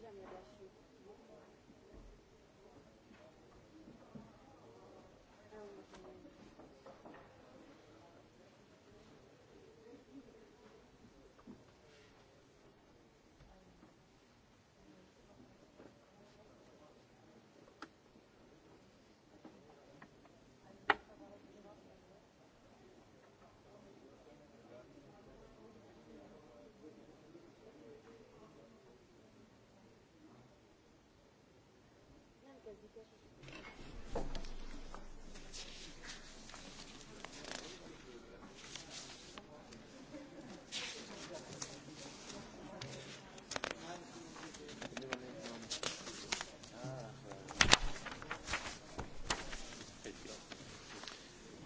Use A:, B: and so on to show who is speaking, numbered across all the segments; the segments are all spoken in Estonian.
A: jamais lâcher.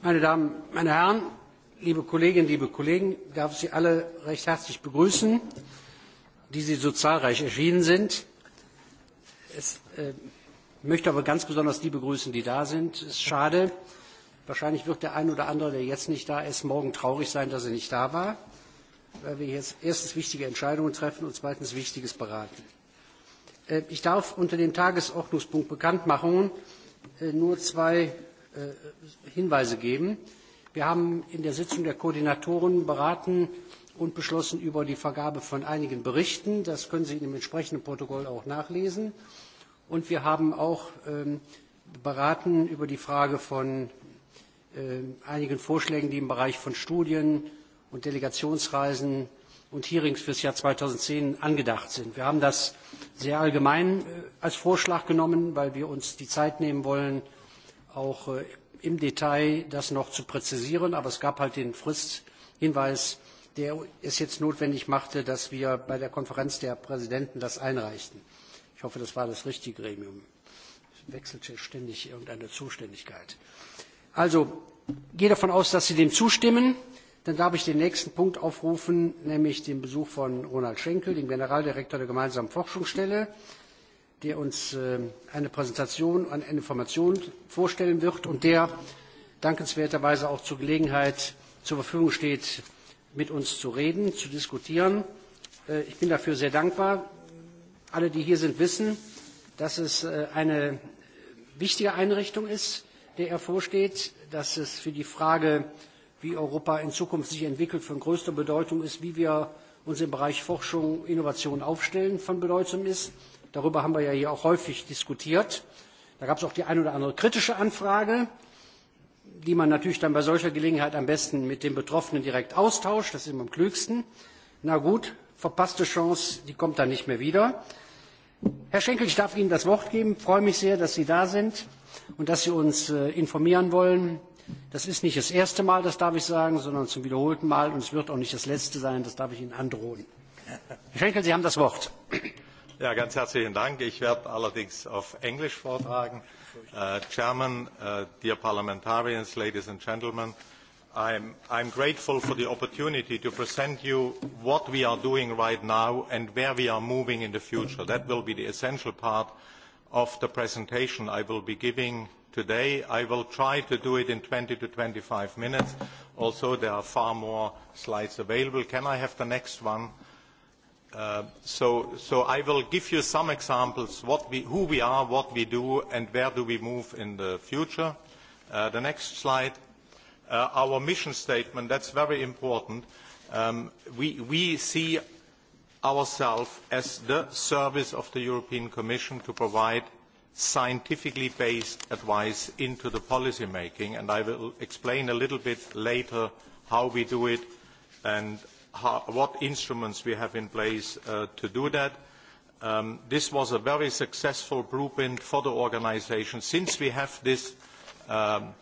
B: meine damen meine herren liebe kolleginnen liebe kollegen ich darf sie alle recht herzlich begrüßen die sie so zahlreich erschienen sind. es äh, Ich möchte aber ganz besonders die begrüßen, die da sind. Es ist schade. Wahrscheinlich wird der ein oder andere, der jetzt nicht da ist, morgen traurig sein, dass er nicht da war, weil wir jetzt erstens wichtige Entscheidungen treffen und zweitens Wichtiges beraten. Äh, ich darf unter dem Tagesordnungspunkt Bekanntmachungen äh, nur zwei äh, Hinweise geben. Wir haben in der Sitzung der Koordinatoren beraten und beschlossen über die Vergabe von einigen Berichten. Das können Sie in dem entsprechenden Protokoll auch nachlesen. Und wir haben auch ähm, beraten über die Frage von äh, einigen Vorschlägen, die im Bereich von Studien und Delegationsreisen und Hearings fürs Jahr 2010 angedacht sind. Wir haben das sehr allgemein äh, als Vorschlag genommen, weil wir uns die Zeit nehmen wollen, auch äh, im Detail das noch zu präzisieren. Aber es gab halt den Fristhinweis, der es jetzt notwendig machte, dass wir bei der Konferenz der Präsidenten das einreichten. Ich hoffe, das war das richtige Gremium. Es wechselt ständig irgendeine Zuständigkeit. Also, gehe davon aus, dass Sie dem zustimmen. Dann darf ich den nächsten Punkt aufrufen, nämlich den Besuch von Ronald Schenkel, dem Generaldirektor der gemeinsamen Forschungsstelle, der uns äh, eine Präsentation an Informationen vorstellen wird und der dankenswerterweise auch zur Gelegenheit zur Verfügung steht, mit uns zu reden, zu diskutieren. Äh, ich bin dafür sehr dankbar alle, die hier sind, wissen, dass es äh, eine wichtige Einrichtung ist, der er vorsteht, dass es für die Frage, wie Europa in Zukunft sich entwickelt, von größter Bedeutung ist, wie wir uns im Bereich Forschung und Innovation aufstellen, von Bedeutung ist. Darüber haben wir ja hier auch häufig diskutiert. Da gab es auch die eine oder andere kritische Anfrage, die man natürlich dann bei solcher Gelegenheit am besten mit den Betroffenen direkt austauscht. Das ist immer am klügsten. Na gut, verpasste Chance, die kommt dann nicht mehr wieder. Herr Schenkel, ich darf Ihnen das Wort geben. Ich freue mich sehr, dass Sie da sind und dass Sie uns äh, informieren wollen. Das ist nicht das erste Mal, das darf ich sagen, sondern zum wiederholten Mal und es wird auch nicht das letzte sein, das darf ich Ihnen androhen. Herr Schenkel, Sie haben das Wort.
C: Ja, ganz herzlichen Dank. Ich werde allerdings auf Englisch vortragen. Uh, Chairman, uh, dear parliamentarians, ladies and gentlemen, uh, I'm, I'm grateful for the opportunity to present you what we are doing right now and where we are moving in the future. That will be the essential part of the presentation I will be giving today. I will try to do it in 20 to 25 minutes. Also, there are far more slides available. Can I have the next one? Uh, so, so I will give you some examples what we, who we are, what we do, and where do we move in the future. Uh, the next slide uh, our mission statement, that's very important. Um, we, we see ourselves as the service of the European Commission to provide scientifically based advice into the policy making and I will explain a little bit later how we do it and how, what instruments we have in place uh, to do that. Um, this was a very successful blueprint for the organization since we have this um,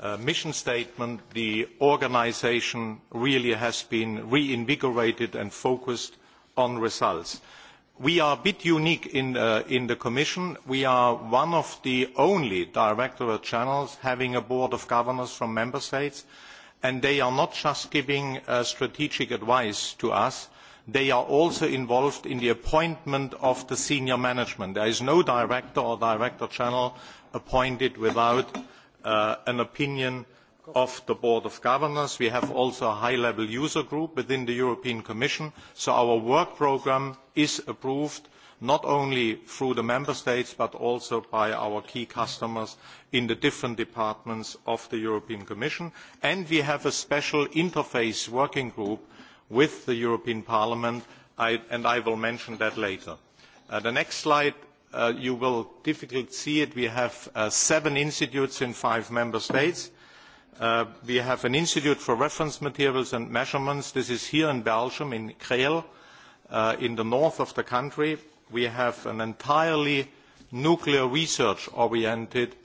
C: uh, mission statement, the organization really has been reinvigorated and focused on results. We are a bit unique in, uh, in the Commission. We are one of the only directorate channels having a board of governors from member states, and they are not just giving uh, strategic advice to us, they are also involved in the appointment of the senior management. There is no director or director channel appointed without uh, an opinion of the board of governors. we have also a high level user group within the european commission so our work programme is approved not only through the member states but also by our key customers in the different departments of the european commission and we have a special interface working group with the european parliament I, and i will mention that later. Uh, the next slide Uh, you will difficult see it. We have uh, seven institutes in five member states. Uh, we have an institute for reference materials and measurements. This is here in Belgium, in Kreel, uh, in the north of the country. We have an entirely nuclear research-oriented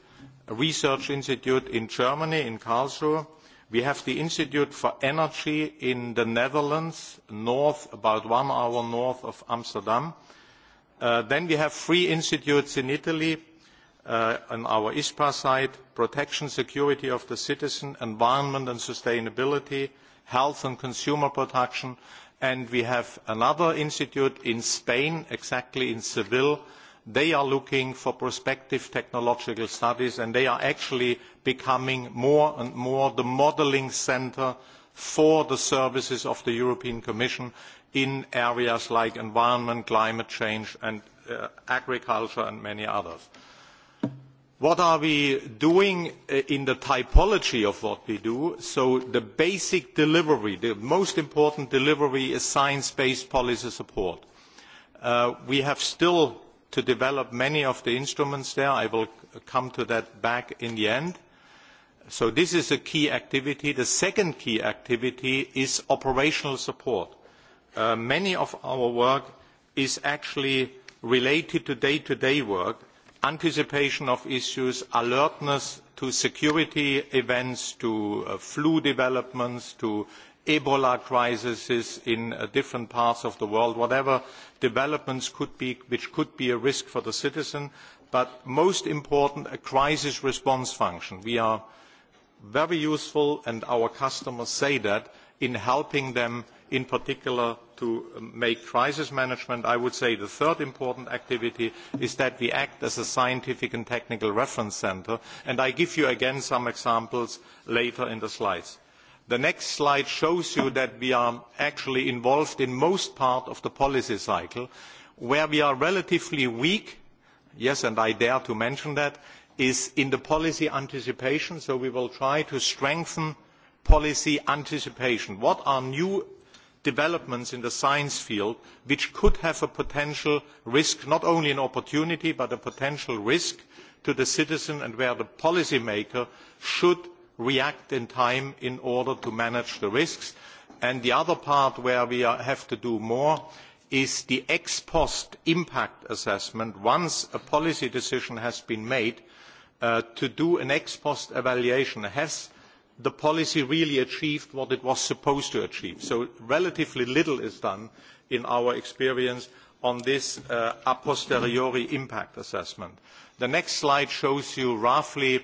C: research institute in Germany, in Karlsruhe. We have the Institute for Energy in the Netherlands, north, about one hour north of Amsterdam. Uh, Uh, then we have three institutes in Italy uh, on our ISPA side, protection, security of the citizen, environment and sustainability, health and consumer protection, and we have another institute in Spain, exactly in Seville. They are looking for prospective technological studies and they are actually becoming more and more the modeling center for the services of the European Commission in areas like environment, climate change and uh, agriculture and many others. What are we doing uh, in the typology of what we do? So the basic delivery, the most important delivery is science-based policy support. Uh, we have still to develop many of the instruments there. I will come to that back in the end. So this is a key activity. The second key activity is operational support uh, many of our work is actually related to day-to-day -day work, anticipation of issues, alertness to security events, to uh, flu developments, to Ebola crises in uh, different parts of the world, whatever developments could be, which could be a risk for the citizen, but most important, a crisis response function. We are very useful, and our customers say that, in helping them in particular to make crisis management. I would say the third important activity is that we act as a scientific and technical reference center, and I give you again some examples later in the slides. The next slide shows you that we are actually involved in most part of the policy cycle. Where we are relatively weak, yes, and I dare to mention that, is in the policy anticipation, so we will try to strengthen policy anticipation. What are new developments in the science field which could have a potential risk not only an opportunity but a potential risk to the citizen and where the policy maker should react in time in order to manage the risks. And the other part where we are, have to do more is the ex post impact assessment once a policy decision has been made uh, to do an ex post evaluation has the policy really achieved what it was supposed to achieve. So relatively little is done in our experience on this uh, a posteriori impact assessment. The next slide shows you roughly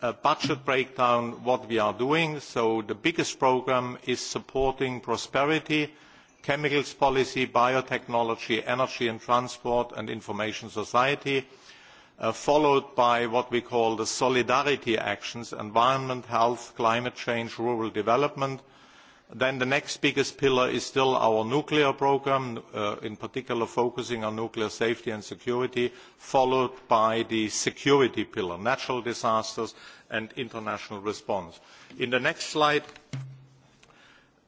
C: a budget breakdown what we are doing. So the biggest program is supporting prosperity, chemicals policy, biotechnology, energy and transport and information society. Uh, uh, followed by what we call the solidarity actions, environment, health, climate change, rural development. Then the next biggest pillar is still our nuclear program, uh, in particular focusing on nuclear safety and security, followed by the security pillar, natural disasters and international response. In the next slide,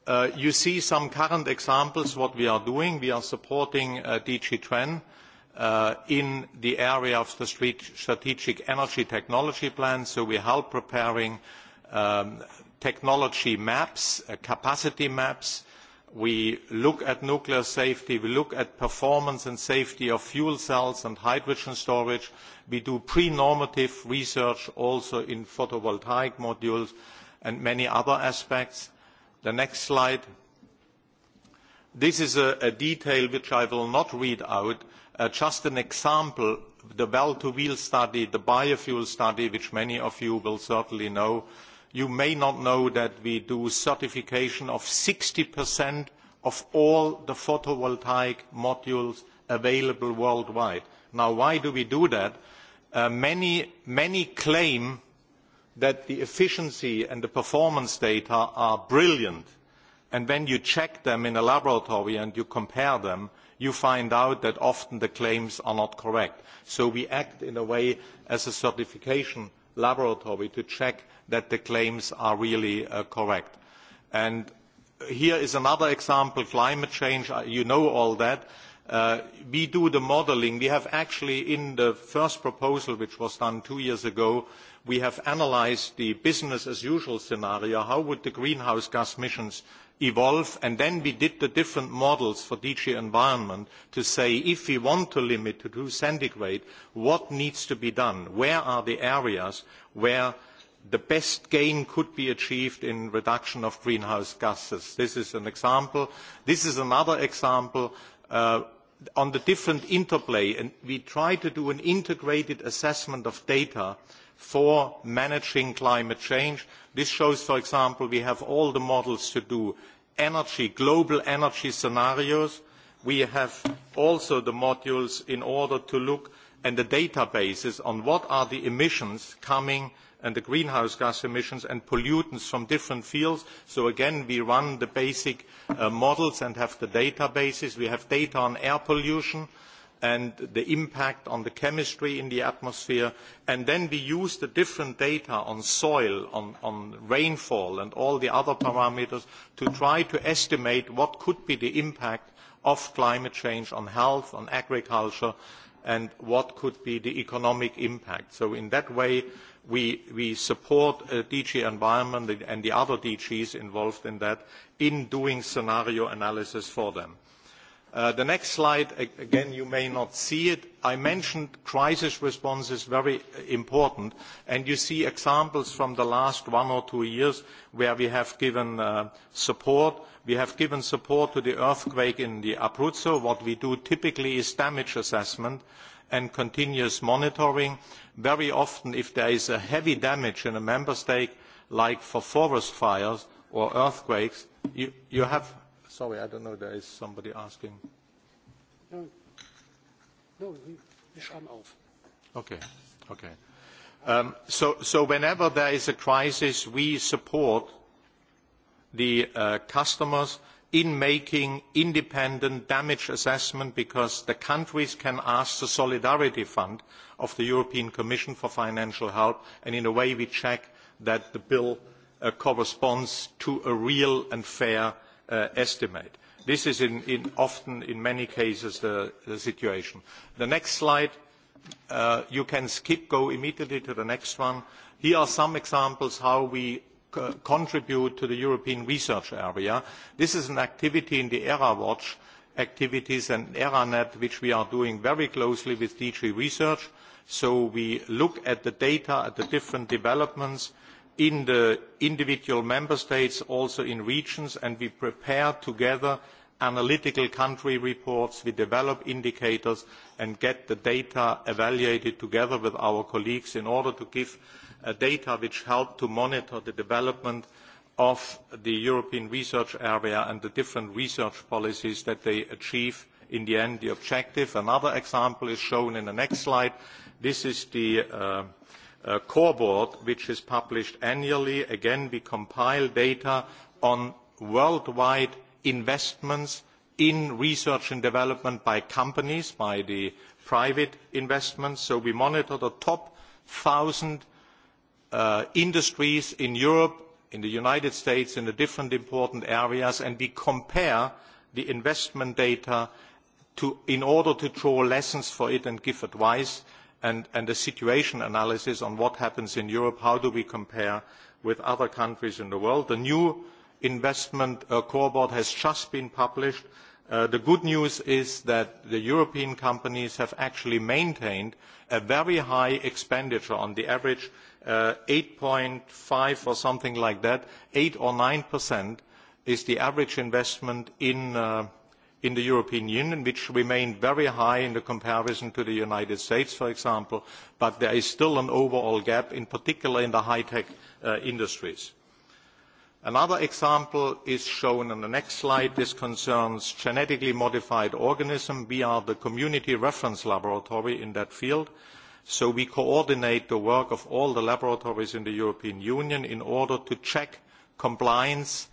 C: uh, you see some current examples what we are doing. We are supporting uh, DG TREN uh, uh, in the area of the strategic energy technology plan. So we help preparing um, technology maps, uh, capacity maps. We look at nuclear safety. We look at performance and safety of fuel cells and hydrogen storage. We do pre-normative research also in photovoltaic modules and many other aspects. The next slide. This is a, a detail which I will not read out, Uh, just an example, the well-to-wheel study, the biofuel study, which many of you will certainly know, you may not know that we do certification of 60% of all the photovoltaic modules available worldwide. Now, why do we do that? Uh, many, many claim that the efficiency and the performance data are brilliant, and when you check them in a laboratory and you compare them, you find out that often the claims are not correct. So we act in a way as a certification laboratory to check that the claims are really uh, correct. And here is another example, climate change, uh, you know all that. Uh, we do the modeling. We have actually in the first proposal, which was done two years ago, we have analyzed the business as usual scenario. How would the greenhouse gas emissions evolve and then we did the different models for DG environment to say if we want to limit to 2 centigrade, what needs to be done? Where are the areas where the best gain could be achieved in reduction of greenhouse gases. This is an example. This is another example uh, on the different interplay, and we try to do an integrated assessment of data for managing climate change. This shows, for example, we have all the models to do energy, global energy scenarios. We have also the modules in order to look and the databases on what are the emissions coming and the greenhouse gas emissions and pollutants from different fields. So again, we run the basic uh, models and have the databases. We have data on air pollution. Uh, and the impact on the chemistry in the atmosphere and then we use the different data on soil on, on rainfall and all the other parameters to try to estimate what could be the impact of climate change on health on agriculture and what could be the economic impact. so in that way we, we support uh, dg environment and the other dgs involved in that in doing scenario analysis for them Uh, the next slide, again, you may not see it. I mentioned crisis response is very uh, important, and you see examples from the last one or two years where we have given uh, support. We have given support to the earthquake in the Abruzzo. What we do typically is damage assessment and continuous monitoring. Very often, if there is a heavy damage in a member state, like for forest fires or earthquakes, you, you have Sorry, I don't know, there is somebody asking.
B: No, no wir schreiben auf.
C: Okay, okay. Um, so, so whenever there is a crisis, we support the uh, customers in making independent damage assessment because the countries can ask the solidarity fund of the european commission for financial help and in a way we check that the bill uh, corresponds to a real and fair uh, estimate. This is in, in often, in many cases, the, the situation. The next slide, uh, you can skip, go immediately to the next one. Here are some examples how we co contribute to the European research area. This is an activity in the ERA Watch activities and ERANET, which we are doing very closely with DG Research. So we look at the data, at the different developments, uh, in the individual member states, also in regions, and we prepare together analytical country reports, we develop indicators and get the data evaluated together with our colleagues in order to give uh, data which help to monitor the development of the European research area and the different research policies that they achieve in the end the objective. Another example is shown in the next slide. This is the uh, uh, core board, which is published annually. Again, we compile data on worldwide investments in research and development by companies, by the private investments. So we monitor the top 1,000 uh, industries in Europe, in the United States, in the different important areas, and we compare the investment data to, in order to draw lessons for it and give advice and, and a situation analysis on what happens in Europe, how do we compare with other countries in the world. The new investment uh, core board has just been published. Uh, the good news is that the European companies have actually maintained a very high expenditure on the average uh, 8.5 or something like that, 8 or 9 percent is the average investment in uh, in the European Union, which remain very high in the comparison to the United States, for example, but there is still an overall gap, in particular in the high-tech uh, industries. Another example is shown on the next slide. This concerns genetically modified organisms. We are the community reference laboratory in that field, so we coordinate the work of all the laboratories in the European Union in order to check compliance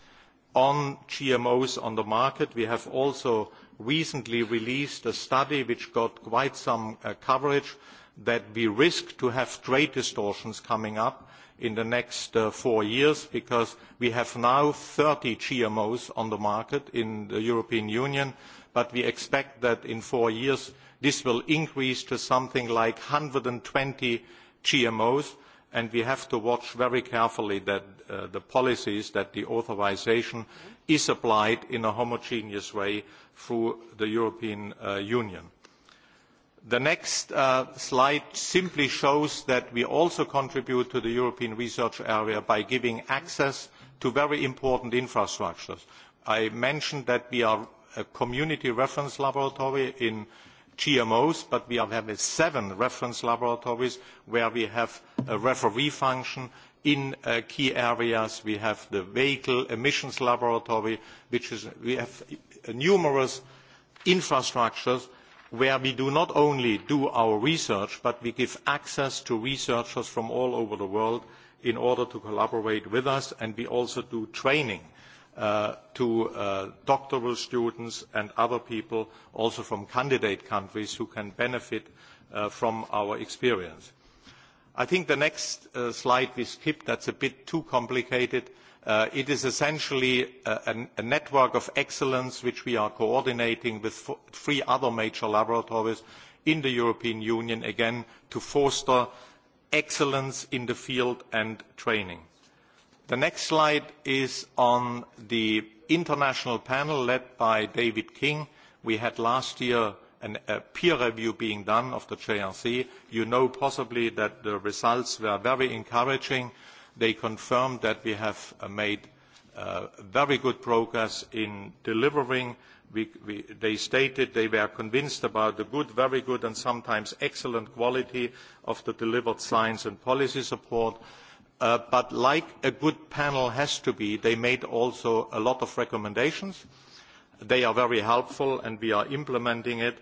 C: on GMOs on the market. We have also recently released a study which got quite some uh, coverage that we risk to have trade distortions coming up in the next uh, four years because we have now 30 GMOs on the market in the European Union, but we expect that in four years this will increase to something like 120 GMOs and we have to watch very carefully that uh, the policies that the authorization is applied in a homogeneous way through the European uh, Union. The next uh, slide simply shows that we also contribute to the European research area by giving access to very important infrastructures. I mentioned that we are a community reference laboratory in uh, GMOs, but we have seven reference laboratories where we have a referee function. In uh, key areas, we have the vehicle emissions laboratory, which is we have numerous infrastructures where we do not only do our research, but we give access to researchers from all over the world in order to collaborate with us, and we also do training uh, to uh, doctoral students and other people also from candidate countries who can benefit uh, from our experience. I think the next uh, slide we skipped, that's a bit too complicated. Uh, it is essentially a, a network of excellence which we are coordinating with three other major laboratories in the European Union, again, to foster excellence in the field and training The next slide is on the international panel led by David King. We had last year an, a peer review being done of the JRC. You know possibly that the results were very encouraging. They confirmed that we have uh, made uh, very good progress in delivering. We, we, they stated they were convinced about the good, very good, and sometimes excellent quality of the delivered science and policy support. Uh, but like a good panel has to be, they made also a lot of recommendations. They are very helpful and we are implementing it.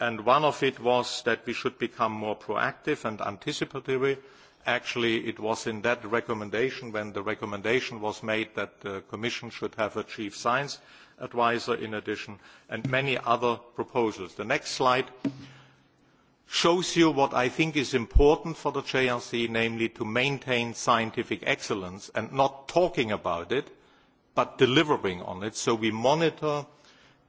C: And one of it was that we should become more proactive and anticipatory. Actually, it was in that recommendation when the recommendation was made that the Commission should have a chief science advisor in addition and many other proposals. The next slide. Uh, shows you what I think is important for the JRC, namely to maintain scientific excellence and not talking about it, but delivering on it. So we monitor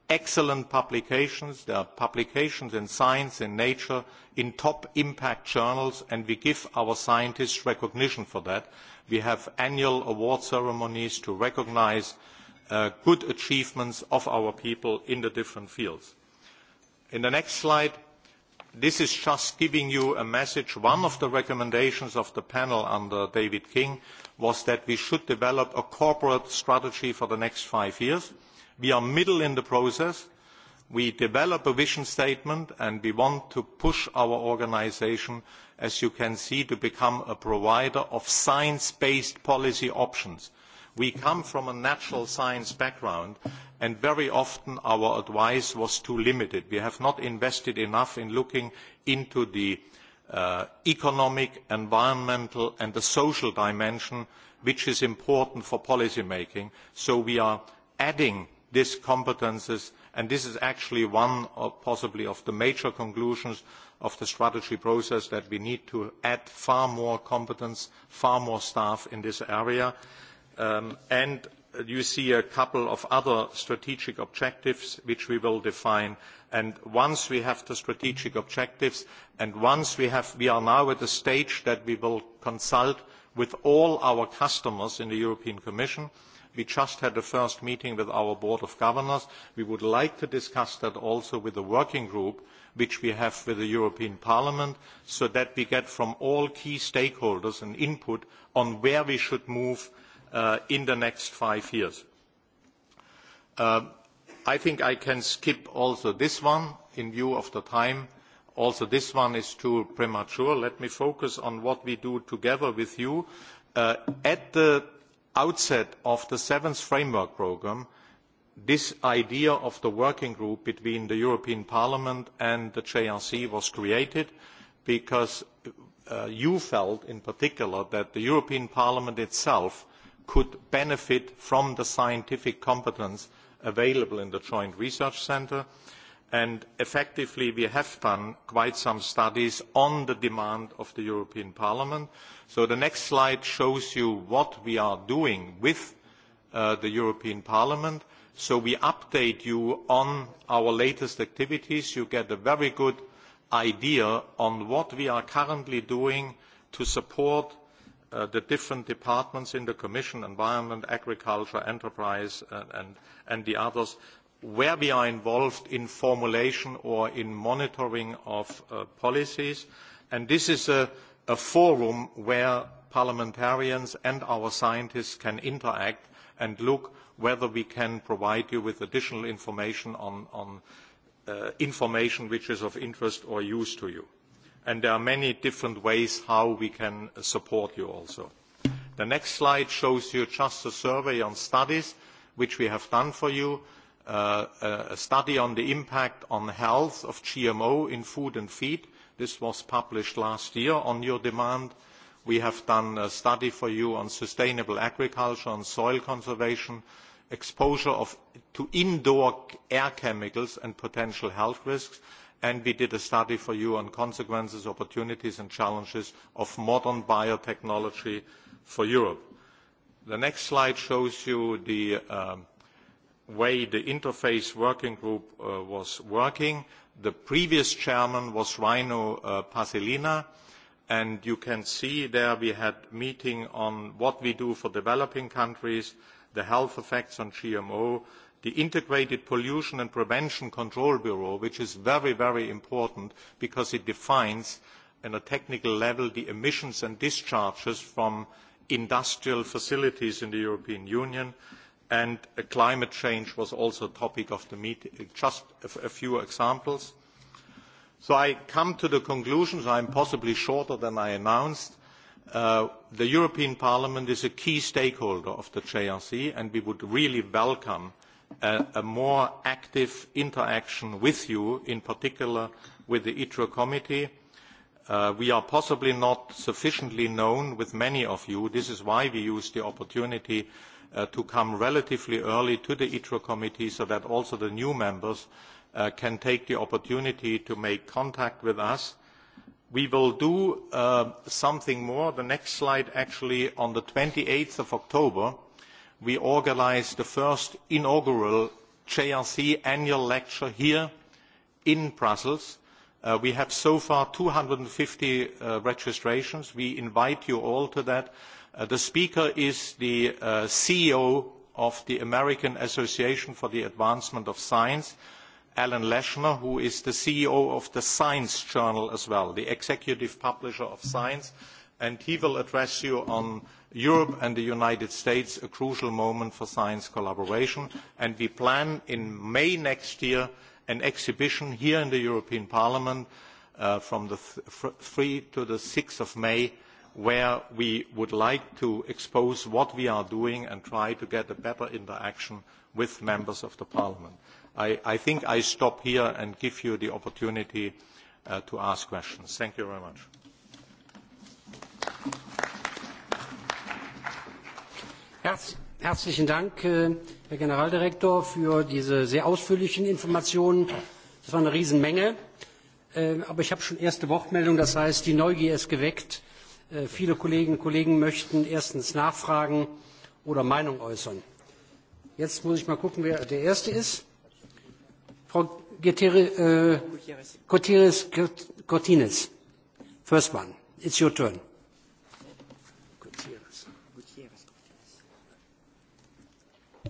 C: excellent publications. There are publications in Science, in Nature, in top impact journals, and we give our scientists recognition for that. We have annual award ceremonies to recognize uh, good achievements of our people in the different fields. In the next slide, this is just giving you a message. One of the recommendations of the panel under David King was that we should develop a corporate strategy for the next five years. We are middle in the process. We develop a vision statement and we want to push our organization, as you can see, to become a provider of science-based policy options We come from a natural science background, and very often our advice was too limited. We have not invested enough in looking into the uh, economic, environmental, and the social dimension, which is important for policy making. So we are adding these competences, and this is actually one of possibly of the major conclusions of the strategy process that we need to add far more competence, far more staff in this area. Uh, Um, and you see a couple of other strategic objectives which we will define and once we have the strategic objectives and once we have we are now at the stage that we will consult with all our customers in the european commission we just had the first meeting with our board of governors we would like to discuss that also with the working group which we have with the european parliament so that we get from all key stakeholders an input on where we should move uh, uh, in the next five years. Uh, I think I can skip also this one in view of the time. Also, this one is too premature. Let me focus on what we do together with you. Uh, at the outset of the seventh framework programme, this idea of the working group between the European Parliament and the JRC was created because uh, you felt in particular that the European Parliament itself could benefit from the scientific competence available in the Joint Research Centre. And effectively, we have done quite some studies on the demand of the European Parliament. So the next slide shows you what we are doing with uh, the European Parliament. So we update you on our latest activities. You get a very good idea on what we are currently doing to support uh, uh, the different departments in the Commission, Environment, Agriculture, Enterprise, uh, and, and the others, where we are involved in formulation or in monitoring of uh, policies. And this is a, a forum where parliamentarians and our scientists can interact and look whether we can provide you with additional information on, on uh, information which is of interest or use to you and there are many different ways how we can uh, support you also. The next slide shows you just a survey on studies which we have done for you, uh, a study on the impact on health of GMO in food and feed. This was published last year on your demand. We have done a study for you on sustainable agriculture, on soil conservation, exposure of, to indoor air chemicals and potential health risks, and we did a study for you on consequences, opportunities and challenges of modern biotechnology for Europe. The next slide shows you the um, way the interface working group uh, was working. The previous chairman was Rhino uh, Pasilina, and you can see there we had meeting on what we do for developing countries, the health effects on GMO, the integrated pollution and prevention control bureau which is very very important because it defines at a technical level the emissions and discharges from industrial facilities in the european union and uh, climate change was also a topic of the meeting uh, just a few examples. so i come to the conclusions i am possibly shorter than i announced. Uh, the european parliament is a key stakeholder of the jrc and we would really welcome a, a more active interaction with you, in particular with the ITRO committee. Uh, we are possibly not sufficiently known with many of you. This is why we use the opportunity uh, to come relatively early to the ITRO committee so that also the new members uh, can take the opportunity to make contact with us. We will do uh, something more, the next slide actually, on the 28th of October, uh, we organised the first inaugural JRC annual lecture here in Brussels. Uh, we have so far 250 uh, registrations. We invite you all to that. Uh, the speaker is the uh, CEO of the American Association for the Advancement of Science, Alan Leshner, who is the CEO of the Science Journal as well, the executive publisher of Science. Mm-hmm and he will address you on Europe and the United States, a crucial moment for science collaboration. And we plan in May next year an exhibition here in the European Parliament uh, from the th 3 to the 6th of May where we would like to expose what we are doing and try to get a better interaction with members of the Parliament. I, I think I stop here and give you the opportunity uh, to ask questions. Thank you very much. Herz,
B: herzlichen Dank, äh, Herr Generaldirektor, für diese sehr ausführlichen Informationen. Das war eine Riesenmenge. Äh, aber ich habe schon erste Wortmeldung, das heißt, die Neugier ist geweckt. Äh, viele Kolleginnen und Kollegen möchten erstens nachfragen oder Meinung äußern. Jetzt muss ich mal gucken, wer der Erste ist. Frau äh, Gutierrez Cortines, first one. It's your turn.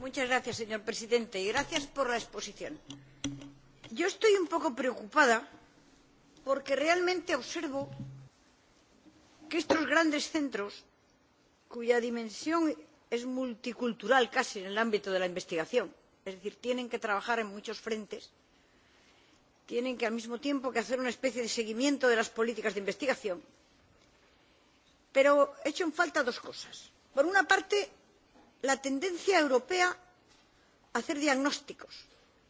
D: Muchas gracias, señor presidente, y gracias por la exposición. Yo estoy un poco preocupada porque realmente observo que estos grandes centros, cuya dimensión es multicultural casi en el ámbito de la investigación, es decir, tienen que trabajar en muchos frentes, tienen que al mismo tiempo que hacer una especie de seguimiento de las políticas de investigación. Pero echo en falta dos cosas. Por una parte, la tendencia europea a hacer diagnósticos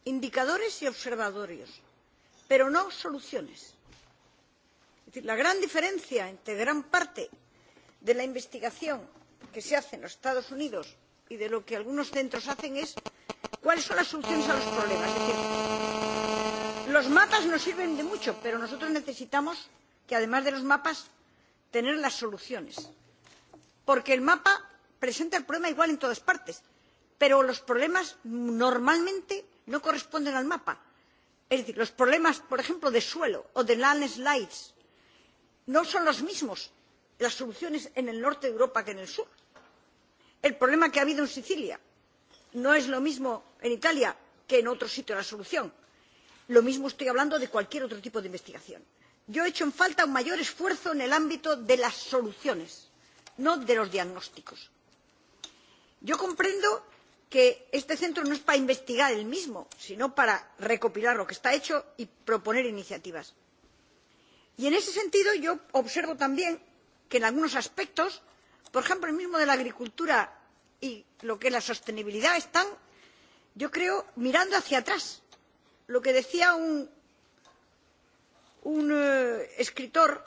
D: indicadores y observatorios pero no soluciones. Es decir, la gran diferencia entre gran parte de la investigación que se hace en los Estados Unidos y de lo que algunos centros hacen es cuáles son las soluciones a los problemas. Es decir, los mapas nos sirven de mucho, pero nosotros necesitamos que además de los mapas tener las soluciones. Porque el mapa presenta el problema igual en todas partes pero los problemas normalmente no corresponden al mapa. Es decir, los problemas, por ejemplo, de suelo o de landslides no son los mismos las soluciones en el norte de Europa que en el sur. El problema que ha habido en Sicilia no es lo mismo en Italia que en otro sitio la solución. Lo mismo estoy hablando de cualquier otro tipo de investigación. Yo he hecho en falta un mayor esfuerzo en el ámbito de las soluciones, no de los diagnósticos yo comprendo que este centro no es para investigar él mismo sino para recopilar lo que está hecho y proponer iniciativas. y en ese sentido yo observo también que en algunos aspectos por ejemplo el mismo de la agricultura y lo que es la sostenibilidad están yo creo mirando hacia atrás lo que decía un, un eh, escritor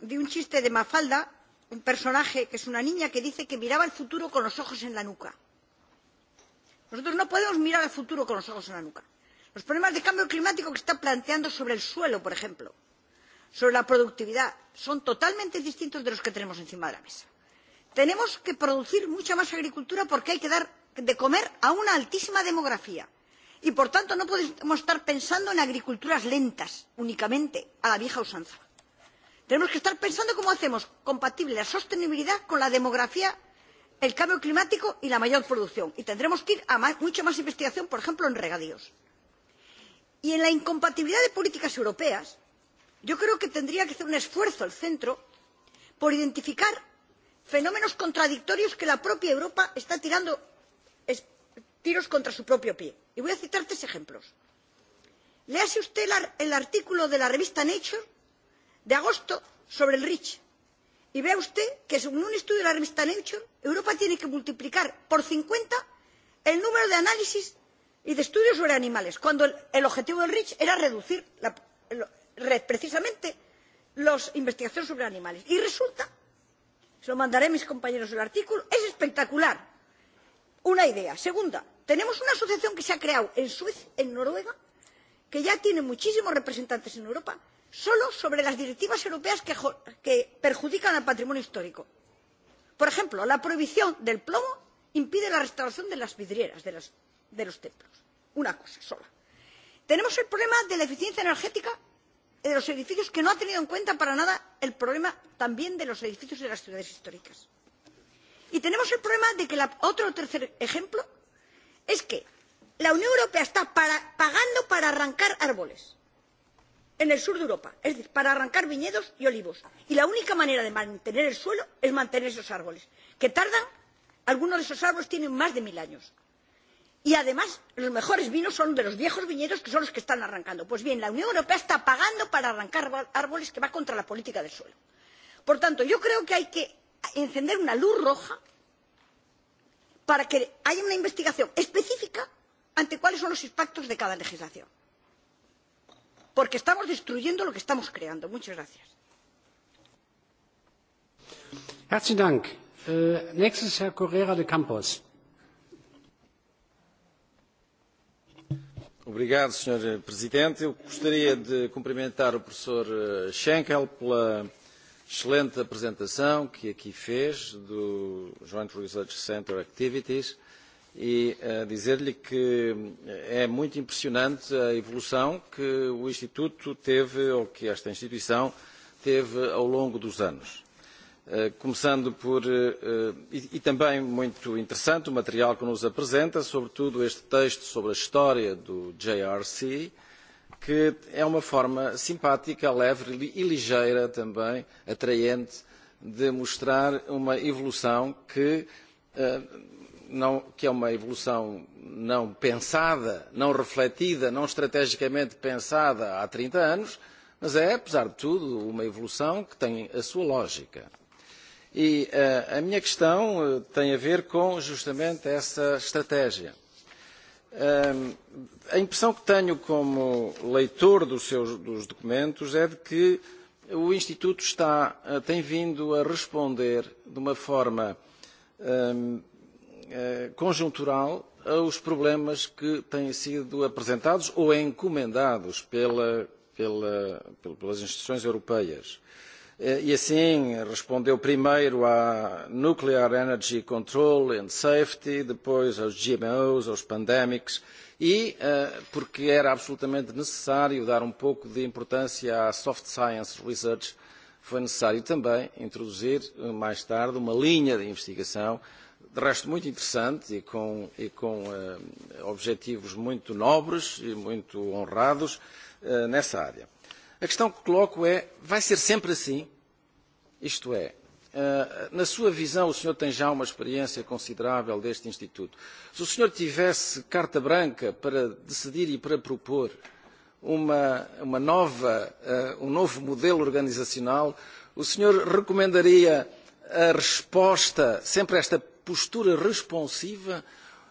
D: de un chiste de mafalda un personaje que es una niña que dice que miraba el futuro con los ojos en la nuca. Nosotros no podemos mirar al futuro con los ojos en la nuca. Los problemas de cambio climático que está planteando sobre el suelo, por ejemplo, sobre la productividad, son totalmente distintos de los que tenemos encima de la mesa. Tenemos que producir mucha más agricultura porque hay que dar de comer a una altísima demografía. Y, por tanto, no podemos estar pensando en agriculturas lentas únicamente, a la vieja usanza. Tenemos que estar pensando cómo hacemos compatible la sostenibilidad con la demografía, el cambio climático y la mayor producción. Y tendremos que ir a más, mucha más investigación, por ejemplo, en regadíos. Y en la incompatibilidad de políticas europeas, yo creo que tendría que hacer un esfuerzo el centro por identificar fenómenos contradictorios que la propia Europa está tirando es, tiros contra su propio pie. Y voy a citar tres ejemplos. Léase usted la, el artículo de la revista Nature de agosto sobre el REACH. Y vea usted que según un estudio de la revista Nature, Europa tiene que multiplicar por 50 el número de análisis y de estudios sobre animales, cuando el, el objetivo del REACH era reducir la, lo, re, precisamente las investigaciones sobre animales. Y resulta, se lo mandaré a mis compañeros el artículo, es espectacular. Una idea. Segunda, tenemos una asociación que se ha creado en Suecia, en Noruega, que ya tiene muchísimos representantes en Europa, solo sobre las directivas europeas que, que perjudican al patrimonio histórico. Por ejemplo, la prohibición del plomo impide la restauración de las vidrieras de, las, de los templos. Una cosa sola. Tenemos el problema de la eficiencia energética de los edificios que no ha tenido en cuenta para nada el problema también de los edificios de las ciudades históricas. Y tenemos el problema de que la, otro tercer ejemplo es que la Unión Europea está para, pagando para arrancar árboles en el sur de Europa, es decir, para arrancar viñedos y olivos. Y la única manera de mantener el suelo es mantener esos árboles, que tardan, algunos de esos árboles tienen más de mil años. Y además, los mejores vinos son de los viejos viñedos que son los que están arrancando. Pues bien, la Unión Europea está pagando para arrancar árboles que va contra la política del suelo. Por tanto, yo creo que hay que encender una luz roja para que haya una investigación específica ante cuáles son los impactos de cada legislación porque estamos destruyendo lo que estamos creando. Muchas gracias.
B: Herzlichen Dank. Äh, nächstes Herr Correa de Campos.
E: Obrigado, Sr. Presidente. Eu gostaria de cumprimentar o professor eh, Schenkel pela excelente apresentação que aqui fez do Joint Research Center Activities e uh, dizer-lhe que eh, é muito impressionante a evolução que o Instituto teve, ou que esta instituição teve ao longo dos anos. Uh, começando por, uh, e, e também muito interessante o material que nos apresenta, sobretudo este texto sobre a história do JRC, que é uma forma simpática, leve e ligeira também, atraente, de mostrar uma evolução que uh, não, que é uma evolução não pensada, não refletida, não estrategicamente pensada há 30 anos, mas é, apesar de tudo, uma evolução que tem a sua lógica. E uh, a minha questão uh, tem a ver com justamente essa estratégia. Uh, a impressão que tenho como leitor dos seus dos documentos é de que o Instituto está, uh, tem vindo a responder de uma forma uh, Eh, conjuntural aos problemas que têm sido apresentados ou encomendados pela, pela, pelas instituições europeias. Eh, e assim respondeu primeiro à Nuclear Energy Control and Safety, depois aos GMOs, aos pandemics, e eh, porque era absolutamente necessário dar um pouco de importância à soft science research, foi necessário também introduzir mais tarde uma linha de investigação uh, de resto muito interessante e com, e com eh, objetivos muito nobres e muito honrados eh, nessa área. A questão que coloco é, vai ser sempre assim? Isto é, eh, na sua visão, o senhor tem já uma experiência considerável deste Instituto. Se o senhor tivesse carta branca para decidir e para propor uma, uma nova, eh, um novo modelo organizacional, o senhor recomendaria a resposta, sempre esta postura responsiva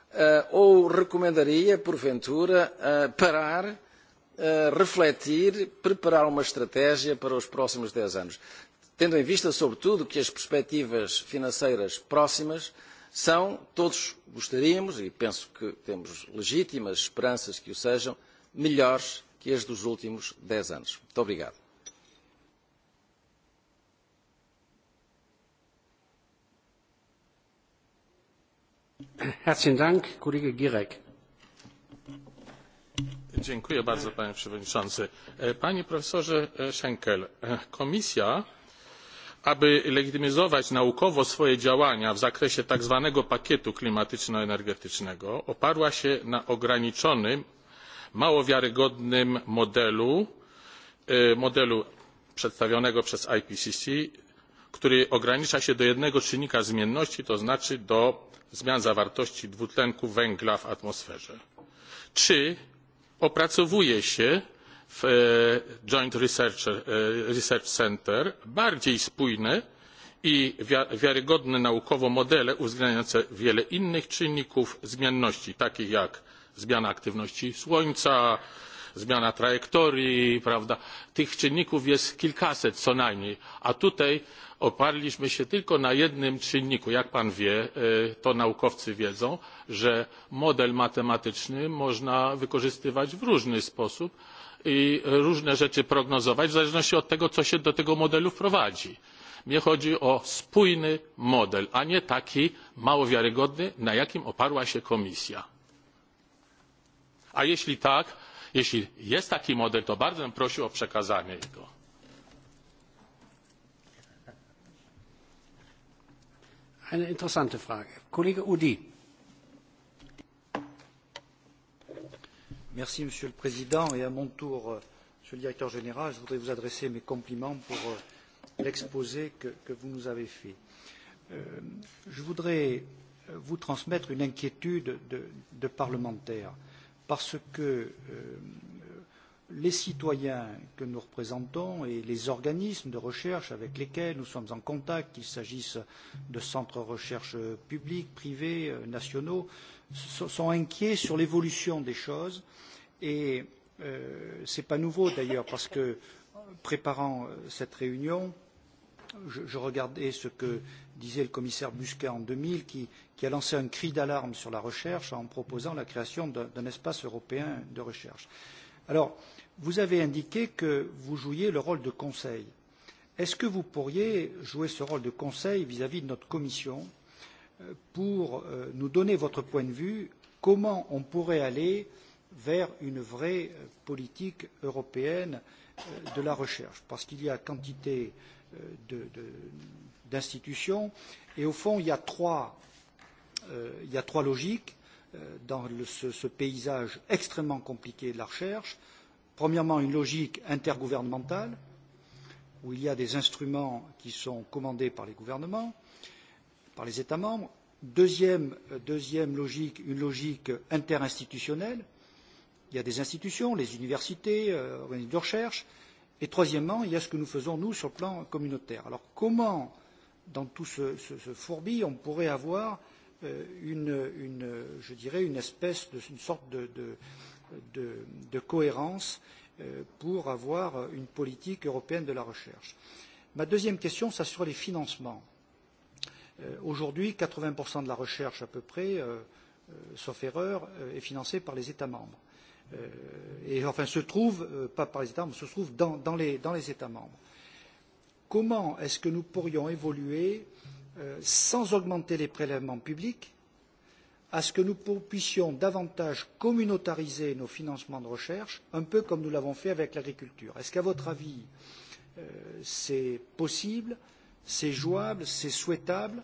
E: uh, ou recomendaria, porventura, uh, parar, uh, refletir, preparar uma estratégia para os próximos 10 anos? Tendo em vista, sobretudo, que as perspectivas financeiras próximas são, todos gostaríamos, e penso que temos legítimas esperanças que o sejam, melhores que as dos últimos 10 anos. Muito obrigado.
F: Herzlichen
B: Dank, Kollege Girek.
G: Dziękuję bardzo, panie przewodniczący! E, panie profesorze e, henkel! E, komisja aby legitymizować naukowo swoje działania w zakresie tak zwanego pakietu klimatyczno energetycznego oparła się na ograniczonym mało wiarygodnym modelu modelu przedstawionego przez ipcc której ogranicza się do jednego czynnika zmienności to znaczy do zmian zawartości dwutlenku węgla w atmosferze czy opracowuje się w e, joint research e, centre bardziej spójne i wiarygodne naukowo modele uwzględniające wiele innych czynników zmienności takich jak zmiana aktywności słońca zmiana trajektorii tych czynników jest kilkaset co najmniej a tutaj oparliśmy się tylko na jednym czynniku jak pan wie to naukowcy wiedzą że model matematyczny można wykorzystywać w różny sposób i różne rzeczy prognozować w zależności od tego co się do tego modelu wprowadzi. mnie chodzi o spójny model a nie taki mało wiarygodny na jakim oparła się komisja. a jeśli tak jeśli jest taki model to bardzo bym prosił o przekazanie go.
B: Eine interessante Frage. Kollege Udi. Merci, Monsieur le Président. Et à mon tour,
H: euh, Monsieur le Directeur général, je voudrais vous adresser mes compliments pour euh, l'exposé que, que vous nous avez fait. Euh, je voudrais euh, vous transmettre une inquiétude de, de parlementaires parce que euh, les citoyens que nous représentons et les organismes de recherche avec lesquels nous sommes en contact, qu'il s'agisse de centres de recherche publics, privés, euh, nationaux, sont inquiets sur l'évolution des choses. Et euh, ce n'est pas nouveau d'ailleurs, parce que préparant euh, cette réunion, je, je regardais ce que disait le commissaire Busquet en 2000, qui, qui a lancé un cri d'alarme sur la recherche en proposant la création d'un espace européen de recherche. Alors, euh, Vous avez indiqué que vous jouiez le rôle de conseil. Est-ce que vous pourriez jouer ce rôle de conseil vis-à-vis -vis de notre commission euh, pour euh, nous donner votre point de vue comment on pourrait aller vers une vraie euh, politique européenne de la recherche Parce qu'il y a quantité d'institutions et au fond, il y a trois, euh, il y a trois logiques dans le, ce, ce paysage extrêmement compliqué de la recherche. Euh, premièrement une logique intergouvernementale où il y a des instruments qui sont commandés par les gouvernements, par les États membres. Deuxième, euh, deuxième logique, une logique interinstitutionnelle. Il y a des institutions, les universités, euh, organismes de recherche. Et troisièmement, il y a ce que nous faisons, nous, sur le plan communautaire. Alors comment, dans tout ce, ce, ce fourbi, on pourrait avoir euh, une, une, je dirais, une espèce de, une sorte de, de, euh, de, de cohérence euh, pour avoir une politique européenne de la recherche. Ma deuxième question, c'est sur les financements. Euh, Aujourd'hui, 80% de la recherche à peu près, euh, euh, sauf erreur, euh, est financée par les États membres. Euh, et enfin, se trouve, euh, pas par les États membres, se trouve dans, dans, les, dans les États membres. Comment est-ce que nous pourrions évoluer euh, sans augmenter les prélèvements publics à ce que nous puissions davantage communautariser nos financements de recherche, un peu comme nous l'avons fait avec l'agriculture. Est-ce qu'à votre avis, euh, c'est possible, c'est jouable, c'est souhaitable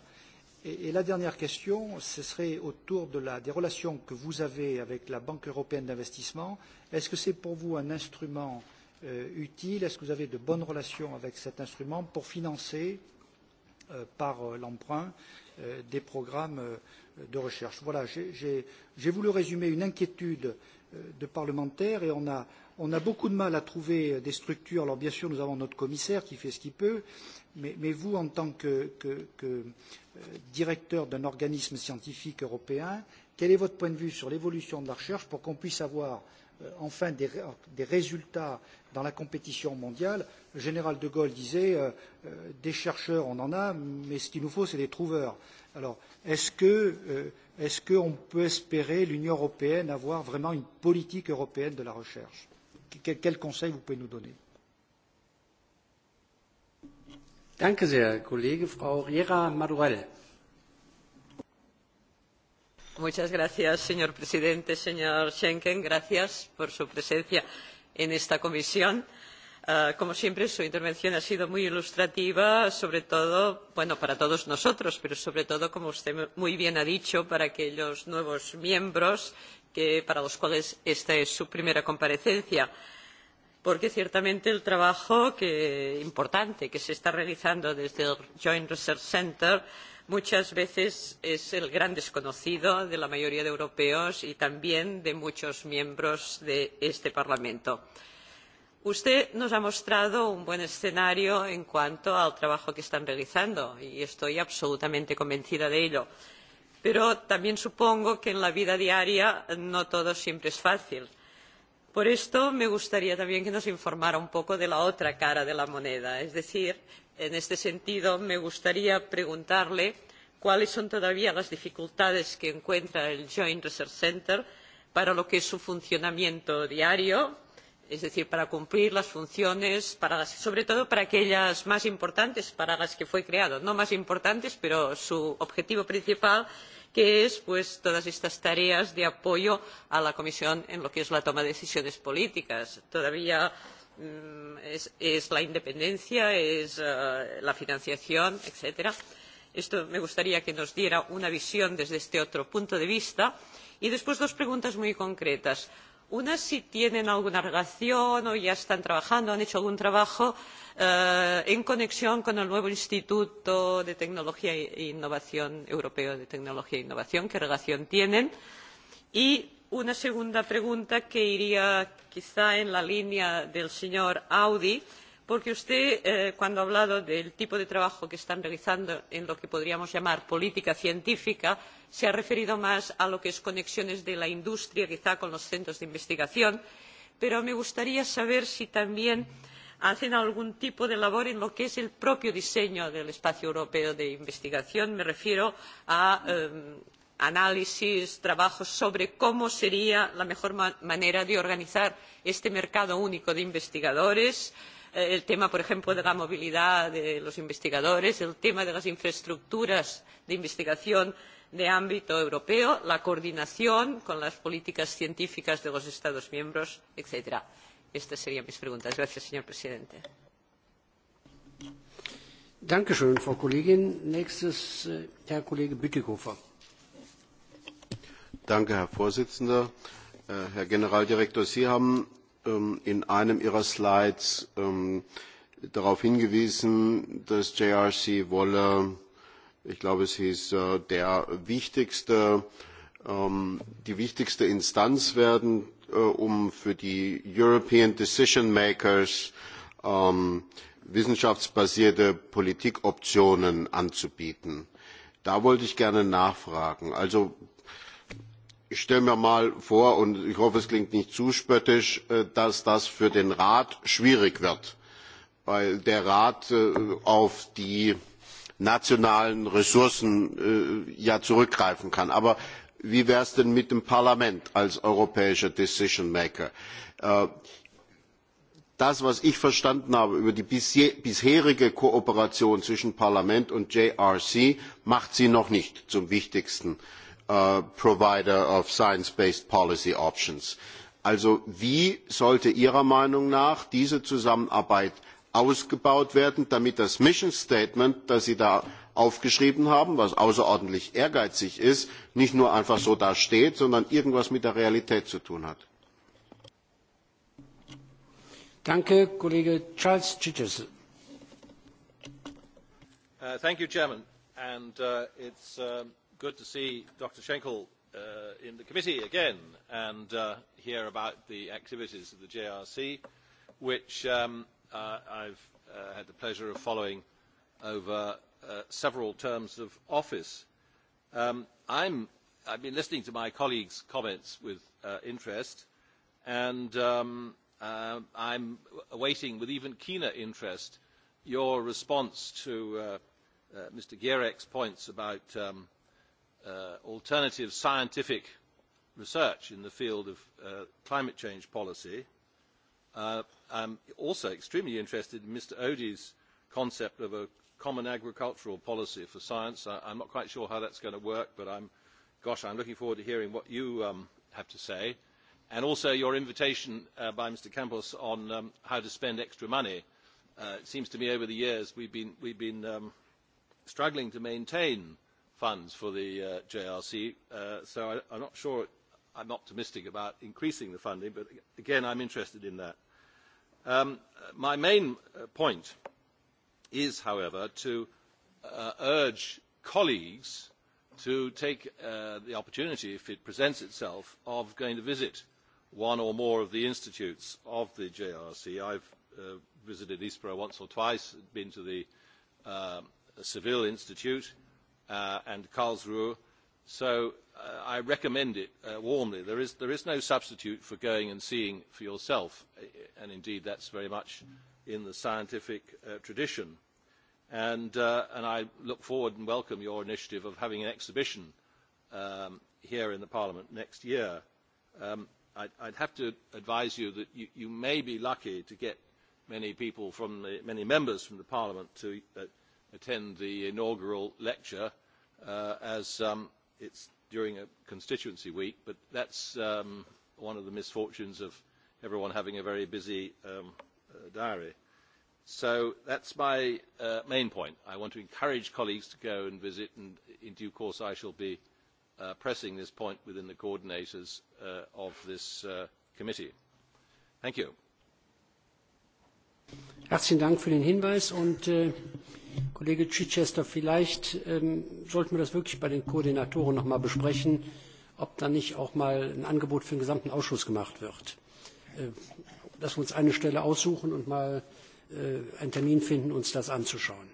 H: et, et la dernière question, ce serait autour de la, des relations que vous avez avec la Banque européenne d'investissement. Est-ce que c'est pour vous un instrument euh, utile Est-ce que vous avez de bonnes relations avec cet instrument pour financer euh, par euh, l'emprunt Euh, des programmes euh, de recherche. Voilà, j'ai voulu résumer une inquiétude euh, de parlementaires et on a, on a beaucoup de mal à trouver des structures. Alors bien sûr, nous avons notre commissaire qui fait ce qu'il peut, mais, mais vous, en tant que, que, que directeur d'un organisme scientifique européen, quel est votre point de vue sur l'évolution de la recherche pour qu'on puisse avoir euh, enfin des, des résultats dans la compétition mondiale, le général de Gaulle disait euh, euh, des chercheurs, on en a, mais ce qu'il nous faut, c'est des trouveurs. Alors, est-ce que euh, est-ce qu'on peut espérer l'Union européenne avoir vraiment une politique européenne de la recherche quel, quel
B: conseil vous pouvez nous donner Danke sehr, Kollege. Frau Riera Maduel.
I: Muchas gracias, señor presidente, señor Schenken. Gracias por su presencia. Eh, en esta comisión. Uh, como siempre, su intervención ha sido muy ilustrativa, sobre todo, bueno, para todos nosotros, pero sobre todo, como usted muy bien ha dicho, para aquellos nuevos miembros que, para los cuales esta es su primera comparecencia. Porque ciertamente el trabajo que, importante que se está realizando desde el Joint Research Center uh, muchas veces es el gran desconocido de la mayoría de europeos y también de muchos miembros de este Parlamento. Usted nos ha mostrado un buen escenario en cuanto al trabajo que están realizando y estoy absolutamente convencida de ello. Pero también supongo que en la vida diaria no todo siempre es fácil. Por esto me gustaría también que nos informara un poco de la otra cara de la moneda, es decir, en este sentido me gustaría preguntarle cuáles son todavía las dificultades que encuentra el joint research centre para lo que es su funcionamiento diario es decir para cumplir las funciones para las, sobre todo para aquellas más importantes para las que fue creado no más importantes pero su objetivo principal que es pues, todas estas tareas de apoyo a la comisión en lo que es la toma de decisiones políticas. todavía eh, Mm, es, es la independencia, es uh, la financiación, etcétera. Esto me gustaría que nos diera una visión desde este otro punto de vista. Y después dos preguntas muy concretas. Una, si tienen alguna relación o ya están trabajando, han hecho algún trabajo eh, en conexión con el nuevo Instituto de Tecnología e Innovación Europeo de Tecnología e Innovación, qué relación tienen. Y una segunda pregunta que iría quizá en la línea del señor Audi, porque usted, eh, cuando ha hablado del tipo de trabajo que están realizando en lo que podríamos llamar política científica, se ha referido más a lo que es conexiones de la industria, quizá con los centros de investigación, pero me gustaría saber si también hacen algún tipo de labor en lo que es el propio diseño del espacio europeo de investigación. Me refiero a. Eh, análisis, trabajos sobre cómo sería la mejor ma manera de organizar este mercado único de investigadores, eh, el tema, por ejemplo, de la movilidad de los investigadores, el tema de las infraestructuras de investigación de ámbito europeo, la coordinación con las políticas científicas de los Estados miembros, etc. Estas serían mis preguntas. Gracias, señor presidente.
B: Dankeschön, Frau Kollegin. Nächstes äh, Herr Kollege Bütikofer.
J: Danke, Herr Vorsitzender. Äh, Herr Generaldirektor, Sie haben ähm, in einem Ihrer Slides ähm, darauf hingewiesen, dass JRC wolle, ich glaube, es hieß, äh, der wichtigste, ähm, die wichtigste Instanz werden, äh, um für die European Decision Makers wissenschaftsbasierte Politikoptionen anzubieten. Da wollte ich gerne nachfragen. Also ich stelle mir mal vor und ich hoffe es klingt nicht zu spöttisch äh, dass das für den rat schwierig wird weil der rat äh, auf die nationalen ressourcen äh, ja zurückgreifen kann. aber wie wäre es denn mit dem parlament als europäischer decision maker? das was ich verstanden habe über die bisherige kooperation zwischen parlament und jrc macht sie noch nicht zum wichtigsten uh, provider of science-based policy options. Also wie sollte Ihrer Meinung nach diese Zusammenarbeit ausgebaut werden, damit das Mission Statement, das Sie da aufgeschrieben haben, was außerordentlich ehrgeizig ist, nicht nur einfach so da steht, sondern irgendwas mit der Realität zu tun hat?
B: Danke, Kollege Charles Chichester.
K: Uh, thank you, Chairman. And uh, it's um, good to see Dr. Schenkel uh, in the committee again and uh, hear about the activities of the JRC, which um, uh, I've uh, had the pleasure of following over uh, several terms of office. Um, I'm, I've been listening to my colleagues' comments with uh, interest, and um, uh, I'm awaiting with even keener interest your response to uh, uh, Mr. Gierek's points about um, uh, uh, alternative scientific research in the field of uh, climate change policy. Uh, I'm also extremely interested in Mr. Ody's concept of a common agricultural policy for science. I, I'm not quite sure how that's going to work, but I'm, gosh, I'm looking forward to hearing what you um, have to say. And also your invitation uh, by Mr. Campos on um, how to spend extra money. Uh, it seems to me over the years we've been, we've been um, struggling to maintain uh, funds for the uh, JRC. Uh, so I, I'm not sure, I'm optimistic about increasing the funding, but again, I'm interested in that. Um, my main uh, point is, however, to uh, urge colleagues to take uh, the opportunity, if it presents itself, of going to visit one or more of the institutes of the JRC. I've uh, visited ISPRA once or twice, been to the uh, Seville Institute, uh, uh, and Karlsruhe. So uh, I recommend it uh, warmly. There is, there is no substitute for going and seeing for yourself, and indeed that's very much in the scientific uh, tradition. And, uh, and I look forward and welcome your initiative of having an exhibition um, here in the Parliament next year. Um, I'd, I'd have to advise you that you, you may be lucky to get many people from the, many members from the Parliament to uh, attend the inaugural lecture uh, as um, it's during a constituency week, but that's um, one of the misfortunes of everyone having a very busy um, uh, diary. So that's my uh, main point. I want to encourage colleagues to go and visit, and in due course I shall be uh, pressing this point within the coordinators uh, of this uh, committee. Thank you.
B: Herzlichen Dank für den Hinweis. Und äh, Kollege Chichester, vielleicht ähm, sollten wir das wirklich bei den Koordinatoren noch mal besprechen, ob da nicht auch mal ein Angebot für den gesamten Ausschuss gemacht wird. Äh, dass wir uns eine Stelle aussuchen und mal äh, einen Termin finden, uns das anzuschauen.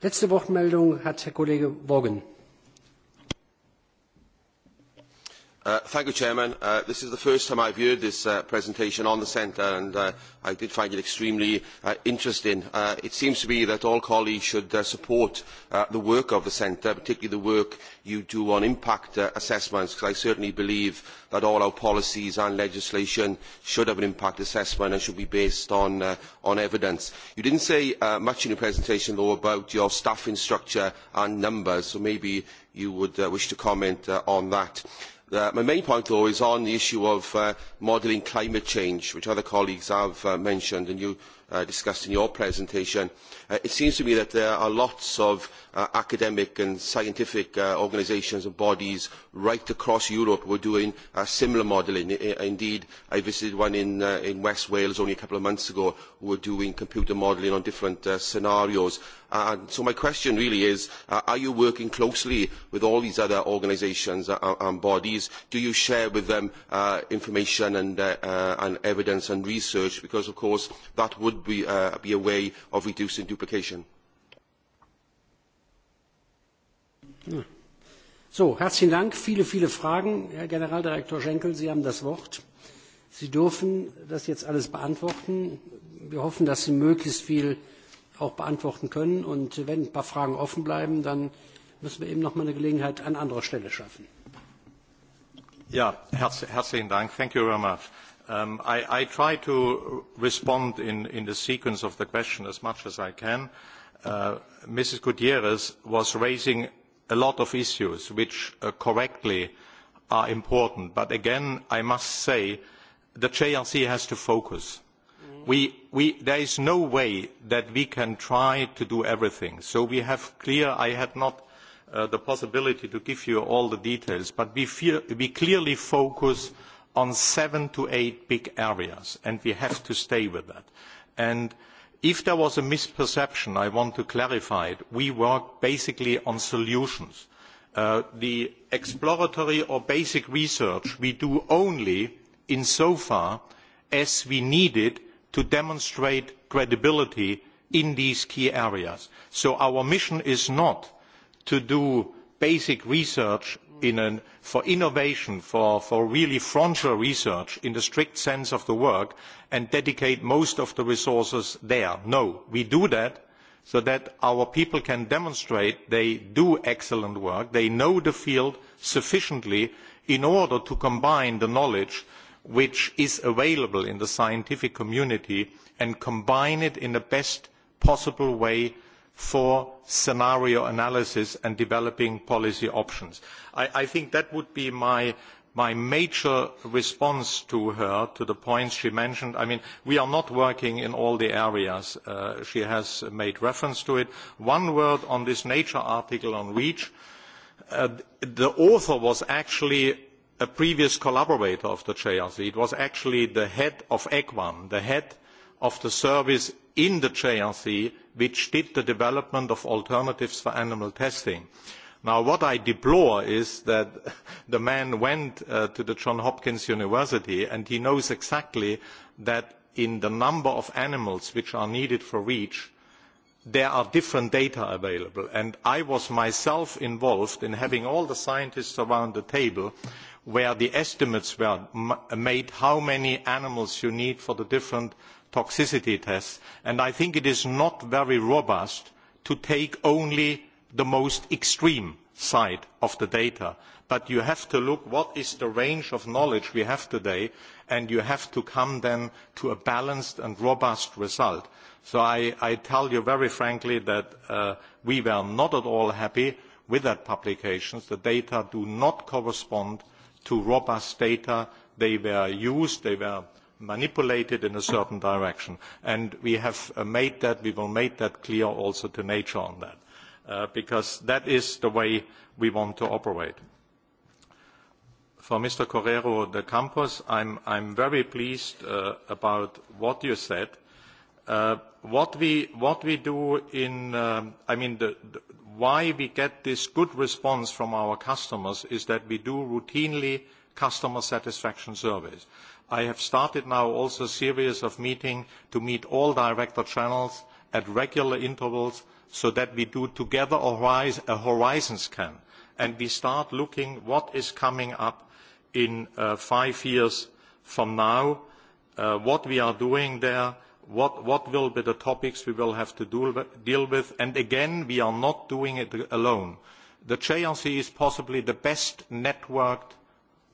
B: Letzte Wortmeldung hat Herr Kollege Wogen.
L: Uh, thank you, Chairman. Uh, this is the first time I've heard this uh, presentation on the centre, and uh, I did find it extremely uh, interesting. Uh, it seems to be that all colleagues should uh, support uh, the work of the centre, particularly the work you do on impact uh, assessments, because I certainly believe that all our policies and legislation should have an impact assessment and should be based on, uh, on evidence. You didn't say uh, much in your presentation, though, about your staffing structure and numbers, so maybe you would uh, wish to comment uh, on that. Uh, Uh, my main point though is on the issue of uh, modelling climate change which other colleagues have uh, mentioned and you uh, discussed in your presentation, uh, it seems to me that there are lots of uh, academic and scientific uh, organisations and bodies right across Europe who are doing uh, similar modelling. I, indeed, I visited one in, uh, in West Wales only a couple of months ago who were doing computer modelling on different uh, scenarios. Uh, and so my question really is, uh, are you working closely with all these other organisations and, uh, uh, and bodies? Do you share with them uh, information and, uh, uh, and evidence and research? Because, of course, that would would be, uh, be a way of reducing duplication.
B: So, herzlichen Dank. Viele, viele Fragen. Herr Generaldirektor Schenkel, Sie haben das Wort. Sie dürfen das jetzt alles beantworten. Wir hoffen, dass Sie möglichst viel auch beantworten können. Und wenn ein paar Fragen offen bleiben, dann müssen wir eben noch mal eine Gelegenheit an anderer Stelle schaffen.
C: Ja, herz herzlichen Dank. Thank you very much. Um, I, I try to respond in, in the sequence of the question as much as I can. Uh, Mrs. Gutierrez was raising a lot of issues which uh, correctly are important. But again, I must say the JRC has to focus. Mm. We, we, there is no way that we can try to do everything. So we have clear, I had not uh, the possibility to give you all the details, but we, fear, we clearly focus on on seven to eight big areas, and we have to stay with that. And if there was a misperception, I want to clarify it. We work basically on solutions. Uh, the exploratory or basic research we do only insofar as we need it to demonstrate credibility in these key areas. So our mission is not to do basic research in an, for innovation, for, for really frontier research in the strict sense of the work and dedicate most of the resources there. No, we do that so that our people can demonstrate they do excellent work, they know the field sufficiently in order to combine the knowledge which is available in the scientific community and combine it in the best possible way for scenario analysis and developing policy options. I, I think that would be my, my major response to her, to the points she mentioned. I mean, we are not working in all the areas. Uh, she has made reference to it. One word on this Nature article on REACH. Uh, the author was actually a previous collaborator of the JRC. It was actually the head of ECWAN, the head of the service in the JRC which did the development of alternatives for animal testing. Now, what I deplore is that the man went uh, to the Johns Hopkins University and he knows exactly that in the number of animals which are needed for REACH, there are different data available. And I was myself involved in having all the scientists around the table where the estimates were made how many animals you need for the different uh, toxicity tests and i think it is not very robust to take only the most extreme side of the data but you have to look at what is the range of knowledge we have today and you have to come then to a balanced and robust result. so i, I tell you very frankly that uh, we were not at all happy with that publication. the data do not correspond to robust data. they were used, they were manipulated in a certain direction. And we have uh, made that, we will make that clear also to nature on that, uh, because that is the way we want to operate. For Mr. Correro de Campos, I'm, I'm very pleased uh, about what you said. Uh, what, we, what we do in, um, I mean, the, the, why we get this good response from our customers is that we do routinely customer satisfaction surveys. I have started now also a series of meetings to meet all director channels at regular intervals so that we do together a horizon scan and we start looking what is coming up in uh, five years from now, uh, what we are doing there, what, what will be the topics we will have to do, deal with. And again, we are not doing it alone. The JRC is possibly the best networked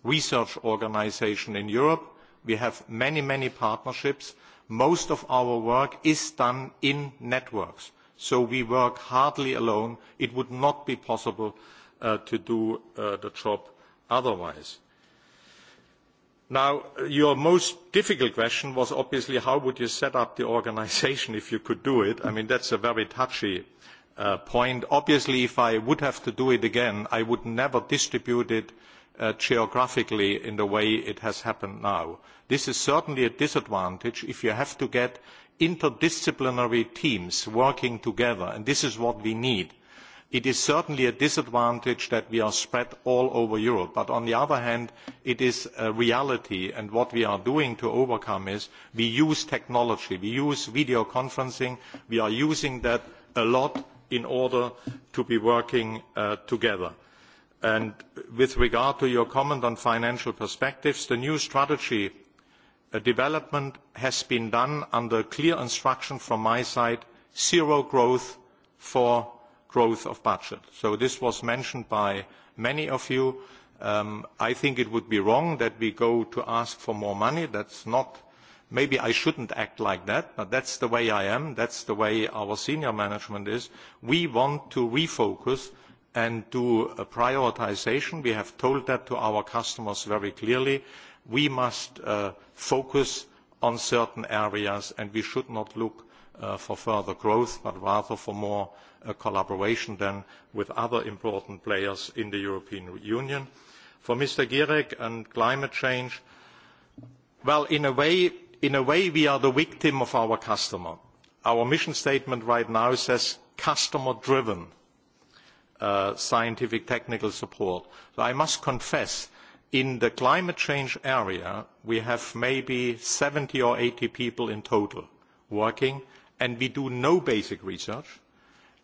C: research organization in Europe We have many, many partnerships. Most of our work is done in networks, so we work hardly alone. It would not be possible uh, to do uh, the job otherwise. Now, your most difficult question was obviously how would you set up the organization if you could do it? I mean, that's a very touchy uh, point. Obviously, if I would have to do it again, I would never distribute it uh, uh, geographically in the way it has happened now. This is certainly a disadvantage if you have to get interdisciplinary teams working together, and this is what we need. It is certainly a disadvantage that we are spread all over Europe, but on the other hand, it is a reality, and what we are doing to overcome is we use technology, we use video conferencing, we are using that a lot in order to be working uh, together And with regard to your comment on financial perspectives, the new strategy uh, development has been done under clear instruction from my side, zero growth for growth of budget. So this was mentioned by many of you. Um, I think it would be wrong that we go to ask for more money. That's not. Maybe I shouldn't act like that, but that's the way I am. That's the way our senior management is. We want to refocus and do a prioritization. We have told that to our customers very clearly. We must uh, focus on certain areas, and we should not look uh, for further growth, but rather for more uh, collaboration than with other important players in the European Union. For Mr. Gierek and climate change, well, in a way, in a way, we are the victim of our customer. Our mission statement right now says, "Customer driven." uh, scientific technical support. So I must confess, in the climate change area, we have maybe 70 or 80 people in total working, and we do no basic research.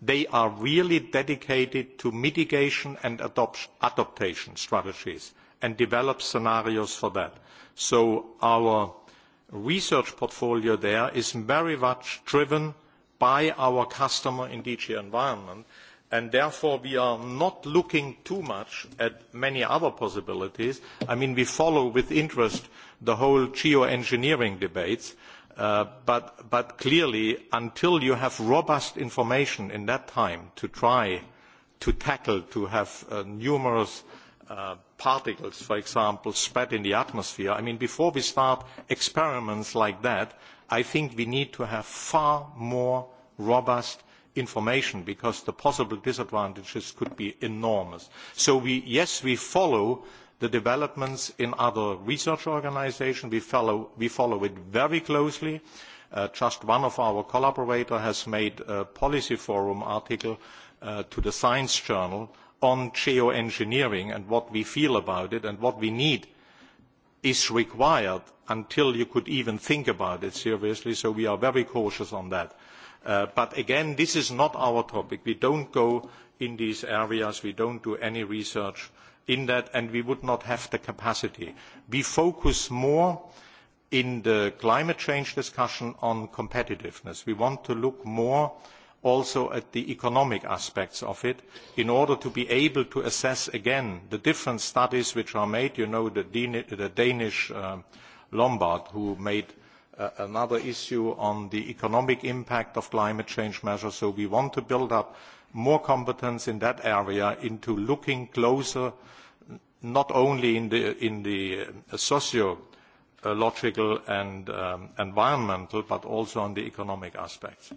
C: They are really dedicated to mitigation and adopt adaptation strategies and develop scenarios for that. So our research portfolio there is very much driven by our customer in DG Environment, and therefore we are not looking too much at many other possibilities. I mean, we follow with interest the whole geoengineering debates, uh, but, but clearly until you have robust information in that time to try to tackle, to have uh, numerous uh, particles, for example, spread in the atmosphere, I mean, before we start experiments like that, I think we need to have far more robust information because the possible disadvantages could be enormous. So we, yes, we follow the developments in other research organisations. We follow, we follow it very closely. Uh, just one of our collaborators has made a policy forum article uh, to the Science Journal on geoengineering and what we feel about it and what we need is required until you could even think about it seriously. So we are very cautious on that. Uh, but again, this is not our topic. We don't go in these areas. We don't do any research in that, and we would not have the capacity. We focus more in the climate change discussion on competitiveness. We want to look more also at the economic aspects of it in order to be able to assess again the different studies which are made. You know the, Dan the Danish uh, Lombard who made uh, another issue on the economic impact of climate change measures. So we want to build up more competence in that area into looking closer, not only in the, in the uh, sociological and um, environmental, but also on the economic aspects.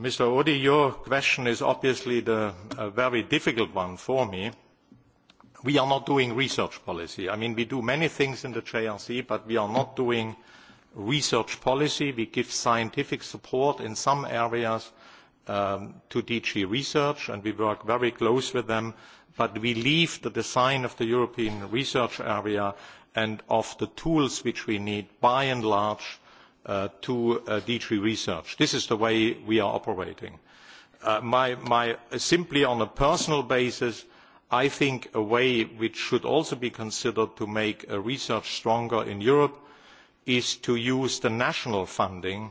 C: Mr. Odi, your question is obviously the, a very difficult one for me we are not doing research policy. I mean, we do many things in the JRC, but we are not doing research policy. We give scientific support in some areas um, to DG Research, and we work very close with them, but we leave the design of the European research area and of the tools which we need, by and large, uh, to uh, DG Research. This is the way we are operating. Uh, my, my, simply on a personal basis, uh, I think a way which should also be considered to make research stronger in Europe is to use the national funding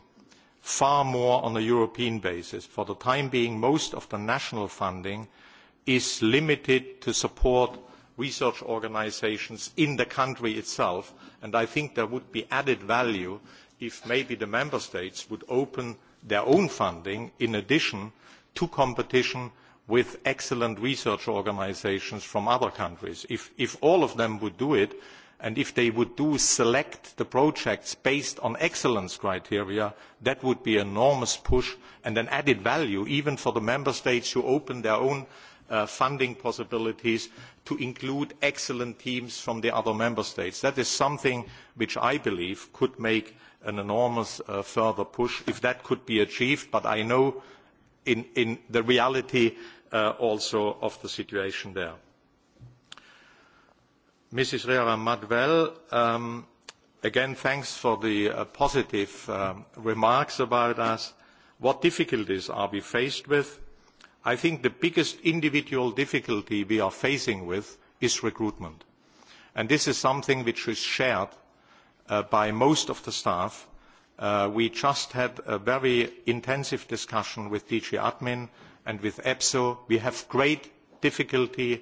C: far more on a European basis. For the time being, most of the national funding is limited to support research organisations in the country itself, and I think there would be added value if maybe the member states would open their own funding in addition to competition with excellent research organisations from other countries. If, if all of them would do it, and if they would do select the projects based on excellence criteria, that would be an enormous push and an added value even for the member states who open their own uh, funding possibilities to include excellent teams from the other member states. That is something which I believe could make an enormous uh, further push if that could be achieved, but I know in, in the reality uh, also of the situation there. Mrs. Rera Madwell, um, again, thanks for the uh, positive um, remarks about us. What difficulties are we faced with? I think the biggest individual difficulty we are facing with is recruitment. And this is something which is shared uh, by most of the staff. Uh, we just had a very intensive discussion with DG Admin and with EPSO, we have great difficulty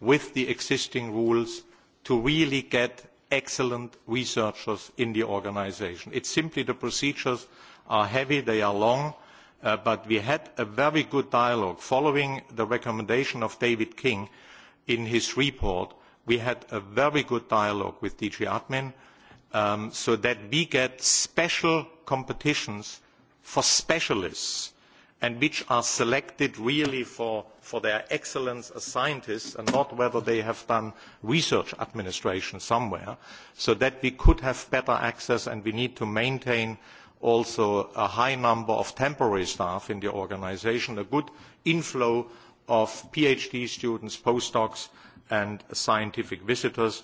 C: with the existing rules to really get excellent researchers in the organization. It's simply the procedures are heavy, they are long, uh, but we had a very good dialogue. Following the recommendation of David King in his report, we had a very good dialogue with DG Admin um, so that we get special competitions for specialists and which are selected really for, for their excellence as scientists and not whether they have done research administration somewhere, so that we could have better access and we need to maintain also a high number of temporary staff in the organization, a good inflow of PhD students, postdocs and scientific visitors.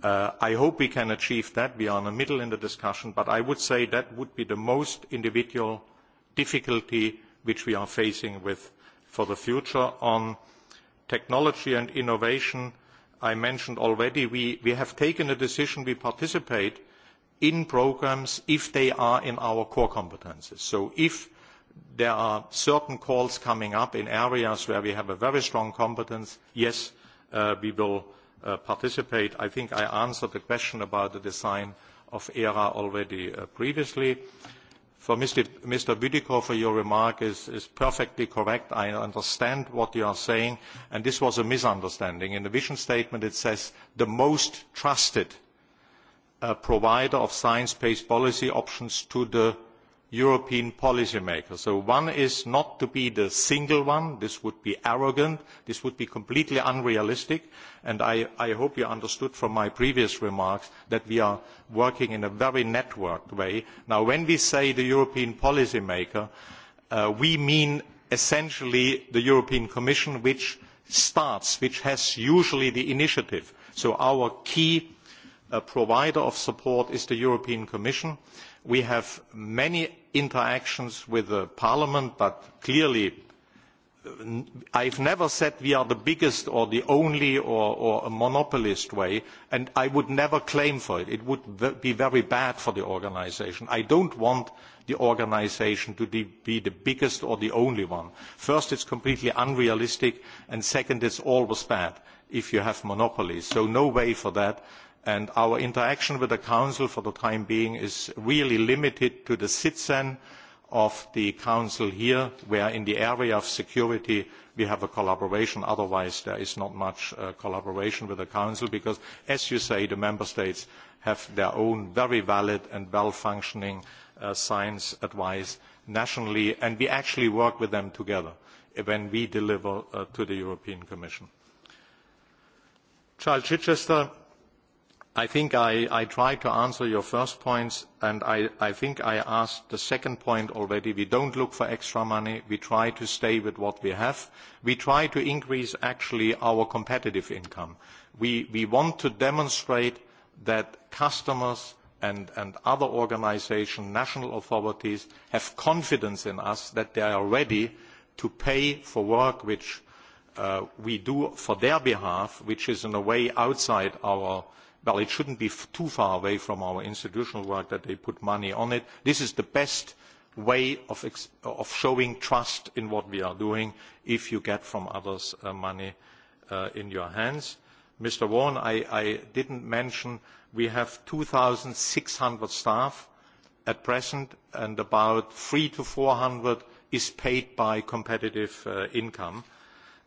C: Uh, I hope we can achieve that. We are in the middle in the discussion, but I would say that would be the most individual difficulty which we are facing with for the future. On technology and innovation, I mentioned already, we, we have taken a decision. We participate in programs if they are in our core competencies. So if there are certain calls coming up in areas where we have a very strong competence, yes, uh, we will uh, participate. I think I answered the question about the design of ERA already uh, previously. Uh, for Mr. Mr. Bütikofer, your remark is, is perfectly correct. I understand what you are saying, and this was a misunderstanding. In the vision statement, it says the most trusted uh, provider of science-based policy options to the european policymakers. so one is not to be the single one this would be arrogant this would be completely unrealistic and i, I hope you understood from my previous remarks that we are working in a very networked way. now when we say the european policymaker uh, we mean essentially the european commission which starts which has usually the initiative so our key uh, provider of support is the european commission and we have many interactions with the parliament but clearly uh, i have never said we are the biggest or the only or, or a monopolist way and i would never claim for it. it would be very bad for the organisation. i do not want the organisation to be the biggest or the only one. first it is completely unrealistic and second it is always bad if you have monopolies so no way for that and our interaction with the council for the time being is really limited to the sitzen of the council here where in the area of security we have a collaboration otherwise there is not much uh, collaboration with the council because as you say the member states have their own very valid and well functioning uh, science advice nationally and we actually work with them together when we deliver uh, to the european commission. charles chichester I think I, I tried to answer your first point, and I, I think I asked the second point already. We don't look for extra money. We try to stay with what we have. We try to increase actually our competitive income. We, we want to demonstrate that customers and, and other organizations, national authorities, have confidence in us that they are ready to pay for work which uh, we do for their behalf, which is in a way outside our uh, well it should not be too far away from our institutional work that they put money on it. this is the best way of, of showing trust in what we are doing if you get from others uh, money uh, in your hands. Mr. Vaughan, I, I didn't mention we have 2,600 staff at present and about 3 to 400 is paid by competitive uh, income.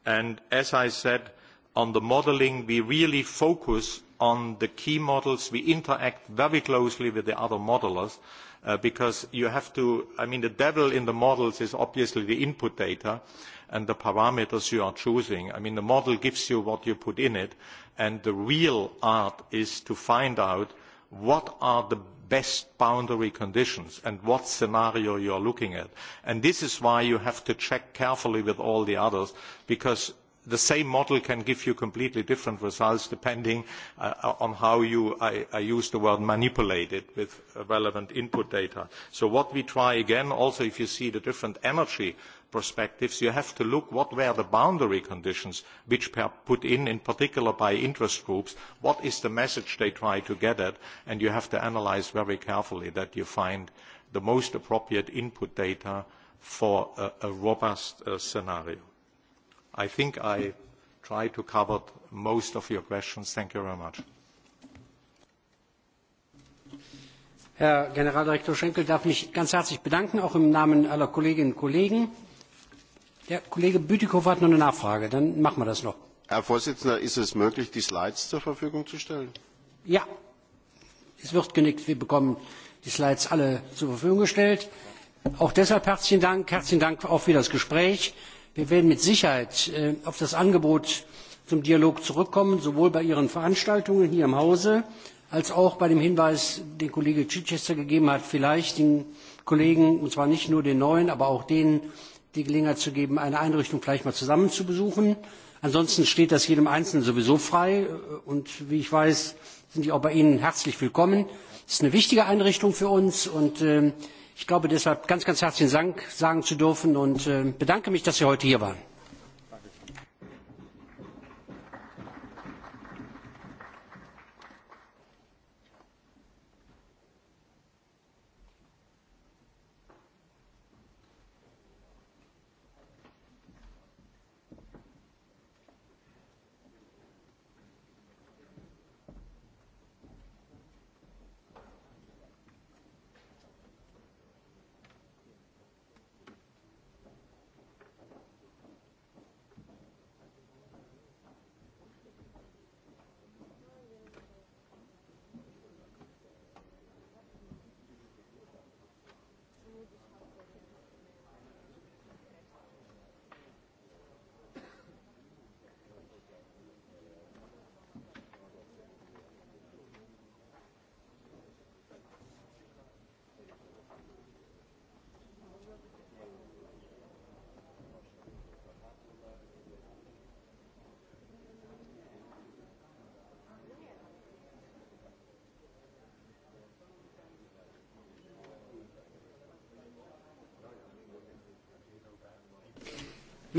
C: And as I said, on the modeling, we really focus on the key models. We interact very closely with the other modelers uh, because you have to, I mean, the devil in the models is obviously the input data and the parameters you are choosing. I mean, the model gives you what you put in it, and the real art is to find out what are the best boundary conditions and what scenario you are looking at. And this is why you have to check carefully with all the others, because the same model can give you completely different results depending uh, on how you, I, I use the word manipulate it with relevant input data. So what we try again, also if you see the different energy perspectives, you have to look what were the boundary conditions which were put in, in particular by interest groups, what is the message they try to get at, and you have to analyze very carefully that you find the most appropriate input data for a, a robust uh, scenario. I think I tried to cover most of your questions. Thank you very much.
B: Herr Generaldirektor Schenkel darf mich ganz herzlich bedanken, auch im Namen aller Kolleginnen und Kollegen. Der Kollege Bütikofer hat noch eine Nachfrage, dann machen wir das noch.
J: Herr Vorsitzender, ist es möglich, die Slides zur Verfügung zu stellen?
B: Ja, es wird genickt. Wir bekommen die Slides alle zur Verfügung gestellt. Auch deshalb herzlichen Dank, herzlichen Dank auch für das Gespräch wir werden mit sicherheit äh, auf das angebot zum dialog zurückkommen sowohl bei ihren veranstaltungen hier im hause als auch bei dem hinweis den kollege chichester gegeben hat vielleicht den kollegen und zwar nicht nur den neuen aber auch denen die gelegenheit zu geben eine einrichtung vielleicht mal zusammen zu besuchen. ansonsten steht das jedem einzelnen sowieso frei äh, und wie ich weiß sind die auch bei ihnen herzlich willkommen. es ist eine wichtige einrichtung für uns und ähm, Ich glaube deshalb ganz, ganz herzlichen Dank sagen zu dürfen und äh, bedanke mich, dass Sie heute hier waren.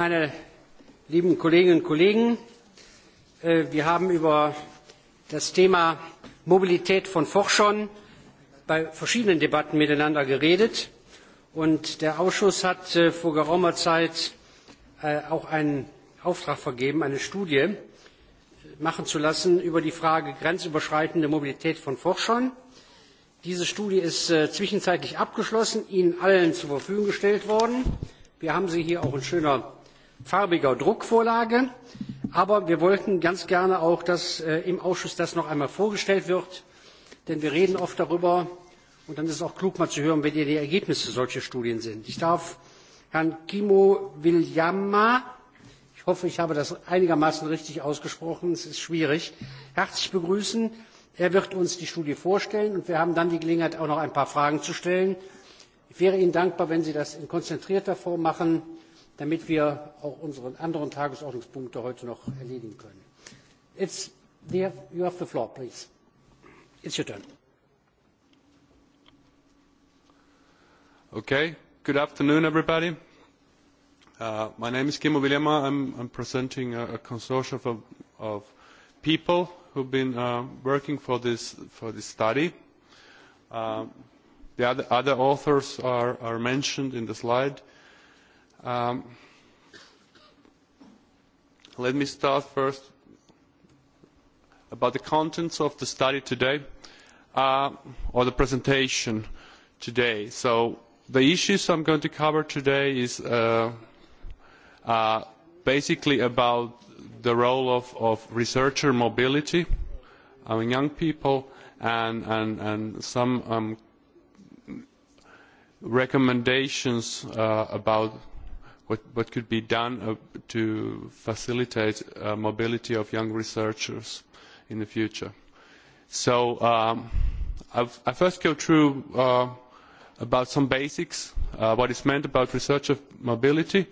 B: meine lieben Kolleginnen und Kollegen, äh, wir haben über das Thema Mobilität von Forschern bei verschiedenen Debatten miteinander geredet. Und der Ausschuss hat äh, vor geraumer Zeit äh, auch einen Auftrag vergeben, eine Studie machen zu lassen über die Frage grenzüberschreitende Mobilität von Forschern. Diese Studie ist zwischenzeitlich abgeschlossen, Ihnen allen zur Verfügung gestellt worden. Wir haben sie hier auch in schöner farbiger Druckvorlage. Aber wir wollten ganz gerne auch, dass äh, im Ausschuss das noch einmal vorgestellt wird. Denn wir reden oft darüber, und dann ist es auch klug, mal zu hören, welche die Ergebnisse solcher Studien sind. Ich darf Herrn Kimo Viljama, ich hoffe, ich habe das einigermaßen richtig ausgesprochen, es ist schwierig, herzlich begrüßen. Er wird uns die Studie vorstellen und wir haben dann die Gelegenheit, auch noch ein paar Fragen zu stellen. Ich wäre Ihnen dankbar, wenn Sie das in konzentrierter Form machen damit wir auch unsere anderen Tagesordnungspunkte heute noch erledigen können. It's, dear, you have the floor, please. It's your turn.
M: Okay. Good afternoon, everybody. Uh, my name is Kimmo Vilema. I'm, I'm presenting a, a consortium of, of people who've been uh, working for this, for this study. Um, the other, other authors are, are mentioned in the slide. Uh, Um, let me start first about the contents of the study today uh, or the presentation today. So the issues I'm going to cover today is uh, uh, basically about the role of, of researcher mobility among I mean, young people and, and, and some um, recommendations uh, about what, what could be done uh, to facilitate uh, mobility of young researchers in the future. So um, I've, I first go through uh, about some basics, uh, what is meant about researcher mobility,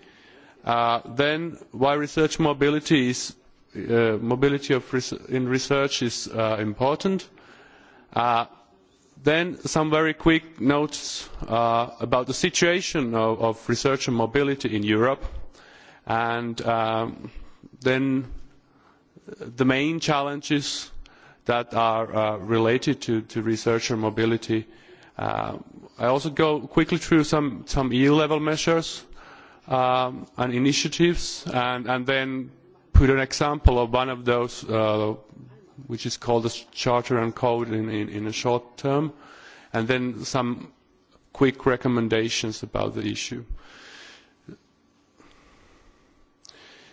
M: uh, then why research mobility is uh, mobility of res in research is uh, important, uh, then some very quick notes uh, about the situation of, of research and mobility in Europe, and um, then the main challenges that are uh, related to, to research and mobility. Uh, I also go quickly through some, some EU-level measures um, and initiatives, and, and then put an example of one of those uh, which is called the Charter and Code in, in, in a short term, and then some quick recommendations about the issue.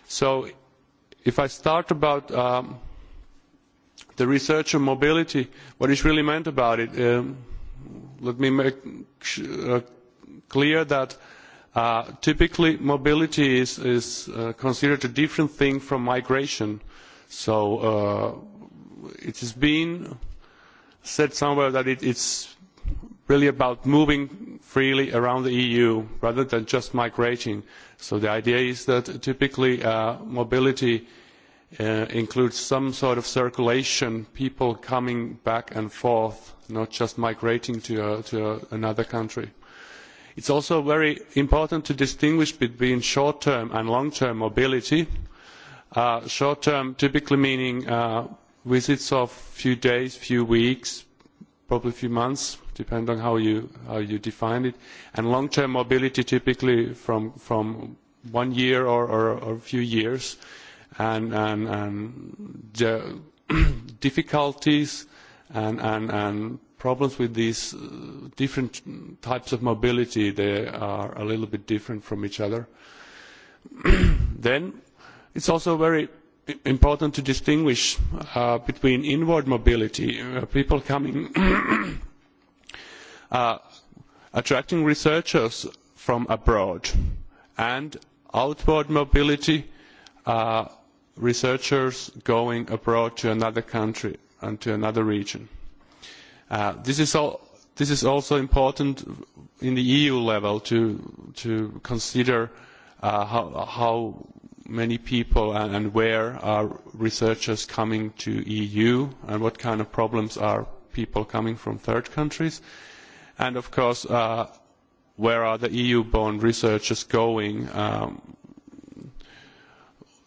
M: So if I start about um, the research on mobility, what is really meant about it, um, let me make sh- uh, clear that uh, typically mobility is, is uh, considered a different thing from migration. So uh, it has been said somewhere that it, it's really about moving freely around the EU rather than just migrating. So the idea is that typically uh, mobility uh, includes some sort of circulation, people coming back and forth, not just migrating to, a, uh, to a, uh, another country. It's also very important to distinguish between short-term and long-term mobility. Uh, short-term typically meaning uh, visits of few days, few weeks, probably few months, depending on how you, how you define it. And long-term mobility typically from, from one year or, or, or a few years. And, and, and the difficulties and, and, and problems with these uh, different types of mobility, they are a little bit different from each other. then it's also very important to distinguish uh, between inward mobility, uh, people coming, uh, attracting researchers from abroad, and outward mobility, uh, researchers going abroad to another country and to another region. Uh, this is all. This is also important in the EU level to to consider uh, how, how many people and, and where are researchers coming to EU and what kind of problems are people coming from third countries? And of course, uh, where are the EU-born researchers going um,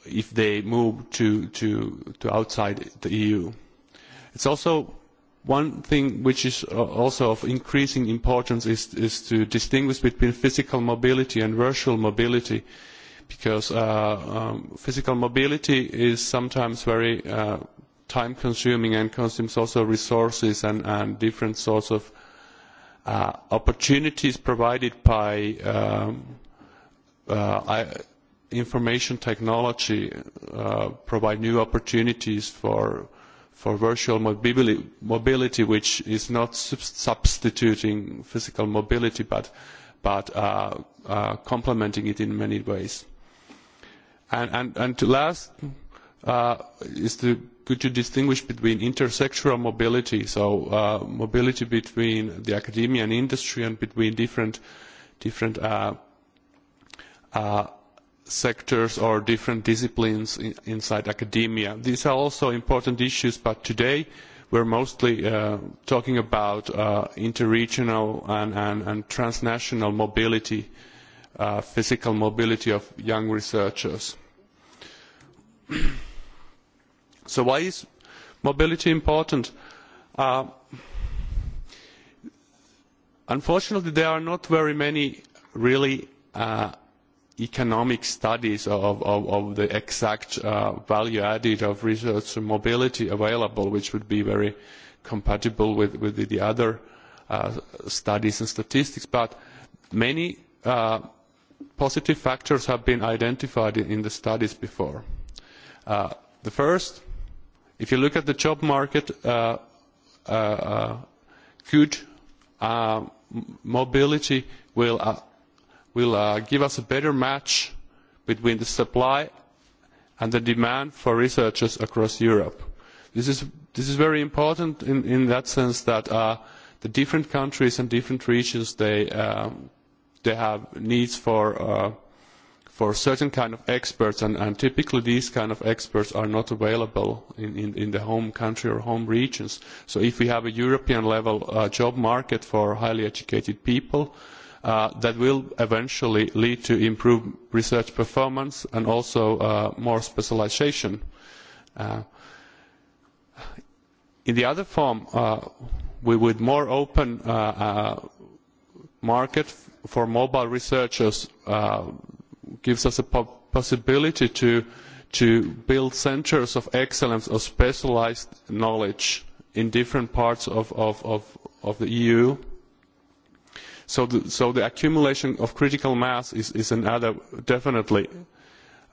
M: if they move to, to, to outside the EU? It's also one thing which is also of increasing importance is, is to distinguish between physical mobility and virtual mobility. Uh, because uh, um, physical mobility is sometimes very uh, time consuming and consumes also resources and, and different sorts of uh, opportunities provided by um, uh, I, information technology uh, provide new opportunities for for virtual mobility, mobility which is not sub substituting physical mobility but but uh, uh, complementing it in many ways. And, and, and to last uh, is to could you distinguish between intersectoral mobility, so uh, mobility between the academia and industry and between different, different uh, uh, sectors or different disciplines in, inside academia. These are also important issues, but today we're mostly uh, talking about uh, interregional and, and, and transnational mobility uh, uh, physical mobility of young researchers. so why is mobility important? Uh, unfortunately, there are not very many really uh, economic studies of, of, of the exact uh, value added of research and mobility available, which would be very compatible with, with the, the other uh, studies and statistics. But many uh, positive factors have been identified in the studies before. Uh, the first, if you look at the job market, uh, uh, uh good uh, mobility will, uh, will uh, give us a better match between the supply and the demand for researchers across Europe. This is, this is very important in, in that sense that uh, the different countries and different regions, they um, uh, they have needs for uh, for certain kind of experts and, and typically these kind of experts are not available in, in, in the home country or home regions. So if we have a European level uh, job market for highly educated people, uh, that will eventually lead to improved research performance and also uh, more specialization. Uh, in the other form, uh, we would more open uh, uh, market for mobile researchers uh, gives us a po possibility to, to build centers of excellence of specialized knowledge in different parts of, of, of, of the EU. So the, so the accumulation of critical mass is, is another definitely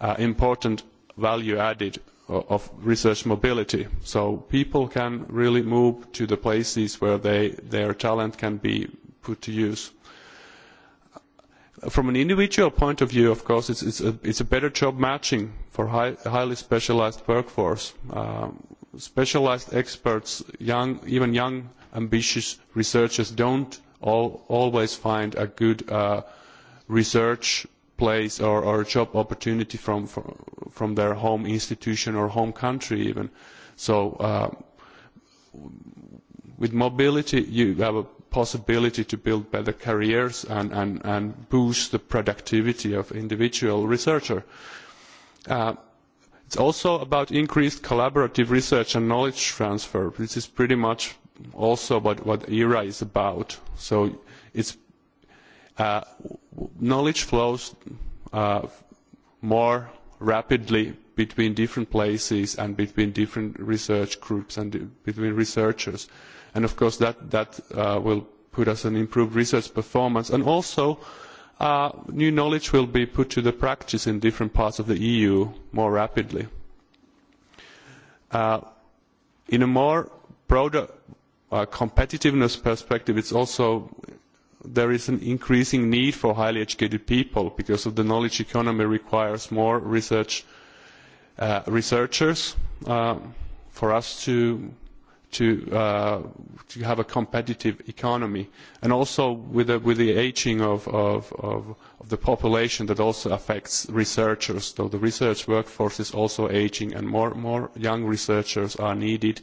M: uh, important value added of research mobility. So people can really move to the places where they, their talent can be put to use from an individual point of view, of course, it's, it's, a, it's a better job matching for high, highly specialized workforce. Um, specialized experts, young, even young, ambitious researchers don't all, always find a good uh, research place or, or job opportunity from, from, from their home institution or home country even. So uh, with mobility, you have a possibility to build better careers and, and, and boost the productivity of individual researcher. Uh, it's also about increased collaborative research and knowledge transfer. This is pretty much also what, what ERA is about. So it's uh, knowledge flows uh, more rapidly between different places and between different research groups and between researchers. Uh, and of course that, that uh, will put us in improved research performance and also uh, new knowledge will be put to the practice in different parts of the EU more rapidly. Uh, in a more broader uh, competitiveness perspective, it's also there is an increasing need for highly educated people because of the knowledge economy requires more research uh, researchers uh, for us to to uh, to have a competitive economy, and also with the, with the aging of, of, of, of the population that also affects researchers. So the research workforce is also aging, and more more young researchers are needed.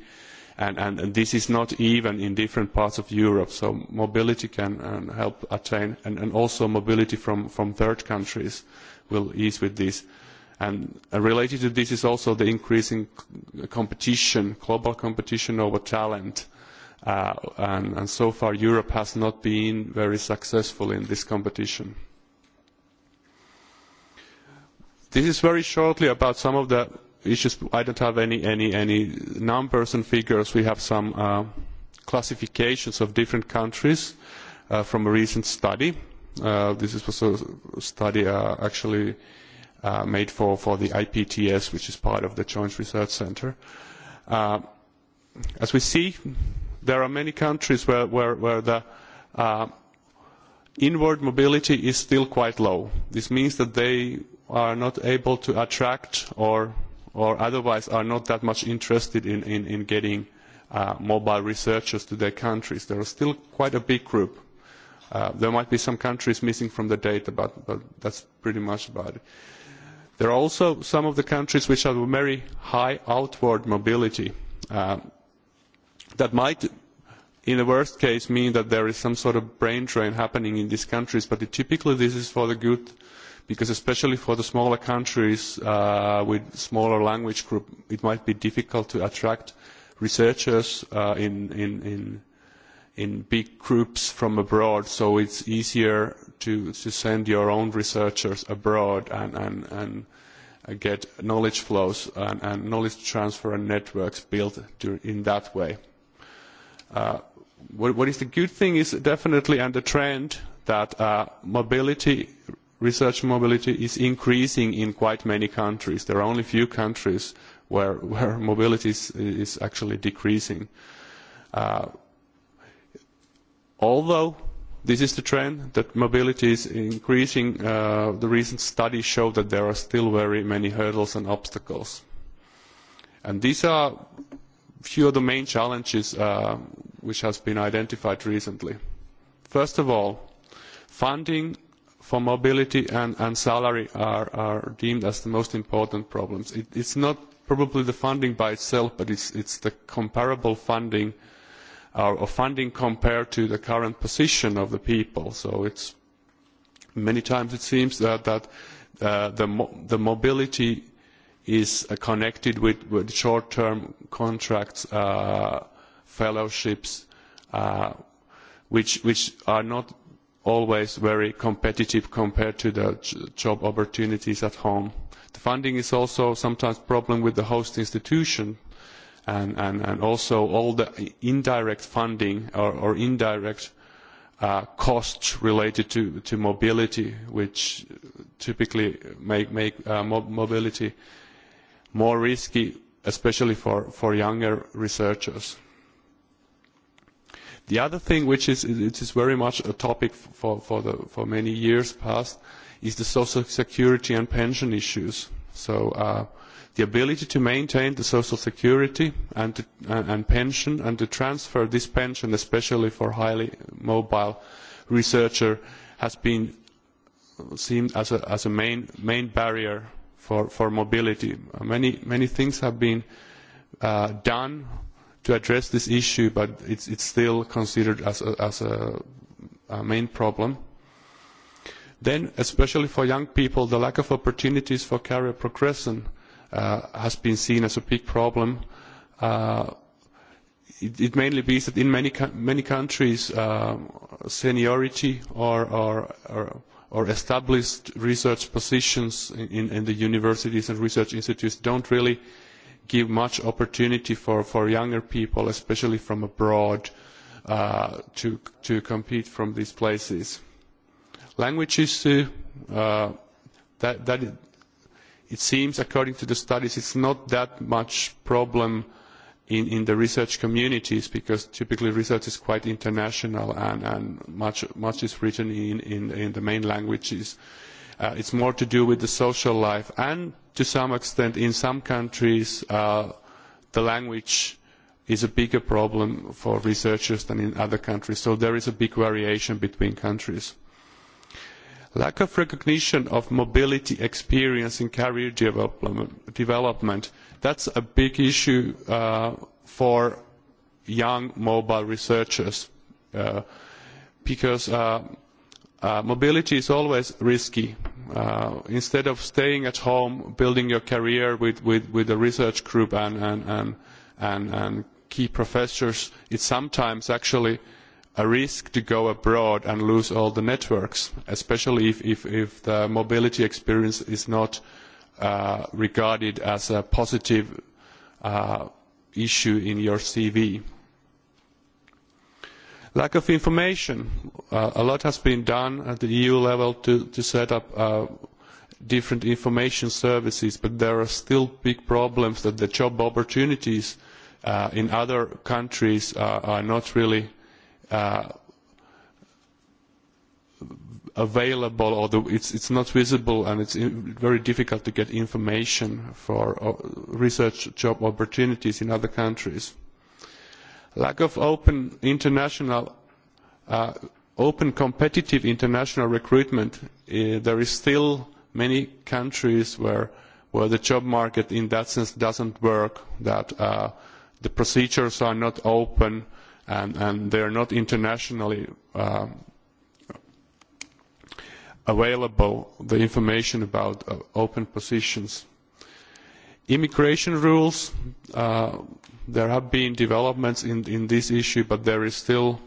M: And, and, and this is not even in different parts of Europe, so mobility can um, help attain, and, and also mobility from, from third countries will ease with this. Uh, And uh, related to this is also the increasing competition, global competition over talent. Uh, and, and so far, Europe has not been very successful in this competition. This is very shortly about some of the issues. I don't have any, any, any numbers and figures. We have some uh, classifications of different countries uh, from a recent study. Uh, this was a study uh, actually uh, made for, for the IPTS, which is part of the Joint Research Center. Uh, as we see, there are many countries where, where, where the uh, inward mobility is still quite low. This means that they are not able to attract or, or otherwise are not that much interested in, in, in getting uh, mobile researchers to their countries. There are still quite a big group. Uh, there might be some countries missing from the data, but, but that's pretty much about it. Uh, There are also some of the countries which have a very high outward mobility. Uh, that might, in the worst case, mean that there is some sort of brain drain happening in these countries, but it, typically this is for the good, because especially for the smaller countries uh, with smaller language group, it might be difficult to attract researchers uh, in, in, in, in big groups from abroad, so it's easier to, to send your own researchers abroad and, and, and uh, get knowledge flows and, and knowledge transfer and networks built to, in that way. Uh, what, what is the good thing is definitely and the trend that uh, mobility, research mobility is increasing in quite many countries. There are only a few countries where, where mobility is, is actually decreasing. Uh, although this is the trend that mobility is increasing. Uh, the recent studies show that there are still very many hurdles and obstacles. And these are few of the main challenges uh, which has been identified recently. First of all, funding for mobility and, and salary are, are deemed as the most important problems. It, it's not probably the funding by itself, but it's, it's the comparable funding uh, of funding compared to the current position of the people. So it's many times it seems that, that uh, the, mo the mobility is uh, connected with, with short-term contracts, uh, fellowships, uh, which, which are not always very competitive compared to the job opportunities at home. The funding is also sometimes a problem with the host institution and, and, and also all the indirect funding or, or indirect uh, costs related to, to mobility, which typically make, make uh, mo mobility more risky, especially for, for younger researchers. The other thing, which is, it is very much a topic for, for, the, for many years past, is the social security and pension issues. So uh, the ability to maintain the social security and, to, uh, and pension and to transfer this pension, especially for highly mobile researcher, has been seen as a, as a main, main barrier for, for mobility. Many, many things have been uh, done to address this issue, but it's, it's still considered as a, as a, a main problem. Then, especially for young people, the lack of opportunities for career progression uh, has been seen as a big problem. Uh, it, it mainly means that in many many countries, uh, seniority or, or, or or established research positions in, in the universities and research institutes don't really give much opportunity for, for younger people, especially from abroad, uh, to, to compete from these places. Language issue, uh, that, that, it seems according to the studies it's not that much problem in, in the research communities because typically research is quite international and, and much, much is written in, in, in the main languages. Uh, it's more to do with the social life and to some extent in some countries uh, the language is a bigger problem for researchers than in other countries. So there is a big variation between countries lack of recognition of mobility experience in career development, development that's a big issue uh, for young mobile researchers uh, because uh, uh, mobility is always risky. Uh, instead of staying at home, building your career with, with, with a research group and, and, and, and, and key professors, it's sometimes actually uh, a risk to go abroad and lose all the networks, especially if, if, if the mobility experience is not uh, regarded as a positive uh, issue in your CV. Lack of information. Uh, a lot has been done at the EU level to, to set up uh, different information services, but there are still big problems that the job opportunities uh, in other countries uh, are not really uh, available or the, it's, it's not visible and it's in, very difficult to get information for uh, research job opportunities in other countries. Lack of open international, uh, open competitive international recruitment, uh, there is still many countries where, where the job market in that sense doesn't work, that uh, the procedures are not open, and, and they are not internationally uh, available, the information about uh, open positions. Immigration rules, uh, there have been developments in, in this issue, but there is still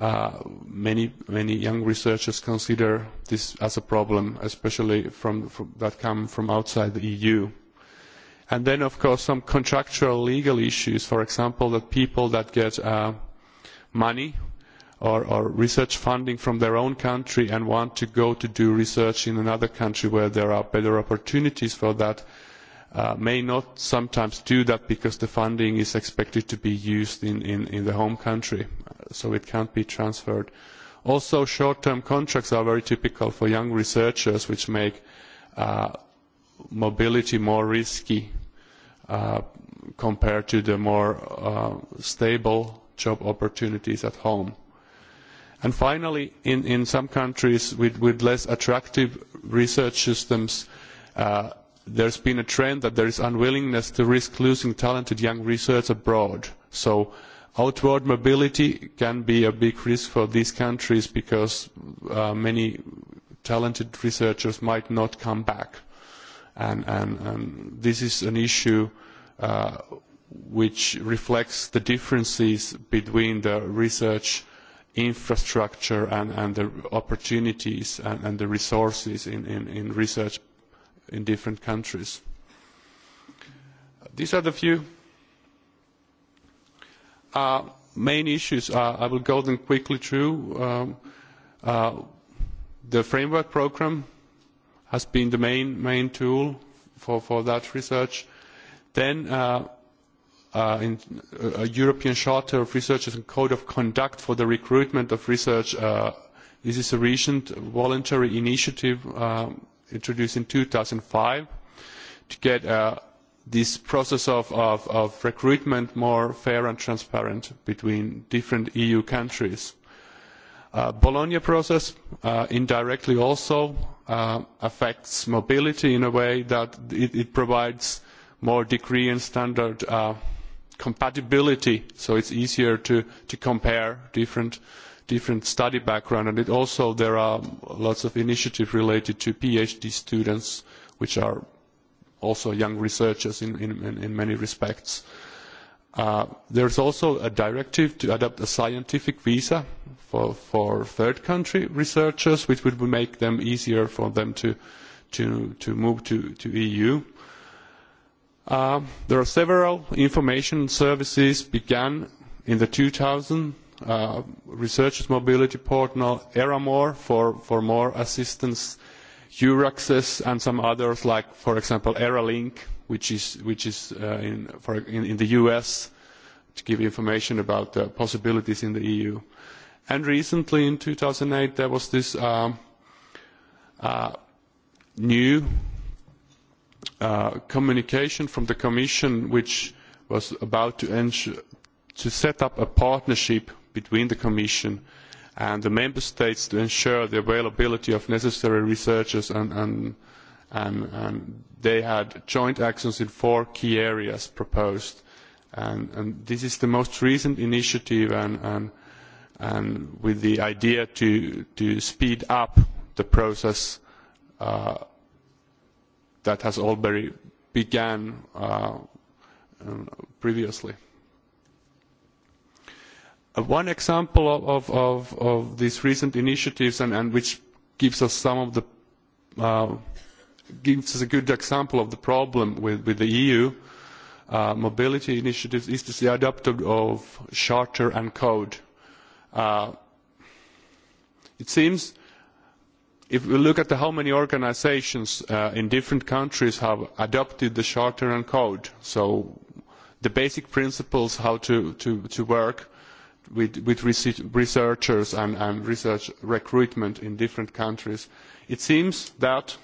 M: uh, many, many young researchers consider this as a problem, especially from, from that come from outside the EU. Uh, And then, of course, some contractual legal issues. For example, that people that get uh, money or, or research funding from their own country and want to go to do research in another country where there are better opportunities for that uh, may not sometimes do that because the funding is expected to be used in, in, in the home country, so it can't be transferred. Also, short-term contracts are very typical for young researchers, which make uh, mobility more risky uh, compared to the more uh, stable job opportunities at home. And finally, in, in some countries with, with less attractive research systems, uh, there's been a trend that there is unwillingness to risk losing talented young research abroad. So outward mobility can be a big risk for these countries because uh, many talented researchers might not come back and, and, and this is an issue uh, which reflects the differences between the research infrastructure and, and the opportunities and, and the resources in, in, in research in different countries. These are the few uh, main issues. Uh, I will go them quickly through. Um, uh, the framework program has been the main, main tool for, for that research. Then uh, uh, in, uh, a European Charter of Researchers and Code of Conduct for the Recruitment of Research. Uh, this is a recent voluntary initiative um, introduced in 2005 to get uh, this process of, of, of recruitment more fair and transparent between different EU countries. Uh, Bologna process, uh, indirectly also, uh, affects mobility in a way that it, it provides more degree and standard uh, compatibility, so it's easier to, to compare different different study background and it also there are lots of initiatives related to PhD students which are also young researchers in, in, in many respects. Uh, Uh, there's also a directive to adopt a scientific visa for, for third country researchers, which would make them easier for them to, to, to move to, to EU. Uh, there are several information services began in the 2000 uh, researchers mobility portal, Eramore for, for more assistance, Euraccess and some others like, for example, Eralink which is, which is uh, in, for, in, in the US to give information about the possibilities in the EU. And recently in 2008 there was this um, uh, new uh, communication from the Commission which was about to, ensure, to set up a partnership between the Commission and the Member States to ensure the availability of necessary researchers and, and uh, and, and they had joint actions in four key areas proposed. And, and this is the most recent initiative and, and, and with the idea to, to speed up the process uh, that has already began uh, um, previously. Uh, one example of, of, of these recent initiatives and, and which gives us some of the uh, gives us a good example of the problem with, with the EU uh, mobility initiatives is the adoption of charter and code. Uh, it seems if we look at the, how many organizations uh, in different countries have adopted the charter and code, so the basic principles how to, to, to work with, with researchers and, and research recruitment in different countries, it seems that uh,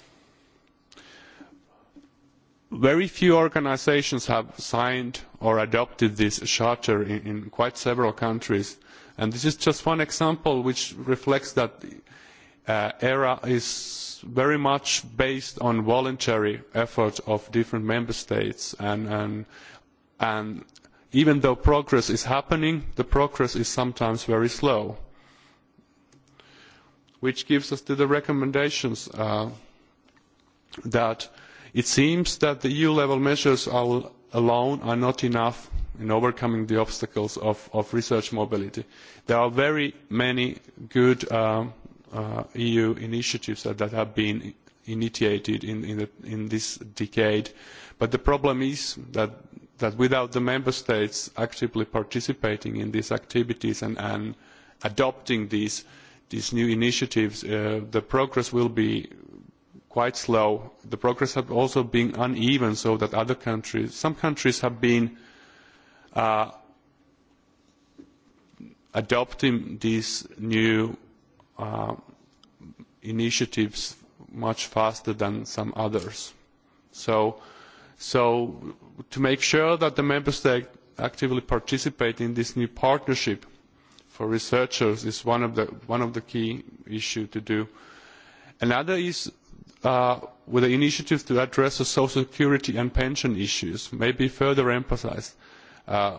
M: very few organisations have signed or adopted this charter in, in quite several countries and this is just one example which reflects that uh, era is very much based on voluntary effort of different member states and, and, and even though progress is happening the progress is sometimes very slow which gives us to the recommendations uh, that uh, It seems that the EU-level measures are, alone are not enough in overcoming the obstacles of, of research mobility. There are very many good um, uh, uh, e EU initiatives that, that have been initiated in, in, the, in this decade, but the problem is that, that without the member states actively participating in these activities and, and adopting these, these new initiatives, uh, the progress will be quite slow. The progress has also been uneven, so that other countries, some countries have been uh, adopting these new uh, initiatives much faster than some others. So, so to make sure that the member states actively participate in this new partnership for researchers is one of the, one of the key issues to do. Another is uh, with the initiative to address the social security and pension issues may be further emphasized. Uh,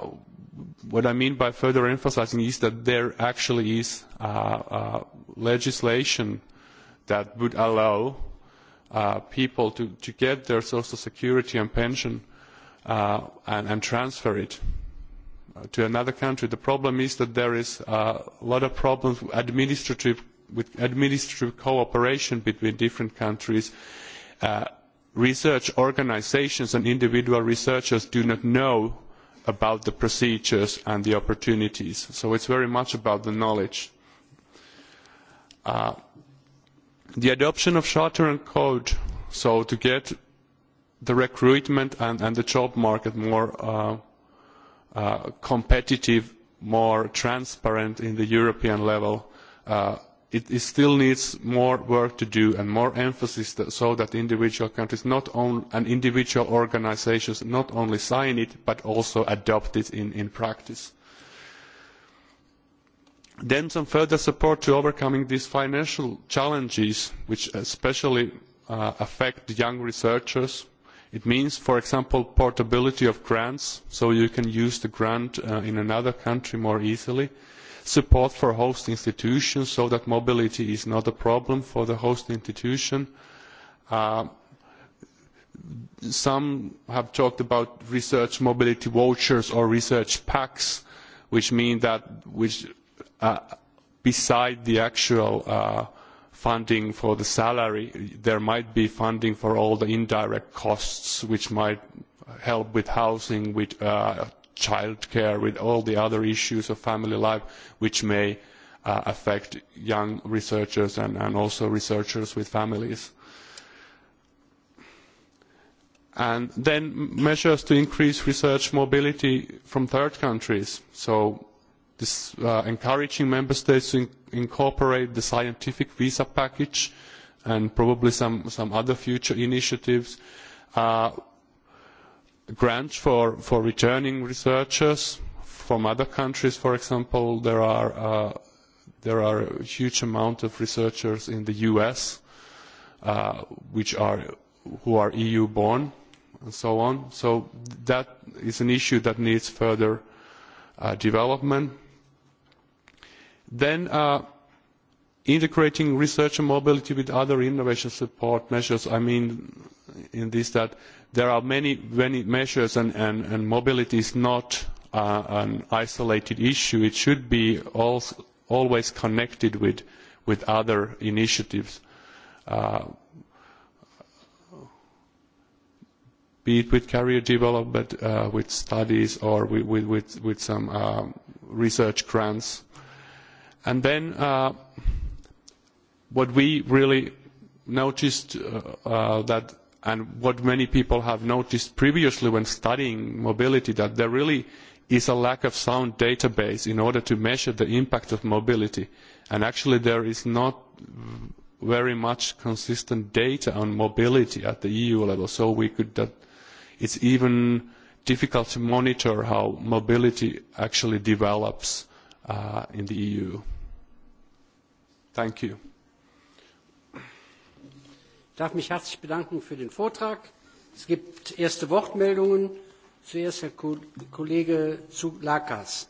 M: what I mean by further emphasizing is that there actually is uh, uh, legislation that would allow uh, people to, to get their social security and pension uh, and, and transfer it uh, to another country. The problem is that there is uh, a lot of problems with administrative with administrative cooperation between different countries, uh, research organizations and individual researchers do not know about the procedures and the opportunities. So it's very much about the knowledge. Uh, the adoption of charter and code, so to get the recruitment and, and the job market more uh, uh, competitive, more transparent in the European level, uh, it, it still needs more work to do and more emphasis that, so that individual countries not on, and individual organizations not only sign it but also adopt it in, in practice. Then some further support to overcoming these financial challenges which especially uh, affect young researchers. It means, for example, portability of grants, so you can use the grant uh, in another country more easily. Uh, support for host institutions so that mobility is not a problem for the host institution. Uh, some have talked about research mobility vouchers or research packs, which mean that which uh, beside the actual uh, funding for the salary, there might be funding for all the indirect costs, which might help with housing, with uh, childcare, with all the other issues of family life, which may uh, affect young researchers and, and also researchers with families. And then measures to increase research mobility from third countries. So this, uh, encouraging member states to in incorporate the scientific visa package and probably some, some other future initiatives. Uh, grants for, for returning researchers from other countries, for example, there are, uh, there are a huge amount of researchers in the US uh, which are, who are EU-born and so on. So that is an issue that needs further uh, development. Then uh, integrating research and mobility with other innovation support measures, I mean in this that there are many, many measures and, and, and mobility is not uh, an isolated issue. It should be all, always connected with, with other initiatives, uh, be it with career development, uh, with studies, or with, with, with, with some um, research grants. And then uh, what we really noticed uh, uh, that and what many people have noticed previously when studying mobility that there really is a lack of sound database in order to measure the impact of mobility and actually there is not very much consistent data on mobility at the EU level so we could that it's even difficult to monitor how mobility actually develops uh, in the EU. Thank you
B: darf mich herzlich bedanken für den Vortrag. Es gibt erste Wortmeldungen. Zuerst Herr Kollege Zulakas.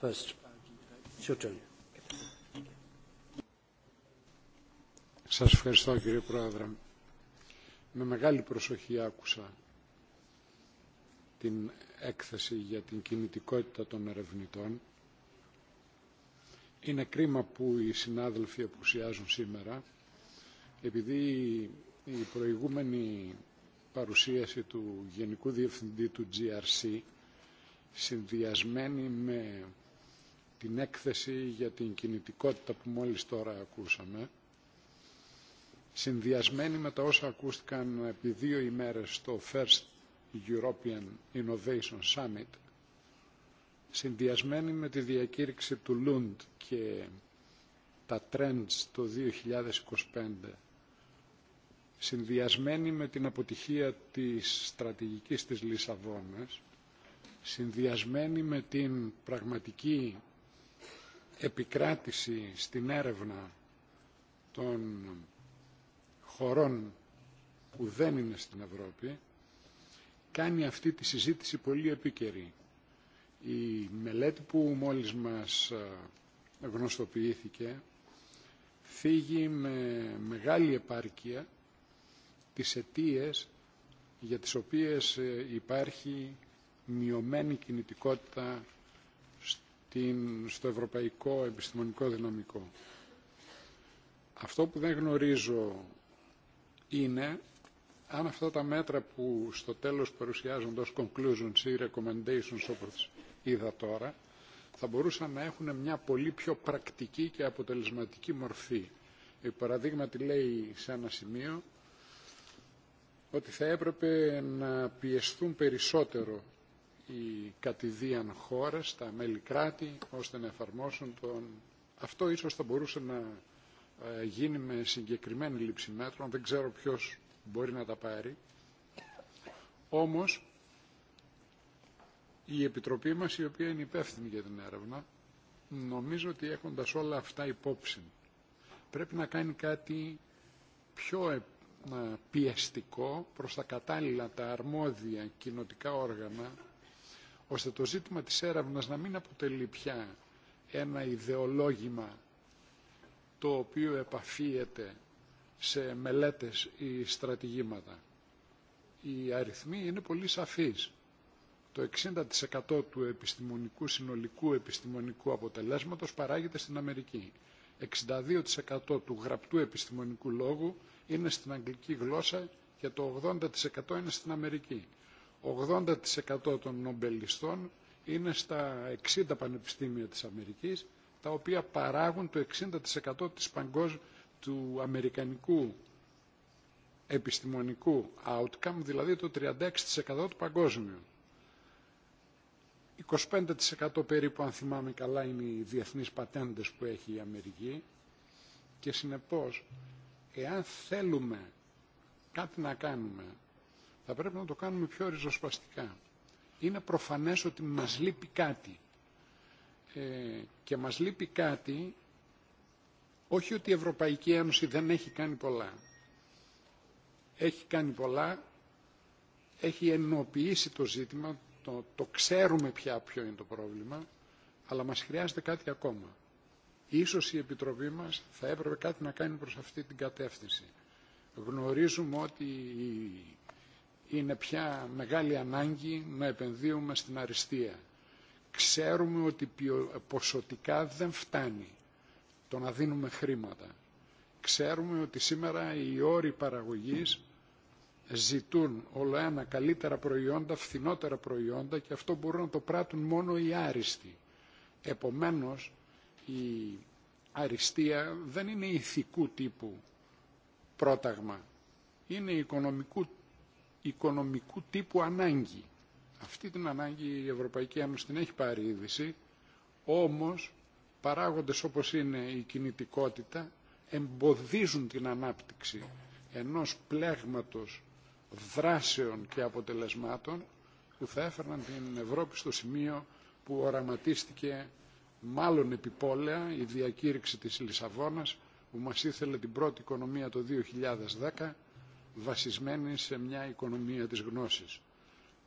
F: First. It's your turn. Σας ευχαριστώ κύριε Πρόεδρε. Με μεγάλη προσοχή άκουσα την έκθεση για την κινητικότητα των ερευνητών. Είναι κρίμα που οι συνάδελφοι απουσιάζουν σήμερα επειδή η προηγούμενη παρουσίαση του Γενικού Διευθυντή του GRC συνδυασμένη με την έκθεση για την κινητικότητα που μόλις τώρα ακούσαμε συνδυασμένη με τα όσα ακούστηκαν επί δύο ημέρες στο First European Innovation Summit συνδυασμένη με τη διακήρυξη του Lund και τα trends το 2025 συνδυασμένη με την αποτυχία της στρατηγικής της Λισαβόνας, συνδυασμένη με την πραγματική επικράτηση στην έρευνα των χωρών που δεν είναι στην Ευρώπη, κάνει αυτή τη συζήτηση πολύ επίκαιρη. Η μελέτη που μόλις μας γνωστοποιήθηκε θίγει με μεγάλη επάρκεια τις αιτίες για τις οποίες υπάρχει μειωμένη κινητικότητα στην, στο ευρωπαϊκό επιστημονικό δυναμικό. Αυτό που δεν γνωρίζω είναι αν αυτά τα μέτρα που στο τέλος παρουσιάζονται ως conclusions ή recommendations όπως είδα τώρα, θα μπορούσαν να έχουν μια πολύ πιο πρακτική και αποτελεσματική μορφή. Η παραδείγματι λέει σε ένα σημείο ότι θα έπρεπε να πιεστούν περισσότερο οι κατηδίαν χώρες, τα μέλη κράτη, ώστε να εφαρμόσουν τον... Αυτό ίσως θα μπορούσε να γίνει με συγκεκριμένη λήψη μέτρων, δεν ξέρω ποιος μπορεί να τα πάρει. Όμως, η Επιτροπή μας, η οποία είναι υπεύθυνη για την έρευνα, νομίζω ότι έχοντας όλα αυτά υπόψη, πρέπει να κάνει κάτι πιο πιεστικό προς τα κατάλληλα τα αρμόδια κοινοτικά όργανα, ώστε το ζήτημα της έρευνας να μην αποτελεί πια ένα ιδεολόγημα το οποίο επαφίεται σε μελέτες ή στρατηγήματα. Οι αριθμοί είναι πολύ σαφείς. Το 60% του επιστημονικού συνολικού επιστημονικού αποτελέσματος παράγεται στην Αμερική. 62% του γραπτού επιστημονικού λόγου είναι στην αγγλική γλώσσα και το 80% είναι στην Αμερική. 80% των νομπελιστών είναι στα 60 πανεπιστήμια της Αμερικής, τα οποία παράγουν το 60% της παγκόσμ... του αμερικανικού επιστημονικού outcome, δηλαδή το 36% του παγκόσμιου. 25% περίπου, αν θυμάμαι καλά, είναι οι διεθνείς πατέντες που έχει η Αμερική και συνεπώς, εάν θέλουμε κάτι να κάνουμε, θα πρέπει να το κάνουμε πιο ριζοσπαστικά. Είναι προφανές ότι μας λείπει κάτι. Ε, και μας λείπει κάτι, όχι ότι η Ευρωπαϊκή Ένωση δεν έχει κάνει πολλά. Έχει κάνει πολλά, έχει ενοποιήσει το ζήτημα αυτό, το ξέρουμε πια ποιο είναι το πρόβλημα, αλλά μας χρειάζεται κάτι ακόμα. Ίσως η Επιτροπή μας θα έπρεπε κάτι να κάνει προς αυτή την κατεύθυνση. Γνωρίζουμε ότι είναι πια μεγάλη ανάγκη να επενδύουμε στην αριστεία. Ξέρουμε ότι ποσοτικά δεν φτάνει το να δίνουμε χρήματα. Ξέρουμε ότι σήμερα οι όροι παραγωγής ζητούν όλο ένα καλύτερα προϊόντα, φθηνότερα προϊόντα και αυτό μπορούν να το πράττουν μόνο οι άριστοι. Επομένως, η αριστεία δεν είναι ηθικού τύπου πρόταγμα. Είναι οικονομικού, οικονομικού τύπου ανάγκη. Αυτή την ανάγκη η Ευρωπαϊκή Ένωση την έχει πάρει είδηση, όμως παράγοντες όπως είναι η κινητικότητα εμποδίζουν την ανάπτυξη ενός πλέγματος δράσεων και αποτελεσμάτων που θα έφερναν την Ευρώπη στο σημείο που οραματίστηκε μάλλον επιπόλαια η διακήρυξη της Λισαβόνας που μας ήθελε την πρώτη οικονομία το 2010 βασισμένη σε μια οικονομία της γνώσης.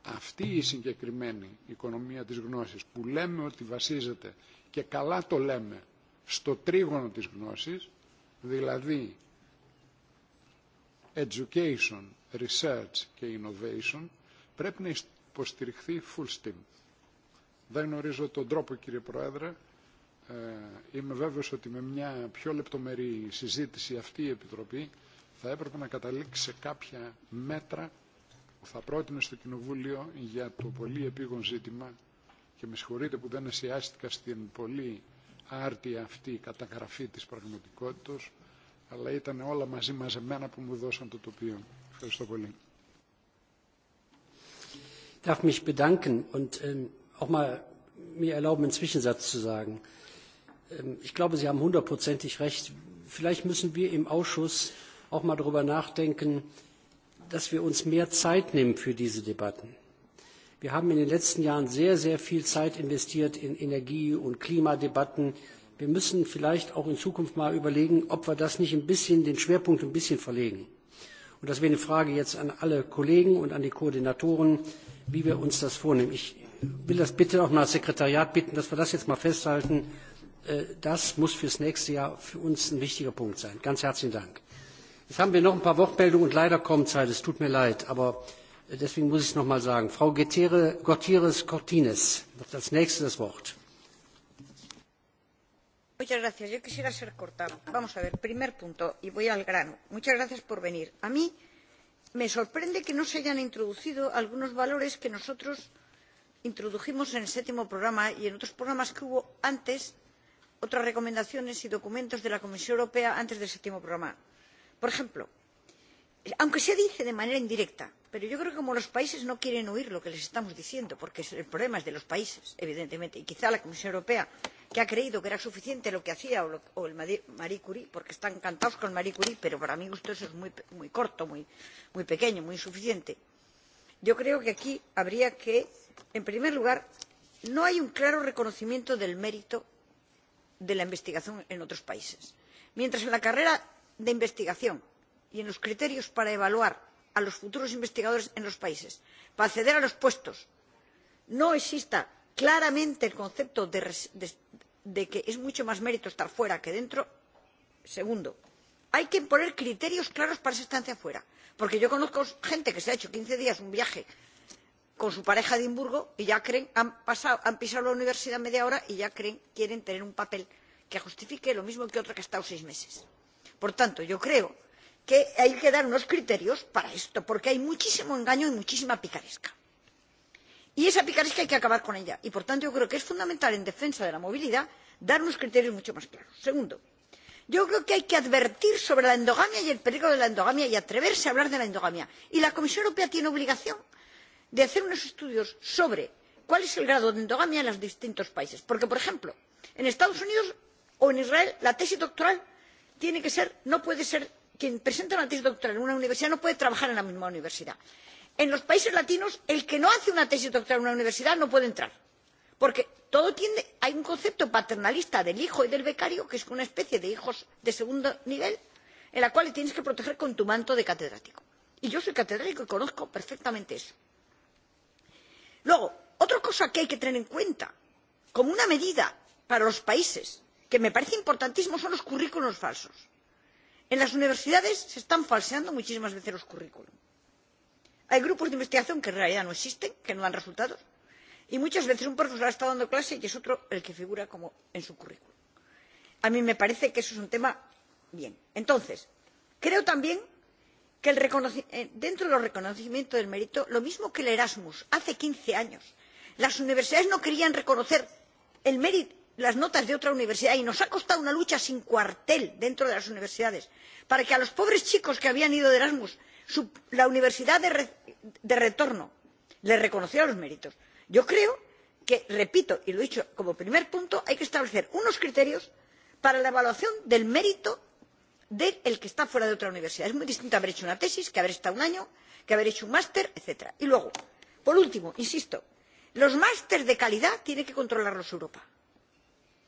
F: Αυτή η συγκεκριμένη οικονομία της γνώσης που λέμε ότι βασίζεται και καλά το λέμε στο τρίγωνο της γνώσης, δηλαδή education, research και innovation πρέπει να υποστηριχθεί full steam. Δεν γνωρίζω τον τρόπο κύριε Πρόεδρε. Ε, είμαι βέβαιος ότι με μια πιο λεπτομερή συζήτηση αυτή η Επιτροπή θα έπρεπε να καταλήξει σε κάποια μέτρα που θα πρότεινε στο Κοινοβούλιο για το πολύ επίγον ζήτημα και με συγχωρείτε που δεν εσιάστηκα στην πολύ άρτια αυτή καταγραφή της πραγματικότητας αλλά ήταν όλα μαζί μαζεμένα που μου δώσαν το τοπίο. Ευχαριστώ πολύ.
B: Ich darf mich bedanken und ähm, auch mal mir erlauben, einen Zwischensatz zu sagen. Ähm, ich glaube, Sie haben hundertprozentig recht. Vielleicht müssen wir im Ausschuss auch mal darüber nachdenken, dass wir uns mehr Zeit nehmen für diese Debatten. Wir haben in den letzten Jahren sehr, sehr viel Zeit investiert in Energie- und Klimadebatten. Wir müssen vielleicht auch in Zukunft mal überlegen, ob wir das nicht ein bisschen, den Schwerpunkt ein bisschen verlegen. Und das wäre eine Frage jetzt an alle Kollegen und an die Koordinatoren, wie wir uns das vornehmen. Ich will das bitte auch mal das Sekretariat bitten, dass wir das jetzt mal festhalten. Äh, das muss fürs nächste Jahr für uns ein wichtiger Punkt sein. Ganz herzlichen Dank. Jetzt haben wir noch ein paar Wortmeldungen und leider kaum Zeit. Es tut mir leid, aber äh, deswegen muss ich es noch mal sagen. Frau Gutierrez Cortines wird als nächste das Wort.
D: Muchas gracias. Yo quisiera ser corta. Vamos a ver, primer punto, y voy al grano. Muchas gracias por venir. A mí me sorprende que no se hayan introducido algunos valores que nosotros introdujimos en el séptimo programa y en otros programas que hubo antes, otras recomendaciones y documentos de la Comisión Europea antes del séptimo programa. Por ejemplo, aunque se dice de manera indirecta, pero yo creo que como los países no quieren oír lo que les estamos diciendo, porque el problema es de los países, evidentemente, y quizá la Comisión Europea que ha creído que era suficiente lo que hacía o, lo, o el Marie Curie, porque están encantados con Marie Curie, pero para mi gusto eso es muy, muy corto, muy, muy pequeño, muy insuficiente. Yo creo que aquí habría que, en primer lugar, no hay un claro reconocimiento del mérito de la investigación en otros países. Mientras en la carrera de investigación y en los criterios para evaluar a los futuros investigadores en los países, para acceder a los puestos, no exista claramente el concepto de, de, de que es mucho más mérito estar fuera que dentro. Segundo, hay que poner criterios claros para esa estancia fuera. Porque yo conozco gente que se ha hecho 15 días un viaje con su pareja a Edimburgo y ya creen, han, pasado, han pisado la universidad media hora y ya creen, quieren tener un papel que justifique lo mismo que otro que ha estado seis meses. Por tanto, yo creo que hay que dar unos criterios para esto, porque hay muchísimo engaño y muchísima picaresca y esa picaresca hay que acabar con ella y por tanto yo creo que es fundamental en defensa de la movilidad dar unos criterios mucho más claros. segundo yo creo que hay que advertir sobre la endogamia y el peligro de la endogamia y atreverse a hablar de la endogamia y la comisión europea tiene obligación de hacer unos estudios sobre cuál es el grado de endogamia en los distintos países porque por ejemplo en los estados unidos o en israel la tesis doctoral tiene que ser no puede ser quien presenta una tesis doctoral en una universidad no puede trabajar en la misma universidad en los países latinos el que no hace una tesis doctoral en una universidad no puede entrar porque todo tiende hay un concepto paternalista del hijo y del becario que es una especie de hijos de segundo nivel en la cual tienes que proteger con tu manto de catedrático y yo soy catedrático y conozco perfectamente eso. luego otra cosa que hay que tener en cuenta como una medida para los países que me parece importantísimo son los currículos falsos. en las universidades se están falseando muchísimas veces los currículos hay grupos de investigación que en realidad no existen que no dan resultados y muchas veces un profesor ha estado dando clase y es otro el que figura en su currículum. a mí me parece que eso es un tema bien. entonces creo también que eh, dentro del reconocimiento del mérito lo mismo que el erasmus hace quince años las universidades no querían reconocer el mérito las notas de otra universidad y nos ha costado una lucha sin cuartel dentro de las universidades para que a los pobres chicos que habían ido de erasmus Su, la universidad de, re, de retorno le reconoció los méritos. Yo creo que, repito, y lo he dicho como primer punto, hay que establecer unos criterios para la evaluación del mérito del de que está fuera de otra universidad. Es muy distinto haber hecho una tesis que haber estado un año, que haber hecho un máster, etc. Y luego, por último, insisto, los másteres de calidad tiene que controlarlos Europa.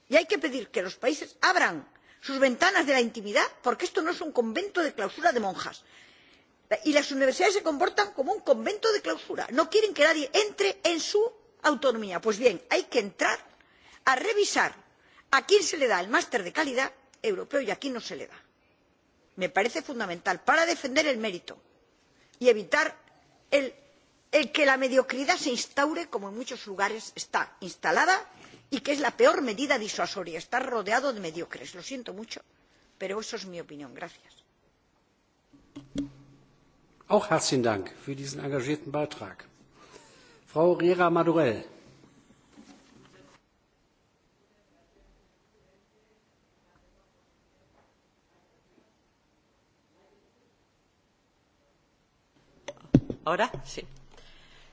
D: Y hay que pedir que los países abran sus ventanas de la intimidad, porque esto no es un convento de clausura de monjas y las universidades se comportan como un convento de clausura no quieren que nadie entre en su autonomía. pues bien hay que entrar a revisar a quién se le da el máster de calidad europeo y a quién no se le da. me parece fundamental para defender el mérito y evitar el, el que la mediocridad se instaure como en muchos lugares está instalada y que es la peor medida disuasoria estar rodeado de mediocres. lo siento mucho pero esa es mi opinión. gracias.
B: Auch herzlichen Dank für diesen engagierten Beitrag. Frau Riera Madurell.
I: Ahora sí.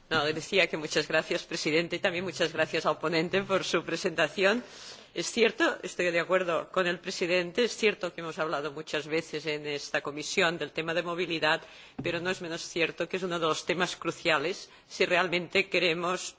I: No, decía que muchas gracias, presidente, y también muchas gracias al ponente por su presentación. Eh, es cierto estoy de acuerdo con el presidente es cierto que hemos hablado muchas veces en esta comisión del tema de la movilidad pero no es menos cierto que es uno de los temas cruciales si realmente queremos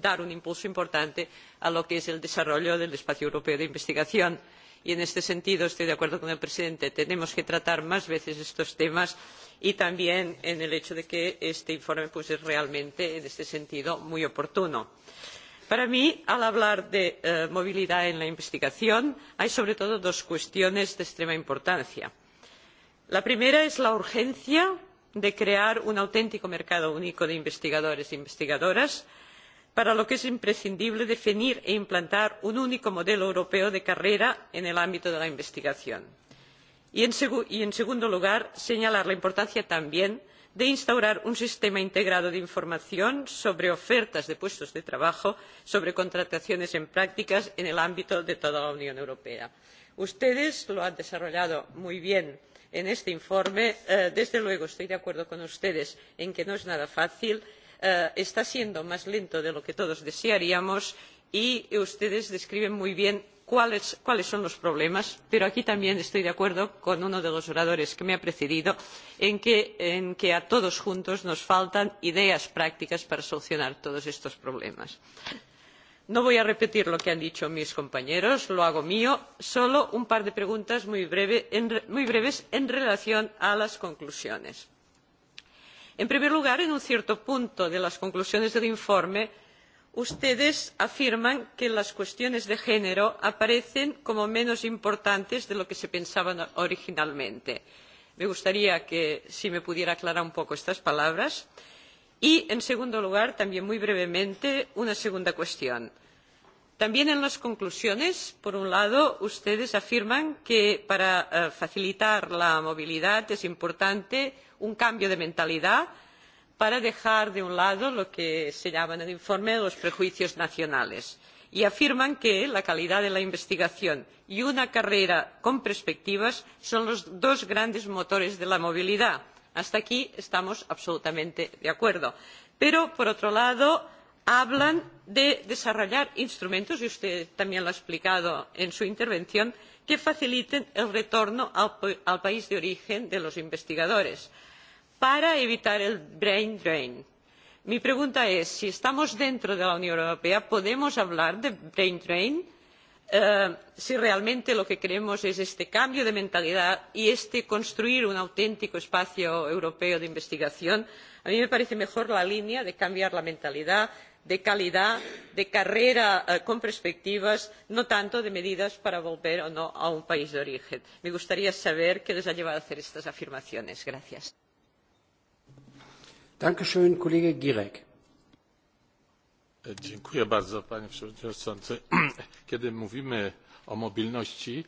I: dar un impulso importante a lo que es el desarrollo del espacio europeo de investigación y en este sentido estoy de acuerdo con el presidente tenemos que tratar más veces estos temas y también en el hecho de que este informe pues, es realmente en este sentido muy oportuno. por para mí al hablar de eh, movilidad en la investigación hay sobre todo dos cuestiones de extrema importancia la primera es la urgencia de crear un auténtico mercado único de investigadores e investigadoras para lo que es imprescindible definir e implantar un único modelo europeo de carrera en el ámbito de la investigación y en, seg y en segundo lugar señalar la importancia también de de instaurar un sistema integrado de información sobre ofertas de puestos de trabajo sobre contrataciones en prácticas en el ámbito de toda la unión europea. ustedes lo han desarrollado muy bien en este informe. Eh, desde luego estoy de acuerdo con ustedes en que no es nada fácil eh, está siendo más lento de lo que todos desearíamos y ustedes describen muy bien cuáles, cuáles son los problemas pero aquí también estoy de acuerdo con uno de los oradores que me ha precedido en que, en que a todos juntos nos faltan ideas prácticas para solucionar todos estos problemas. no voy a repetir lo que han dicho mis compañeros lo hago mío solo un par de preguntas muy, breve, en, muy breves en relación con las conclusiones. en primer lugar en un cierto punto de las conclusiones del informe ustedes afirman que las cuestiones de género aparecen como menos importantes de lo que se pensaba originalmente. me gustaría que si me pudiera aclarar un poco estas palabras. y en segundo lugar también muy brevemente una segunda cuestión. también en las conclusiones por un lado ustedes afirman que para eh, facilitar la movilidad es importante un cambio de mentalidad para dejar de un lado lo que se llama en el informe los prejuicios nacionales y afirman que la calidad de la investigación y una carrera con perspectivas son los dos grandes motores de la movilidad. hasta aquí estamos absolutamente de acuerdo. pero por otro lado hablan de desarrollar instrumentos y usted también lo ha explicado en su intervención que faciliten el retorno al, al país de origen de los investigadores. por para evitar el brain drain. mi pregunta es si estamos dentro de la unión europea podemos hablar de brain drain? Uh, si realmente lo que queremos es este cambio de mentalidad y este construir un auténtico espacio europeo de investigación a mí me parece mejor la línea de cambiar la mentalidad de calidad de carrera uh, con perspectivas no tanto de medidas para volver o no a un país de origen. me gustaría saber qué les ha llevado a hacer estas afirmaciones. gracias.
G: Dankeschön, Kollege Girek. E, dziękuję bardzo, panie przewodniczący. Kiedy mówimy o mobilności,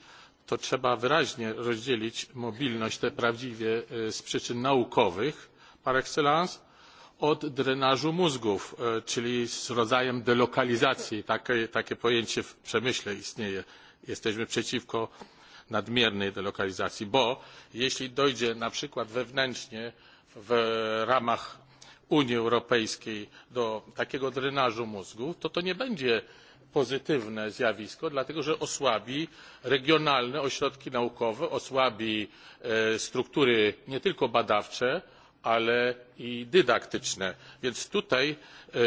G: to trzeba wyraźnie rozdzielić mobilność tę prawdziwie e, z przyczyn naukowych par excellence od drenażu mózgów e, czyli z rodzajem delokalizacji takie, takie pojęcie w przemyśle istnieje jesteśmy przeciwko nadmiernej delokalizacji bo jeśli dojdzie na przykład wewnętrznie w ramach unii europejskiej do takiego drenażu mózgów to to nie będzie pozytywne zjawisko dlatego że osłabi regionalne ośrodki naukowe osłabi e, struktury nie tylko badawcze ale i dydaktyczne więc tutaj e,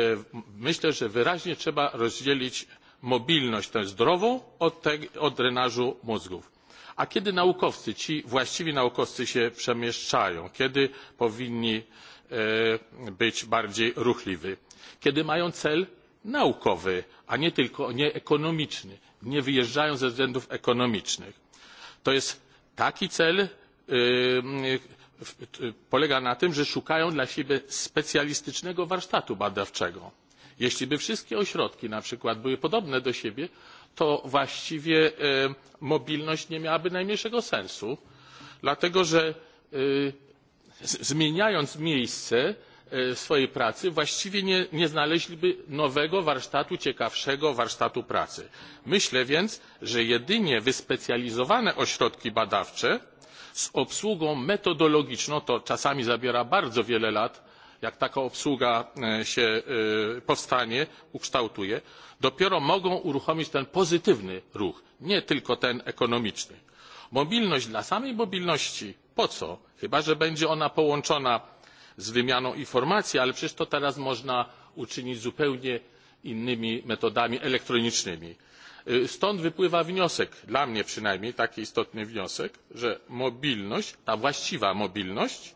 G: myślę że wyraźnie trzeba rozdzielić mobilność tę zdrową od drenażu mózgów a kiedy naukowcy ci właściwi naukowcy się przemieszczają kiedy powinni e, być bardziej ruchliwi kiedy mają cel naukowy a nie tylko nie ekonomiczny nie wyjeżdżają ze względów ekonomicznych. to jest taki cel e, polega na tym że szukają dla siebie specjalistycznego warsztatu badawczego jeśli by wszystkie ośrodki na przykład były podobne do siebie to właściwie e, mobilność nie miałaby najmniejszego sensu dlatego że e, zmieniając miejsce e, swojej pracy właściwie nie, nie znaleźliby nowego warsztatu ciekawszego warsztatu pracy. myślę więc że jedynie wyspecjalizowane ośrodki badawcze z obsługą metodologiczną to czasami zabiera bardzo wiele lat jak taka obsługa e, się e, powstanie ukształtuje dopiero mogą uruchomić ten pozytywny ruch nie tylko ten ekonomiczny. mobilność dla samej mobilności po co chyba że będzie ona połączona z wymianą informacji ale przecież to teraz można uczynić zupełnie innymi metodami elektronicznymi. E, stąd wypływa wniosek dla mnie przynajmniej taki istotny wniosek że mobilność ta właściwa mobilność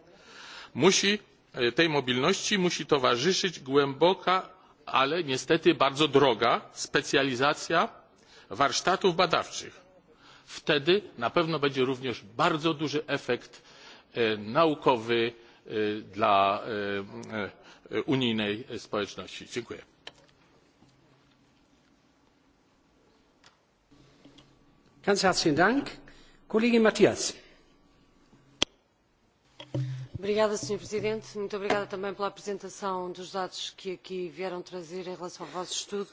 G: musi E, tej mobilności musi towarzyszyć głęboka ale niestety bardzo droga specjalizacja warsztatów badawczych. wtedy na pewno będzie również bardzo duży efekt e, naukowy e, dla unijnej społeczności. dziękuję.
B: Ganz herzlichen Dank. Kollege Matthias.
N: Obrigada, Sr. Presidente. Muito obrigada também pela apresentação dos dados que aqui vieram trazer em relação ao vosso estudo.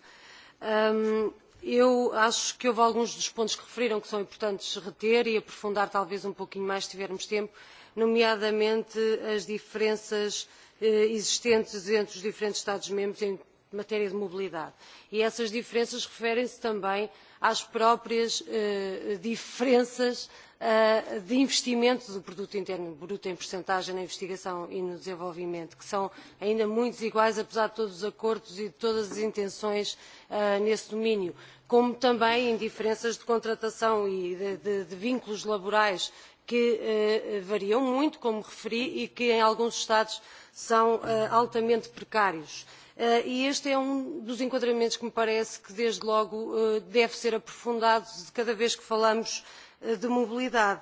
N: Um, eu acho que houve alguns dos pontos que referiram que são importantes reter e aprofundar talvez um pouquinho mais se tivermos tempo, nomeadamente as diferenças eh, existentes entre os diferentes Estados-membros em matéria de mobilidade. E essas diferenças referem-se também às próprias eh, diferenças Eh, de investimento do produto interno bruto em percentagem na investigação e no desenvolvimento, que são ainda muito desiguais, apesar de todos os acordos e de todas as intenções uh, nesse domínio, como também em diferenças de contratação e de, de, de vínculos laborais que eh, variam muito, como referi, e que em alguns Estados são eh, altamente precários. Eh, e este é um dos enquadramentos que me parece que, desde logo, eh, deve ser aprofundado de cada vez que falamos eh, Eh, de mobilidade.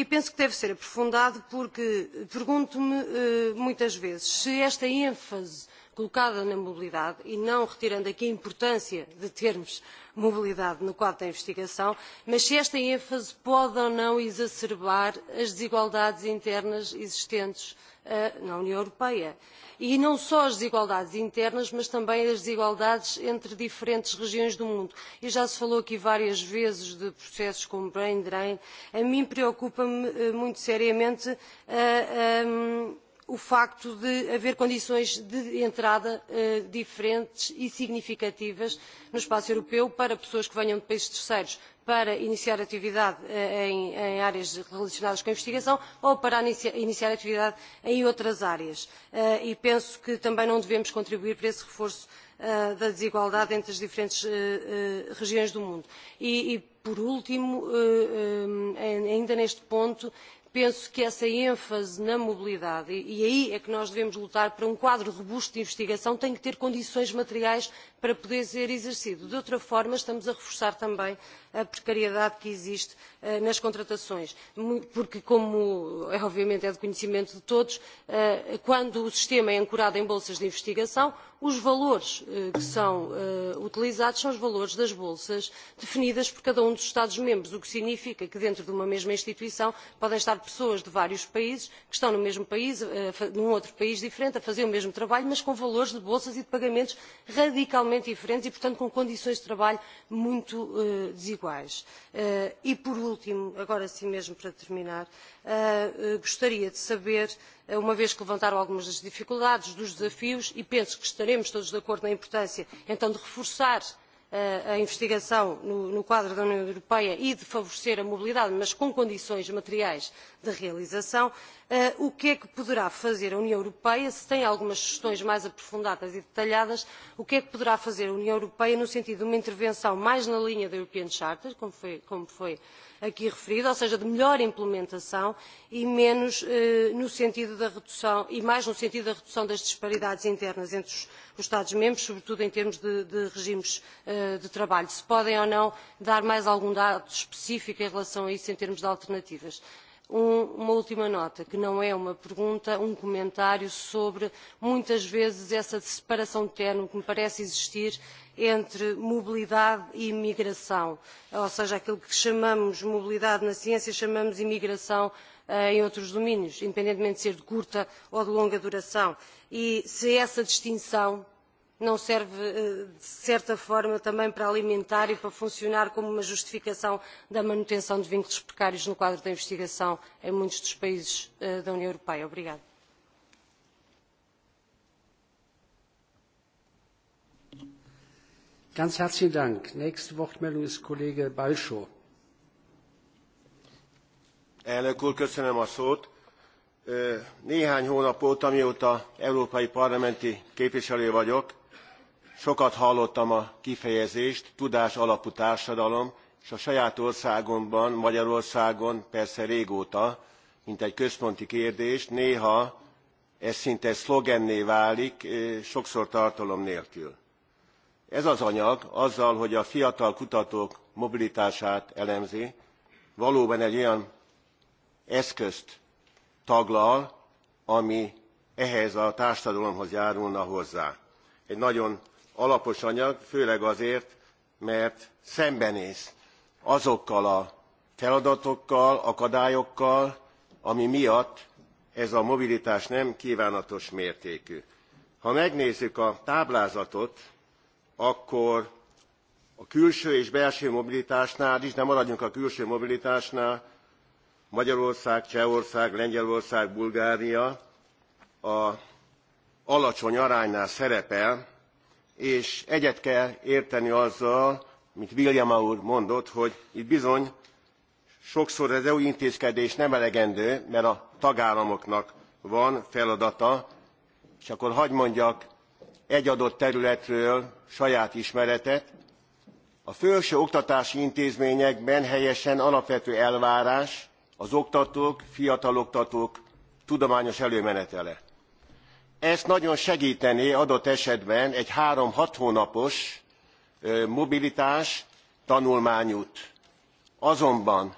N: E penso que deve ser aprofundado porque pergunto-me eh, muitas vezes se esta ênfase colocada na mobilidade e não retirando aqui a importância de termos mobilidade no quadro da investigação, mas se esta ênfase pode ou não exacerbar as desigualdades internas existentes uh, na União Europeia. E não só as desigualdades internas, mas também as desigualdades entre diferentes regiões do mundo. E já se falou aqui várias vezes de processos como brain drain. A mim preocupa-me uh, muito seriamente uh, um, o facto de haver condições de entrada eh, diferentes e significativas no espaço europeu para pessoas que venham de países terceiros para iniciar atividade eh, em, em áreas relacionadas com a investigação ou para inicia, iniciar atividade em outras áreas. Eh, e penso que também não devemos contribuir para esse reforço eh, da desigualdade entre as diferentes eh, eh, regiões do mundo. E, e por último, eh, eh, ainda neste ponto, penso que essa ênfase na mobilidade, e aí é que nós devemos lutar para um quadro robusto de investigação, tem que ter condições materiais para poder ser exercido. De outra forma, estamos a reforçar também a precariedade que existe eh, nas contratações, porque, como é, obviamente é de conhecimento de todos, eh, quando o sistema é ancorado em bolsas de investigação, os valores eh, que são eh, utilizados são os valores das bolsas definidas por cada um dos Estados-membros, o que significa que dentro de uma mesma instituição podem estar pessoas de vários países que estão no mesmo país, eh, num outro país diferente, a fazer o mesmo trabalho, mas com valores de bolsas e de pagamentos radicalmente totalmente diferentes e, portanto, com condições de trabalho muito uh, desiguais. Uh, e, por último, agora sim mesmo para terminar, uh, uh, gostaria de saber, uh, uma vez que levantaram algumas das dificuldades, dos desafios, e penso que estaremos todos de acordo na importância, então, de reforçar uh, Eh, a investigação no, no quadro da União Europeia e de favorecer a mobilidade, mas com condições materiais de realização, uh, o que é que poderá fazer a União Europeia, se tem algumas sugestões mais aprofundadas e detalhadas, o que é que poderá fazer a União Europeia no sentido de uma intervenção mais na linha da European Charter, como foi, como foi uh, aqui referido, ou seja, de melhor implementação e menos eh, no sentido da redução e mais no sentido da redução das disparidades internas entre os, os Estados-membros, sobretudo em termos de, de regimes eh, de trabalho. Se podem ou não dar mais algum dado específico em relação a isso em termos de alternativas. Um, uma última nota, que não é uma pergunta, um comentário sobre, muitas vezes, essa separação terno que me parece existir entre mobilidade e imigração, ou seja, aquilo que chamamos mobilidade na ciência, chamamos imigração eh, em outros domínios, independentemente de ser de curta ou de longa duração. E se essa distinção não serve, eh, de certa forma, também para alimentar e para funcionar como uma justificação da manutenção de vínculos precários no quadro da investigação em muitos dos países eh, da União Europeia. Obrigada.
B: Ganz herzlichen Dank. Nächste Wortmeldung ist Kollege Balschow.
O: Elnök úr, köszönöm a szót. Néhány hónap óta, mióta európai parlamenti képviselő vagyok, sokat hallottam a kifejezést tudás alapú társadalom, és a saját országomban, Magyarországon persze régóta, mint egy központi kérdést, néha ez szinte szlogenné válik, sokszor tartalom nélkül ez az anyag azzal hogy a fiatal kutatók mobilitását elemzi valóban egy olyan eszközt taglal ami ehhez a társadalomhoz járulna hozzá. egy nagyon alapos anyag főleg azért mert szembenéz azokkal a feladatokkal akadályokkal ami miatt ez a mobilitás nem kvánatos mértékű. ha megnézzük a táblázatot akkor a külső és belső mobilitásnál is de maradjunk a külső mobilitásnál magyarország csehország lengyelország bulgária a alacsony aránynál szerepel és egyet kell érteni azzal amit william úr mondott hogy itt bizony sokszor az eu intézkedés nem elegendő mert a tagállamoknak van feladata és akkor hadd mondjak egy adott területről saját ismeretet a felső oktatási intézményekben helyesen alapvető elvárás az oktatók fiataloktatók tudományos előmenetele. ezt nagyon segtené adott esetben egy három hat hónapos mobilitás tanulmányút. azonban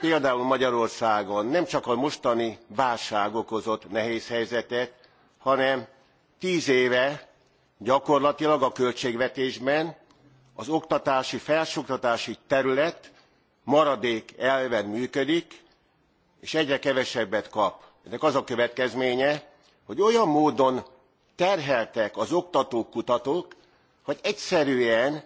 O: például magyarországon nem csak a mostani válság okozott nehéz helyzetet hanem tz éve gyakorlatilag a költségvetésben az oktatási felsőoktatási terület maradék elven működik és egyre kevesebbet kap. ennek az a következménye hogy olyan módon terheltek az oktatók kutatók hogy egyszerűen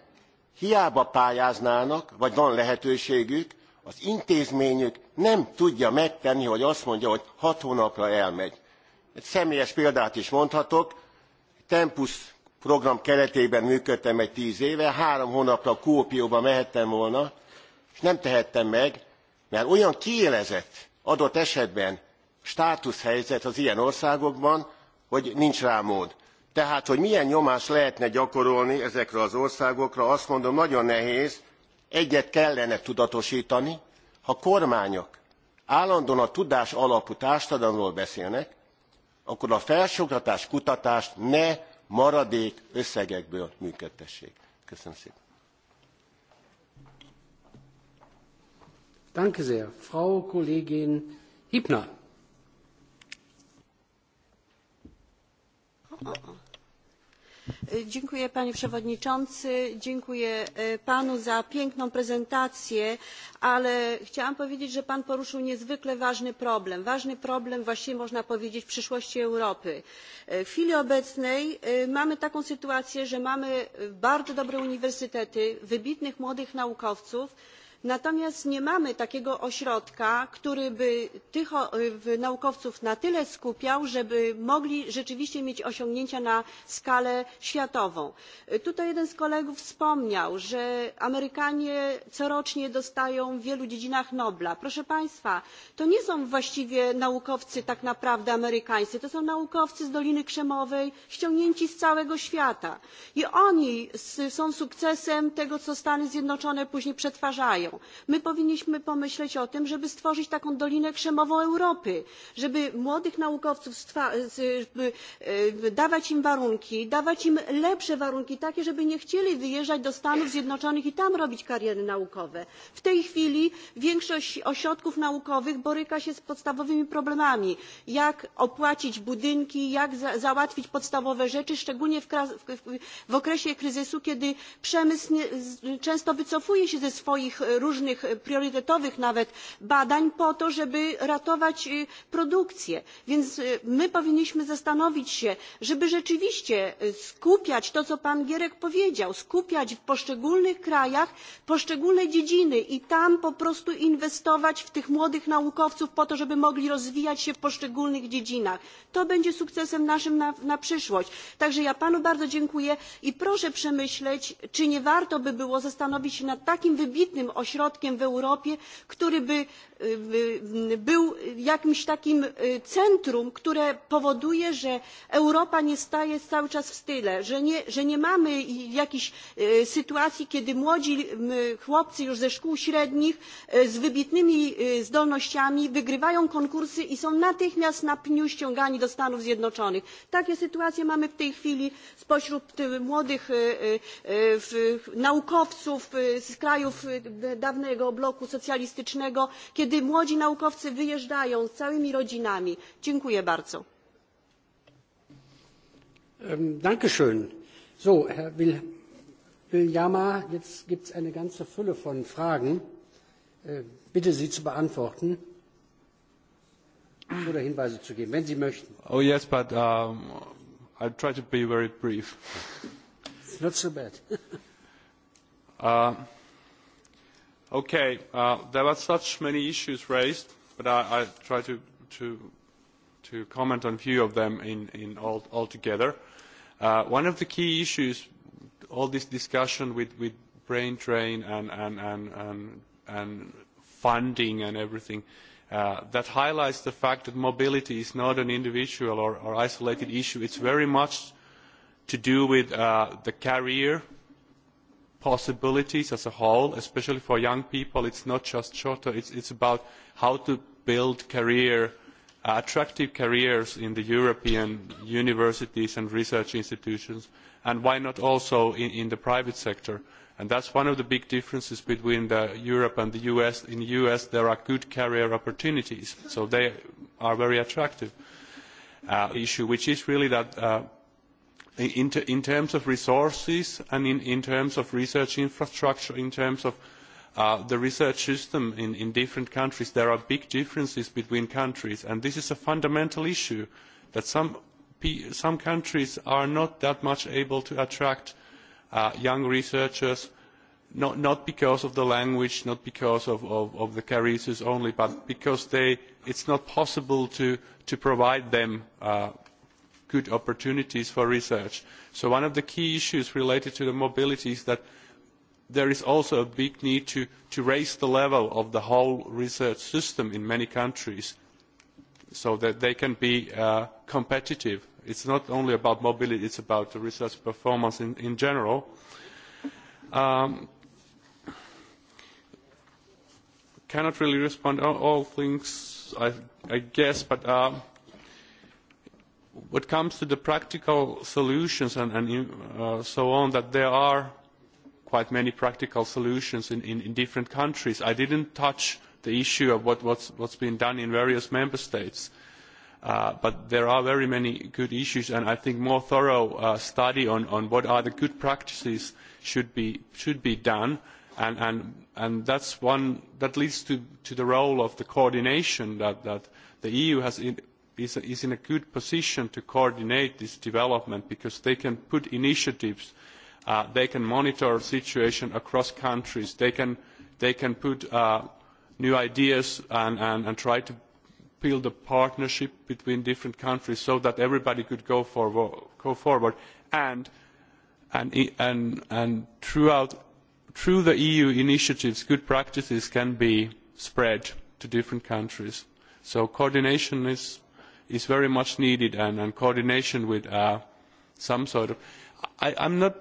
O: hiába pályáznának vagy van lehetőségük az intézményük nem tudja megtenni hogy azt mondja hogy hat hónapra elmegy. egy személyes példát is mondhatok tempus program keretében működtem egy tz éve három hónapra kuopióba mehettem volna és nem tehettem meg mert olyan kiélezett adott esetben státuszhelyzet az ilyen országokban hogy nincs rá mód. tehát hogy milyen nyomást lehetne gyakorolni ezekre az országokra azt mondom nagyon nehéz egyet kellene tudatostani ha kormányok állandóan a tudásalapú társadalomról beszélnek akkor a felsőoktatás kutatást ne maradék összegekből működtessék. Köszönöm szépen.
B: Danke sehr. Frau Kollegin Hibner.
A: Oh, oh, oh. E, dziękuję panie przewodniczący, dziękuję e, panu za piękną prezentację, ale chciałam powiedzieć, że pan poruszył niezwykle ważny problem, ważny problem właściwie można powiedzieć przyszłości Europy. E, w chwili obecnej mamy taką sytuację, że mamy bardzo dobre uniwersytety, wybitnych młodych naukowców, natomiast nie mamy takiego ośrodka który by tych naukowców na tyle skupiał żeby mogli rzeczywiście mieć osiągnięcia na skalę światową. tutaj jeden z kolegów wspomniał że amerykanie corocznie dostają w wielu dziedzinach nobla. proszę państwa to nie są właściwie naukowcy tak naprawdę amerykańscy to są naukowcy z doliny krzemowej ściągnięci z całego świata i oni są sukcesem tego co stany zjednoczone później przetwarzają mają. my powinniśmy pomyśleć o tym żeby stworzyć taką dolinę krzemową europy żeby młodych naukowców e, e, dawać im warunki dawać im lepsze warunki takie żeby nie chcieli wyjeżdżać do stanów zjednoczonych i tam robić kariery naukowe. w tej chwili większość ośrodków naukowych boryka się z podstawowymi problemami jak opłacić budynki jak za załatwić podstawowe rzeczy szczególnie w, w okresie kryzysu kiedy przemysł nie, często wycofuje się ze swoich e, różnych e, priorytetowych nawet badań po to żeby ratować e, produkcję więc e, my powinniśmy zastanowić się żeby rzeczywiście skupiać to co pan gierek powiedział skupiać w poszczególnych krajach poszczególne dziedziny i tam po prostu inwestować w tych młodych naukowców po to żeby mogli rozwijać się w poszczególnych dziedzinach to będzie sukcesem naszym na, na przyszłość także ja panu bardzo dziękuję i proszę przemyśleć czy nie warto by było zastanowić się nad takim wybitnym ośrodkiem w Europie, który by był jakimś takim centrum które powoduje że europa nie staje cały czas w tyle że nie, że nie mamy jakichś sytuacji kiedy młodzi chłopcy już ze szkół średnich z wybitnymi zdolnościami wygrywają konkursy i są natychmiast na pniu ściągani do stanów zjednoczonych. takie sytuacje mamy w tej chwili spośród młodych naukowców z krajów dawnego bloku socjalistycznego kiedy kiedy młodzi naukowcy wyjeżdżają z całymi rodzinami. dziękuję bardzo.
B: Um, so, herr viljama jetzt gibt es
A: eine ganze fülle von
B: fragen. Äh, bitte sie zu beantworten oder hinweise zu geben wenn sie möchten.
M: oh yes but um, i'll try to be very brief.
B: it's not so bad.
M: uh, Okay, uh, there were such many issues raised, but I, I try to, to, to comment on a few of them in, in all, all together. Uh, one of the key issues, all this discussion with, with brain drain and, and, and, and, and funding and everything, uh, that highlights the fact that mobility is not an individual or, or isolated issue. It's very much to do with uh, the career, possibilities as a whole especially for young people it is not just shorter it is about how to build career, uh, attractive careers in the european universities and research institutions and why not also in, in the private sector? that is one of the big differences between europe and the us. in the us there are good career opportunities so they are very attractive. the uh, issue which is really that uh, in, in terms of resources and in, in terms of research infrastructure, in terms of uh, the research system in, in different countries, there are big differences between countries, and this is a fundamental issue that some, some countries are not that much able to attract uh, young researchers, not, not because of the language, not because of, of, of the careers only, but because they, it's not possible to, to provide them uh, good opportunities for research. So one of the key issues related to the mobility is that there is also a big need to, to raise the level of the whole research system in many countries so that they can be uh, competitive. It's not only about mobility, it's about the research performance in, in general. Um, cannot really respond to all, all things, I, I guess, but uh, what comes to the practical solutions and, and uh, so on, that there are quite many practical solutions in, in, in different countries. I didn't touch the issue of what, what's, what's been done in various member states. Uh, but there are very many good issues, and I think more thorough uh, study on, on what are the good practices should be, should be done. And, and, and that's one that leads to, to the role of the coordination that, that the EU has in, is, is in a good position to coordinate this development because they can put initiatives, uh, they can monitor situation across countries, they can, they can put uh, new ideas and, and, and try to build a partnership between different countries so that everybody could go, forwo go forward. And, and, and, and throughout, through the EU initiatives, good practices can be spread to different countries. So coordination is is very much needed and, and coordination with uh, some sort of I, I'm not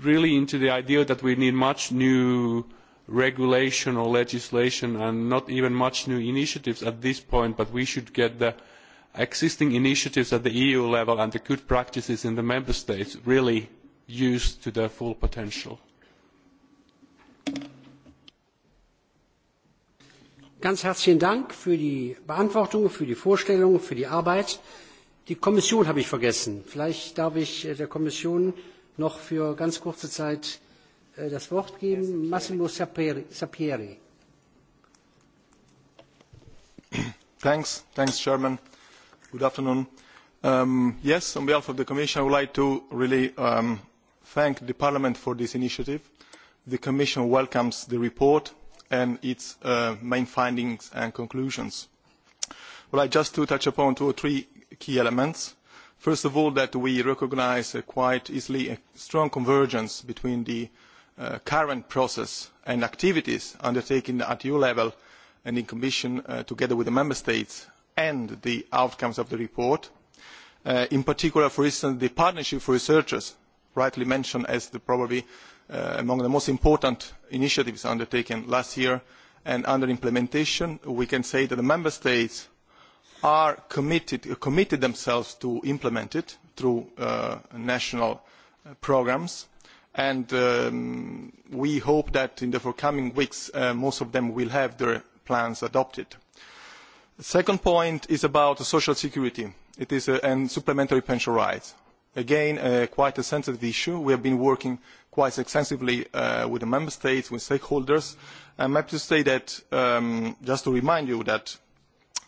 M: really into the idea that we need much new regulation or legislation and not even much new initiatives at this point but we should get the existing initiatives at the EU level and the good practices in the member states really used to their full potential.
B: Ganz herzlichen Dank für die Beantwortung, für die Vorstellung, für die Arbeit. Die Kommission habe ich vergessen. Vielleicht darf ich äh, der Kommission noch für ganz kurze Zeit äh, das Wort geben. Massimo Sapieri.
P: Sapieri. Thanks, thanks, Chairman. Good afternoon. Um, yes, on behalf of the Commission, I would like to really um, thank the Parliament for this initiative. The Commission welcomes the report and its uh, main findings and conclusions. Well, I just to touch upon two or three key elements. First of all, that we recognize uh, quite easily a strong convergence between the uh, current process and activities undertaken at EU level and in Commission uh, together with the Member States and the outcomes of the report. Uh, in particular, for instance, the partnership for researchers, rightly mentioned as the probably uh, uh, among the most important initiatives undertaken last year and under implementation, we can say that the member states are committed, uh, committed themselves to implement it through uh, national uh, programs. And um, we hope that in the forthcoming weeks, uh, most of them will have their plans adopted. The second point is about social security it is, uh, and supplementary pension rights. Again, uh, quite a sensitive issue. We have been working quite extensively uh, with the member states, with stakeholders. I'm happy to say that, um, just to remind you that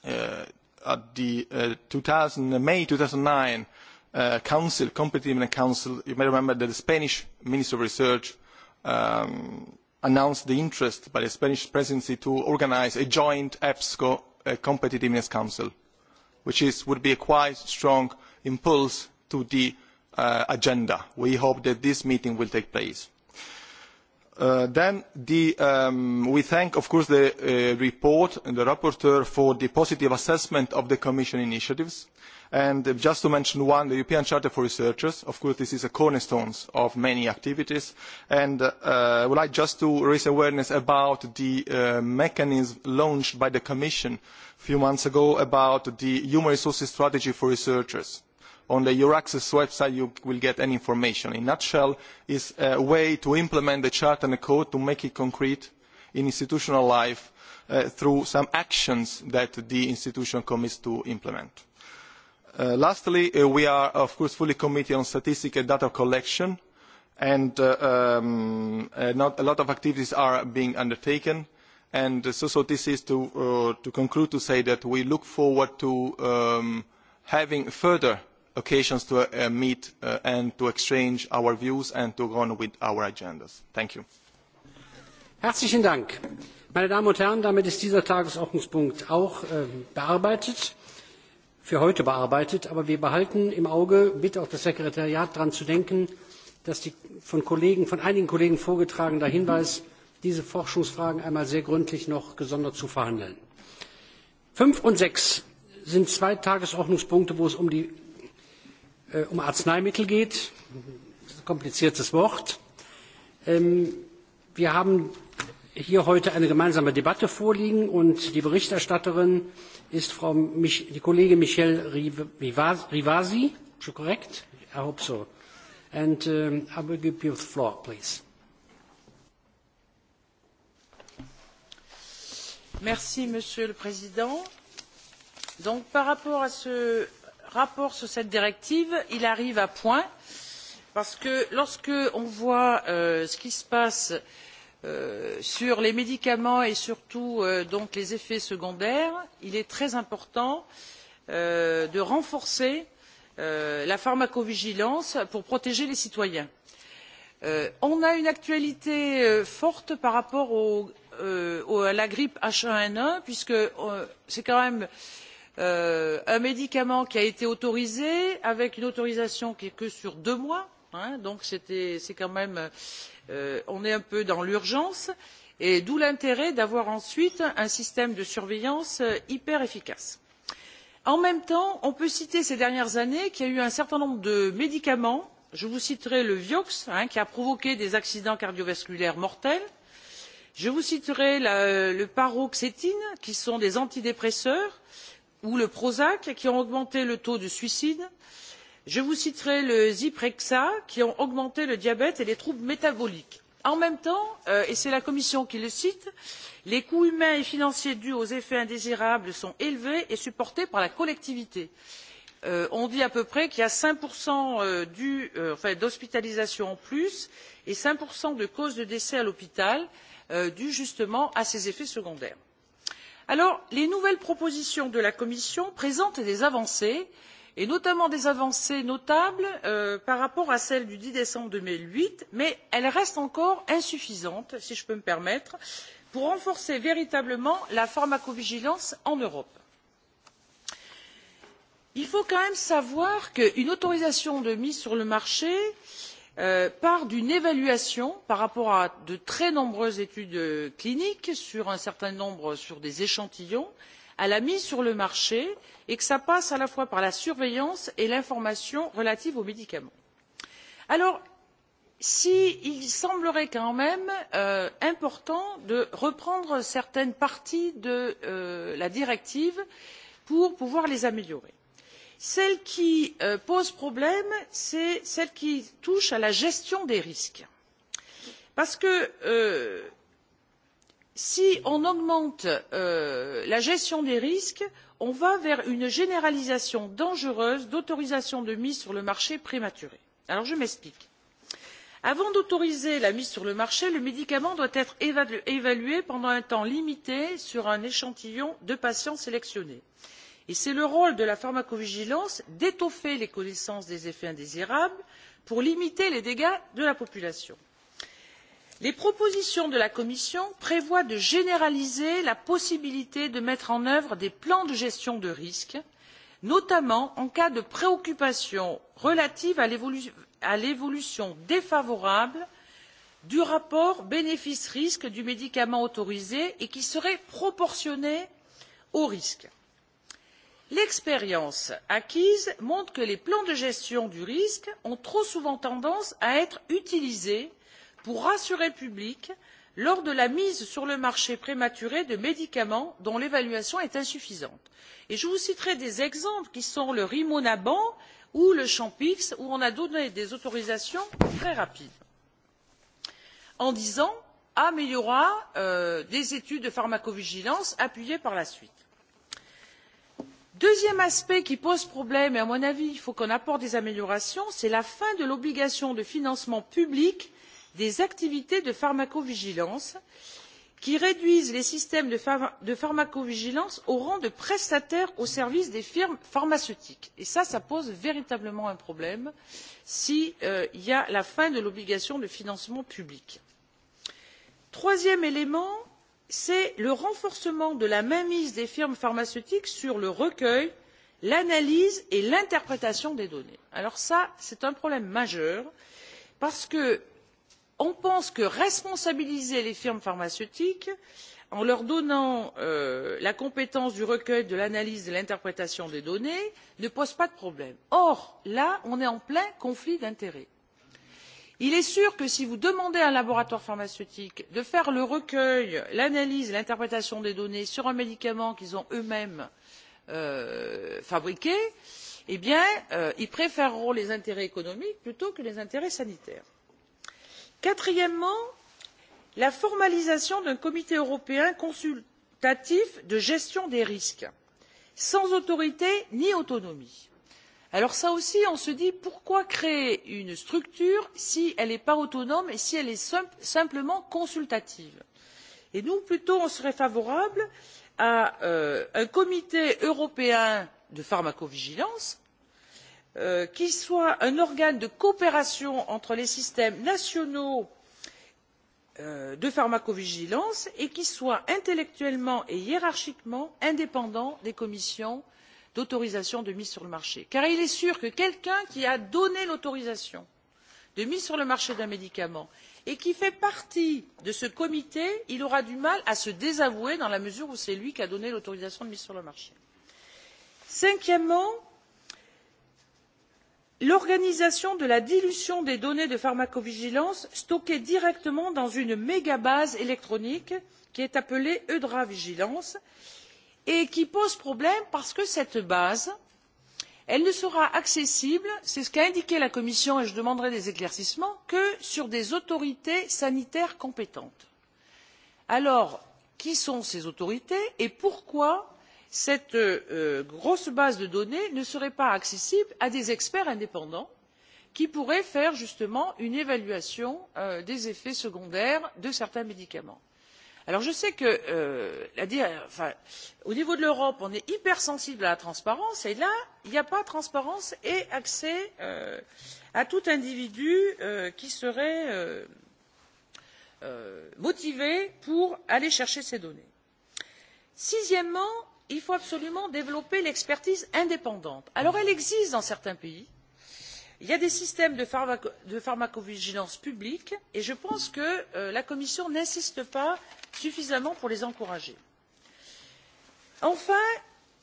P: uh, at the uh, 2000, May 2009 uh, Council, Competitiveness Council, you may remember that the Spanish Minister of Research um, announced the interest by the Spanish presidency to organize a joint EPSCO uh, Competitiveness Council, which is, would be a quite strong impulse to the uh, uh, agenda. We hope that this meeting will take place. Uh, then the, um, we thank, of course, the uh, report and the rapporteur for the positive assessment of the Commission initiatives. And uh, just to mention one, the European Charter for Researchers. Of course, this is a cornerstone of many activities. And uh, I would like just to raise awareness about the uh, mechanism launched by the Commission a few months ago about the human resources strategy for researchers on the Euraxis website you will get any information. In a nutshell, it's a way to implement the chart and the code to make it concrete in institutional life uh, through some actions that the institution commits to implement. Uh, lastly, uh, we are of course fully committed on statistics and data collection and uh, um, uh, not a lot of activities are being undertaken. And so, so this is to, uh, to conclude to say that we look forward to um, having further occasions to uh, meet uh, and to exchange our views and to go on with our agendas. Thank you.
B: Herzlichen Dank. Meine Damen und Herren, damit ist dieser Tagesordnungspunkt auch äh, bearbeitet, für heute bearbeitet. Aber wir behalten im Auge, bitte auch das Sekretariat daran zu denken, dass die von, Kollegen, von einigen Kollegen vorgetragener Hinweis, diese Forschungsfragen einmal sehr gründlich noch gesondert zu verhandeln. Fünf und sechs sind zwei Tagesordnungspunkte, wo es um die äh, um Arzneimittel geht. Das ist ein kompliziertes Wort. Ähm, wir haben hier heute eine gemeinsame Debatte vorliegen und die Berichterstatterin ist Frau Mich die Kollegin Michelle Rivasi. Is correct? I hope so. And um, I will give you the floor, please.
Q: Merci, Monsieur le Président. Donc, par rapport à ce rapport sur cette directive il arrive à point parce que lorsque l'on voit euh, ce qui se passe euh, sur les médicaments et surtout euh, donc les effets secondaires il est très important euh, de renforcer euh, la pharmacovigilance pour protéger les citoyens. Euh, on a une actualité forte par rapport au, au, à la grippe h un n un puisque c'est quand même quelque euh, un médicament qui a été autorisé avec une autorisation qui n'est que sur deux mois hein, donc c'est quand même euh, on est un peu dans l'urgence et d'où l'intérêt d'avoir ensuite un système de surveillance euh, hyper efficace. en même temps on peut citer ces dernières années qu'il y a eu un certain nombre de médicaments je vous citerai le vioxx hein, qui a provoqué des accidents cardiovasculaires mortels je vous citerai la, le paroxétine qui sont des antidépresseurs et ou le prozac qui ont augmenté le taux de suicide je vous citerai le zyprexa qui ont augmenté le diabète et les troubles métaboliques. en même temps euh, et c'est la commission qui le cite les coûts humains et financiers dus aux effets indésirables sont élevés et supportés par la collectivité. Euh, on dit à peu près qu'il y a cinq euh, d'hospitalisations en plus et cinq de causes de décès à l'hôpital dus justement à ces effets secondaires. Alors, les nouvelles propositions de la commission présentent des avancées et notamment des avancées notables euh, par rapport à celle du dix décembre deux mille huit mais elles restent encore insuffisantes si je peux me permettre pour renforcer véritablement la pharmacovigilance en europe. il faut quand même savoir qu'une autorisation de mise sur le marché est Euh, part d'une évaluation par rapport à de très nombreuses études euh, cliniques sur un certain nombre sur des échantillons à la mise sur le marché et que cela passe à la fois par la surveillance et l'information relative aux médicaments. alors s'il semblerait quand même euh, important de reprendre certaines parties de euh, la directive pour pouvoir les améliorer celle qui euh, pose problème c'est celle qui touche à la gestion des risques parce que euh, si on augmente euh, la gestion des risques on va vers une généralisation dangereuse d'autorisations de mise sur le marché prématurées. alors je m'explique avant d'autoriser la mise sur le marché le médicament doit être évalué pendant un temps limité sur un échantillon de patients sélectionnés et c'est le rôle de la pharmacovigilance d'étoffer les connaissances des effets indésirables pour limiter les dégâts de la population. les propositions de la commission prévoient de généraliser la possibilité de mettre en œuvre des plans de gestion de risque notamment en cas de préoccupation relative à l'évolution défavorable du rapport bénéfice risque du médicament autorisé et qui serait proportionnée au risque l'expérience acquise montre que les plans de gestion du risque ont trop souvent tendance à être utilisés pour rassurer le public lors de la mise sur le marché prématurée de médicaments dont l'évaluation est insuffisante. je vous citerai des exemples qui sont le rimonaban ou le champix où on a donné des autorisations très rapides en disant améliorera euh, des études de pharmacovigilance appuyées par la suite deuxième aspect qui pose problème et à mon avis il faut qu'on apporte des améliorations c'est la fin de l'obligation de financement public des activités de pharmacovigilance qui réduisent les systèmes de, pharm de pharmacovigilance au rang de prestataires au service des firmes pharmaceutiques et ça ça pose véritablement un problème s'il euh, y a la fin de l'obligation de financement public. troisième élément c'est le renforcement de la mainmise des firmes pharmaceutiques sur le recueil l'analyse et l'interprétation des données. alors ça c'est un problème majeur parce que on pense que responsabiliser les firmes pharmaceutiques en leur donnant euh, la compétence du recueil de l'analyse et de l'interprétation des données ne pose pas de problème. or là on est en plein conflit d'intérêts il est sûr que si vous demandez à un laboratoire pharmaceutique de faire le recueil l'analyse et l'interprétation des données sur un médicament qu'ils ont eux mêmes euh, fabriqué eh bien euh, ils préféreront les intérêts économiques plutôt que les intérêts sanitaires. quatrièmement la formalisation d'un comité européen consultatif de gestion des risques sans autorité ni autonomie alors là aussi on se dit pourquoi créer une structure si elle n'est pas autonome et si elle est simple, simplement consultative? et nous plutôt on serait favorable à euh, un comité européen de pharmacovigilance euh, qui soit un organe de coopération entre les systèmes nationaux euh, de pharmacovigilance et qui soit intellectuellement et hiérarchiquement indépendant des commissions d'autorisation de mise sur le marché car il est sûr que quelqu'un qui a donné l'autorisation de mise sur le marché d'un médicament et qui fait partie de ce comité aura du mal à se désavouer dans la mesure où c'est lui qui a donné l'autorisation de mise sur le marché. cinquièmement l'organisation de la dilution des données de pharmacovigilance stockées directement dans une mégabase électronique qui est appelée eudravigilance et et qui pose problème parce que cette base elle ne sera accessible c'est ce qu'a indiqué la commission et je demanderai des éclaircissements que sur des autorités sanitaires compétentes. alors qui sont ces autorités et pourquoi cette euh, grosse base de données ne serait elle pas accessible à des experts indépendants qui pourraient faire justement une évaluation euh, des effets secondaires de certains médicaments? alors je sais que euh, la, enfin, au niveau de l'europe on est hypersensible à la transparence et là il n'y a pas de transparence et accès euh, à tout individu euh, qui serait euh, euh, motivé pour aller chercher ces données. sixièmement il faut absolument développer l'expertise indépendante. alors elle existe dans certains pays il y a des systèmes de, pharmaco de pharmacovigilance publique et je pense que euh, la commission n'insiste pas suffisamment pour les encourager. enfin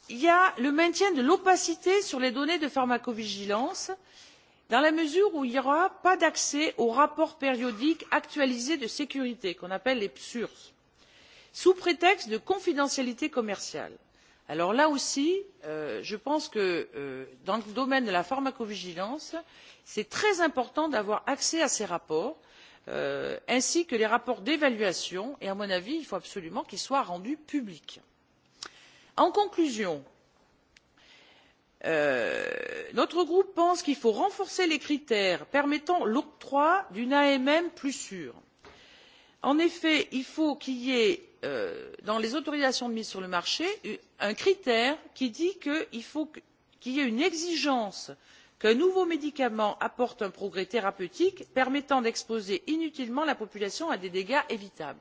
Q: il y a le maintien de l'opacité sur les données de pharmacovigilance dans la mesure où il n'y aura pas d'accès aux rapports périodiques actualisés de sécurité qu'on appelle les psurs sous prétexte de confidentialité commerciale. alors là aussi euh, je pense que euh, dans le domaine de la pharmacovigilance c'est très important d'avoir accès à ces rapports euh, ainsi que les rapports d'évaluation et à mon avis il faut absolument qu'ils soient rendus publics. en conclusion euh, notre groupe pense qu'il faut renforcer les critères permettant l'octroi d'une amm plus sûre. en effet il faut qu'il y ait euh, dans les autorisations de mise sur le marché un critère qui dit qu'il faut qu'il y ait une exigence de qu'un nouveau médicament apporte un progrès thérapeutique permettant d'exposer inutilement la population à des dégâts évitables.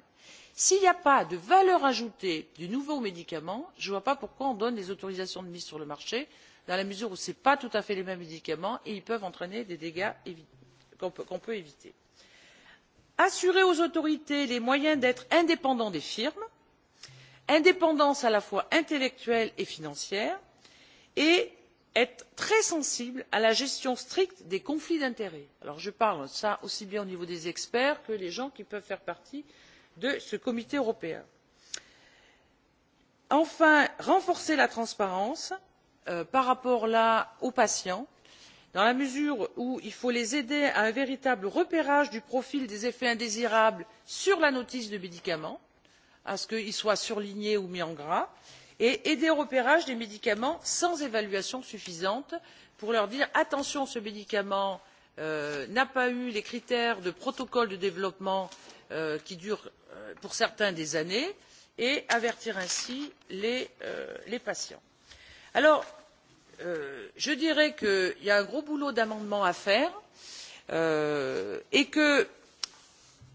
Q: s'il n'y a pas de valeur ajoutée du nouveau médicament je ne vois pas pourquoi on donne des autorisations de mise sur le marché dans la mesure où ce ne sont pas tout à fait les mêmes médicaments et ils peuvent entraîner des dégâts qu'on peut éviter. assurer aux autorités les moyens d'être indépendantes des firmes indépendance à la fois intellectuelle et financière et est très sensible à la gestion stricte des conflits d'intérêts. je parle cela aussi bien au niveau des experts que des gens qui peuvent faire partie de ce comité européen. enfin renforcer la transparence euh, par rapport là aux patients dans la mesure où il faut les aider à un véritable repérage du profil des effets indésirables sur la notice de médicament à ce qu'ils soient surlignés ou mis en gras et et aider au repérage des médicaments sans évaluation suffisante pour leur dire attention ce médicament euh, n'a pas eu les critères de protocole de développement euh, qui durent euh, pour certains des années et avertir ainsi les, euh, les patients. alors euh, je dirais qu'il y a un gros boulot d'amendements à faire euh, et que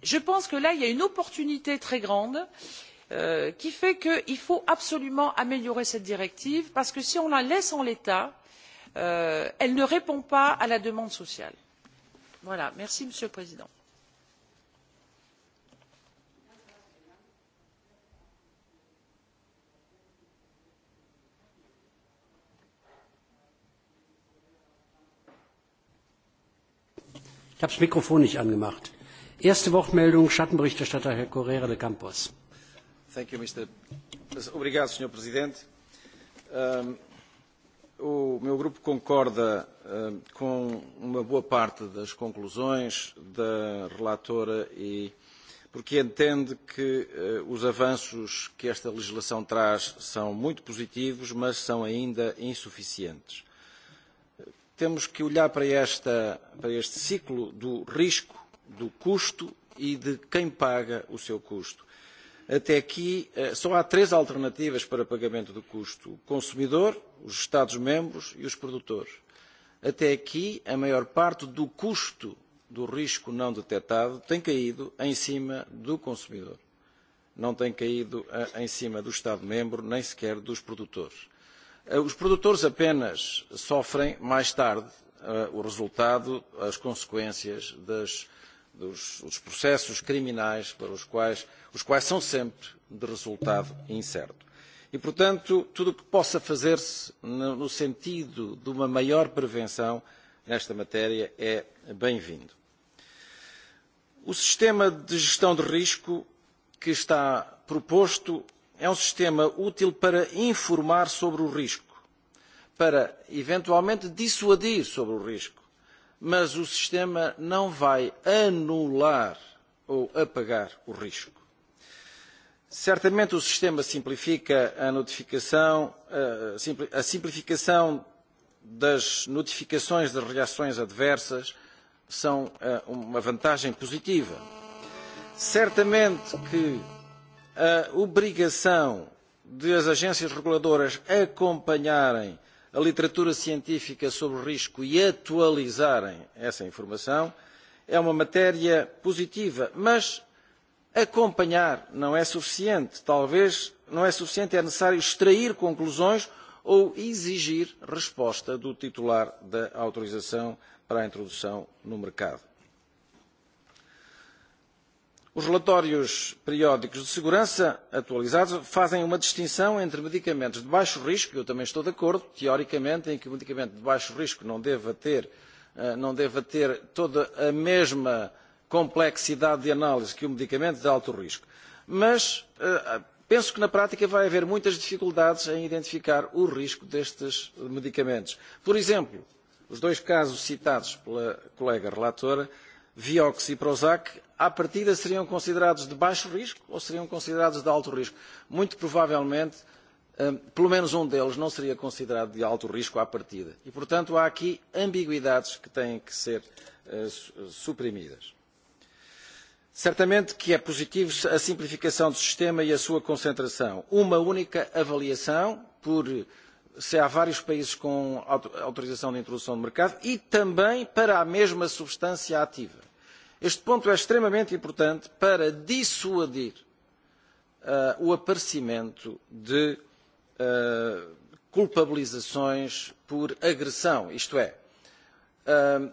Q: je pense que là il y a une opportunité très grande et Euh, qui fait qu'il faut absolument améliorer cette directive parce que si on la laisse en l'état euh, elle ne répond pas à la demande sociale. voilà merci monsieur le président.
B: ich habe das mikrofon nicht angemacht. erste wortmeldung schattenberichterstatter herr correia de campos.
E: Thank you, Mr. Obrigado, Sr. Presidente. Um, o meu grupo concorda um, com uma boa parte das conclusões da relatora e porque entende que uh, os avanços que esta legislação traz são muito positivos, mas são ainda insuficientes. Temos que olhar para, esta, para este ciclo do risco, do custo e de quem paga o seu custo Até aqui, eh, só há três alternativas para pagamento do custo: o consumidor, os Estados-membros e os produtores. Até aqui, a maior parte do custo do risco não detectado tem caído em cima do consumidor. Não tem caído eh, em cima do Estado-membro, nem sequer dos produtores. Eh, os produtores apenas sofrem mais tarde o resultado, as consequências das, uh, dos, dos processos criminais para os quais, os quais são sempre de resultado incerto. E, portanto, tudo o que possa fazer-se no, no sentido de uma maior prevenção nesta matéria é bem-vindo. O sistema de gestão de risco que está proposto é um sistema útil para informar sobre o risco, para eventualmente dissuadir sobre o risco mas o sistema não vai anular ou apagar o risco. Certamente o sistema simplifica a notificação, eh, a simplificação das notificações de reações adversas são eh, uma vantagem positiva. Certamente que a obrigação de as agências reguladoras acompanharem uh, a literatura científica sobre o risco e atualizarem essa informação é uma matéria positiva, mas acompanhar não é suficiente. Talvez não é suficiente, é necessário extrair conclusões ou exigir resposta do titular da autorização para a introdução no mercado. Os relatórios periódicos de segurança atualizados fazem uma distinção entre medicamentos de baixo risco, e eu também estou de acordo, teoricamente, em que o medicamento de baixo risco não deva ter, eh, não deva ter toda a mesma complexidade de análise que o medicamento de alto risco. Mas eh, penso que na prática vai haver muitas dificuldades em identificar o risco destes medicamentos. Por exemplo, os dois casos citados pela colega relatora, Vioxx e Prozac, à partida seriam considerados de baixo risco ou seriam considerados de alto risco? Muito provavelmente, pelo menos um deles não seria considerado de alto risco à partida. E, portanto, há aqui ambiguidades que têm que ser eh, suprimidas. Certamente que é positivo a simplificação do sistema e a sua concentração. Uma única avaliação por se há vários países com autorização de introdução de mercado e também para a mesma substância ativa. Este ponto é extremamente importante para dissuadir uh, o aparecimento de uh, culpabilizações por agressão, isto é, uh,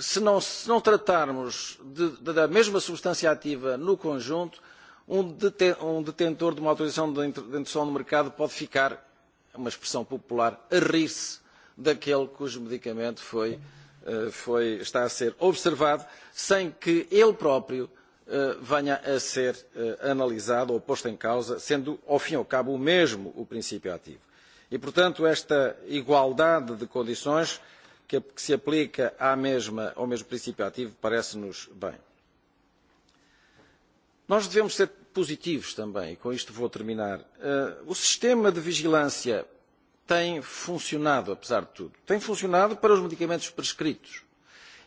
E: se não, se não tratarmos de, de, da mesma substância ativa no conjunto, um, deten, um detentor de uma autorização de introdução no mercado pode ficar, uma expressão popular, a rir-se daquele cujo medicamento foi uh, Eh, foi, está a ser observado, sem que ele próprio eh, venha a ser eh, analisado ou posto em causa, sendo, ao fim e ao cabo, o mesmo o princípio ativo. E, portanto, esta igualdade de condições que se aplica à mesma, ao mesmo princípio ativo parece-nos bem. Nós devemos ser positivos também, e com isto vou terminar. O sistema de vigilância tem funcionado, apesar de tudo. Tem funcionado para os medicamentos prescritos.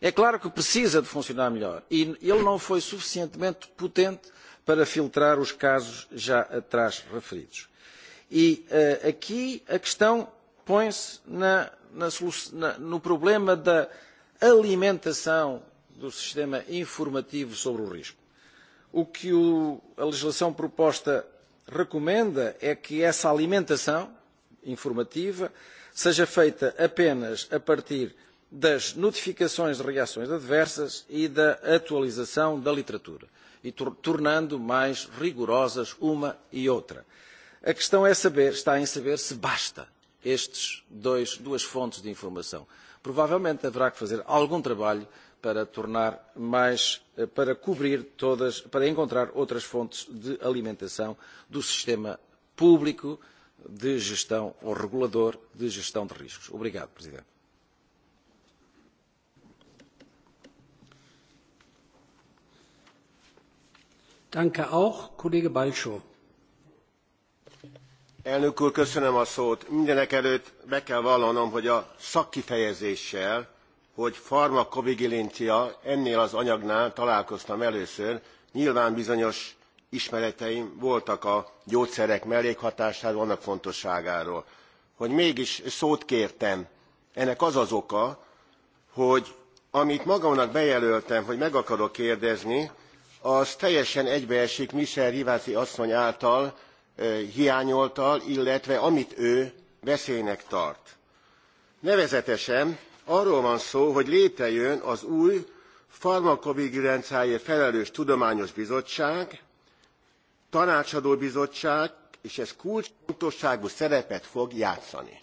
E: É claro que precisa de funcionar melhor e ele não foi suficientemente potente para filtrar os casos já atrás referidos. E uh, aqui a questão põe-se na, na, na, no problema da alimentação do sistema informativo sobre o risco. O que o, a legislação proposta recomenda é que essa alimentação informativa seja feita apenas a partir das notificações de reações adversas e da atualização da literatura, e tornando mais rigorosas uma e outra. A questão é saber, está em saber se basta estes dois, duas fontes de informação. Provavelmente haverá que fazer algum trabalho para tornar mais, eh, para cobrir todas, para encontrar outras fontes de alimentação do sistema público de gestão ou um regulador de gestão de riscos. Obrigado, Presidente.
B: Danke auch, Kollege Balcsó.
O: Elnök úr, köszönöm a szót. Mindenek előtt be kell vallanom, hogy a szakkifejezéssel, hogy farmakovigilencia ennél az anyagnál találkoztam először, nyilván bizonyos ismereteim voltak a gyógyszerek mellékhatásáról annak fontosságáról hogy mégis szót kértem ennek az az oka hogy amit magamnak bejelöltem hogy meg akarok kérdezni az teljesen egybeesik michel rivasi asszony által hiányolttal illetve amit ő veszélynek tart. nevezetesen arról van szó hogy létrejön az új farmakovigilanciáért felelős tudományos bizottság tanácsadó bizottság és ez kulcsfontosságú szerepet fog játszani.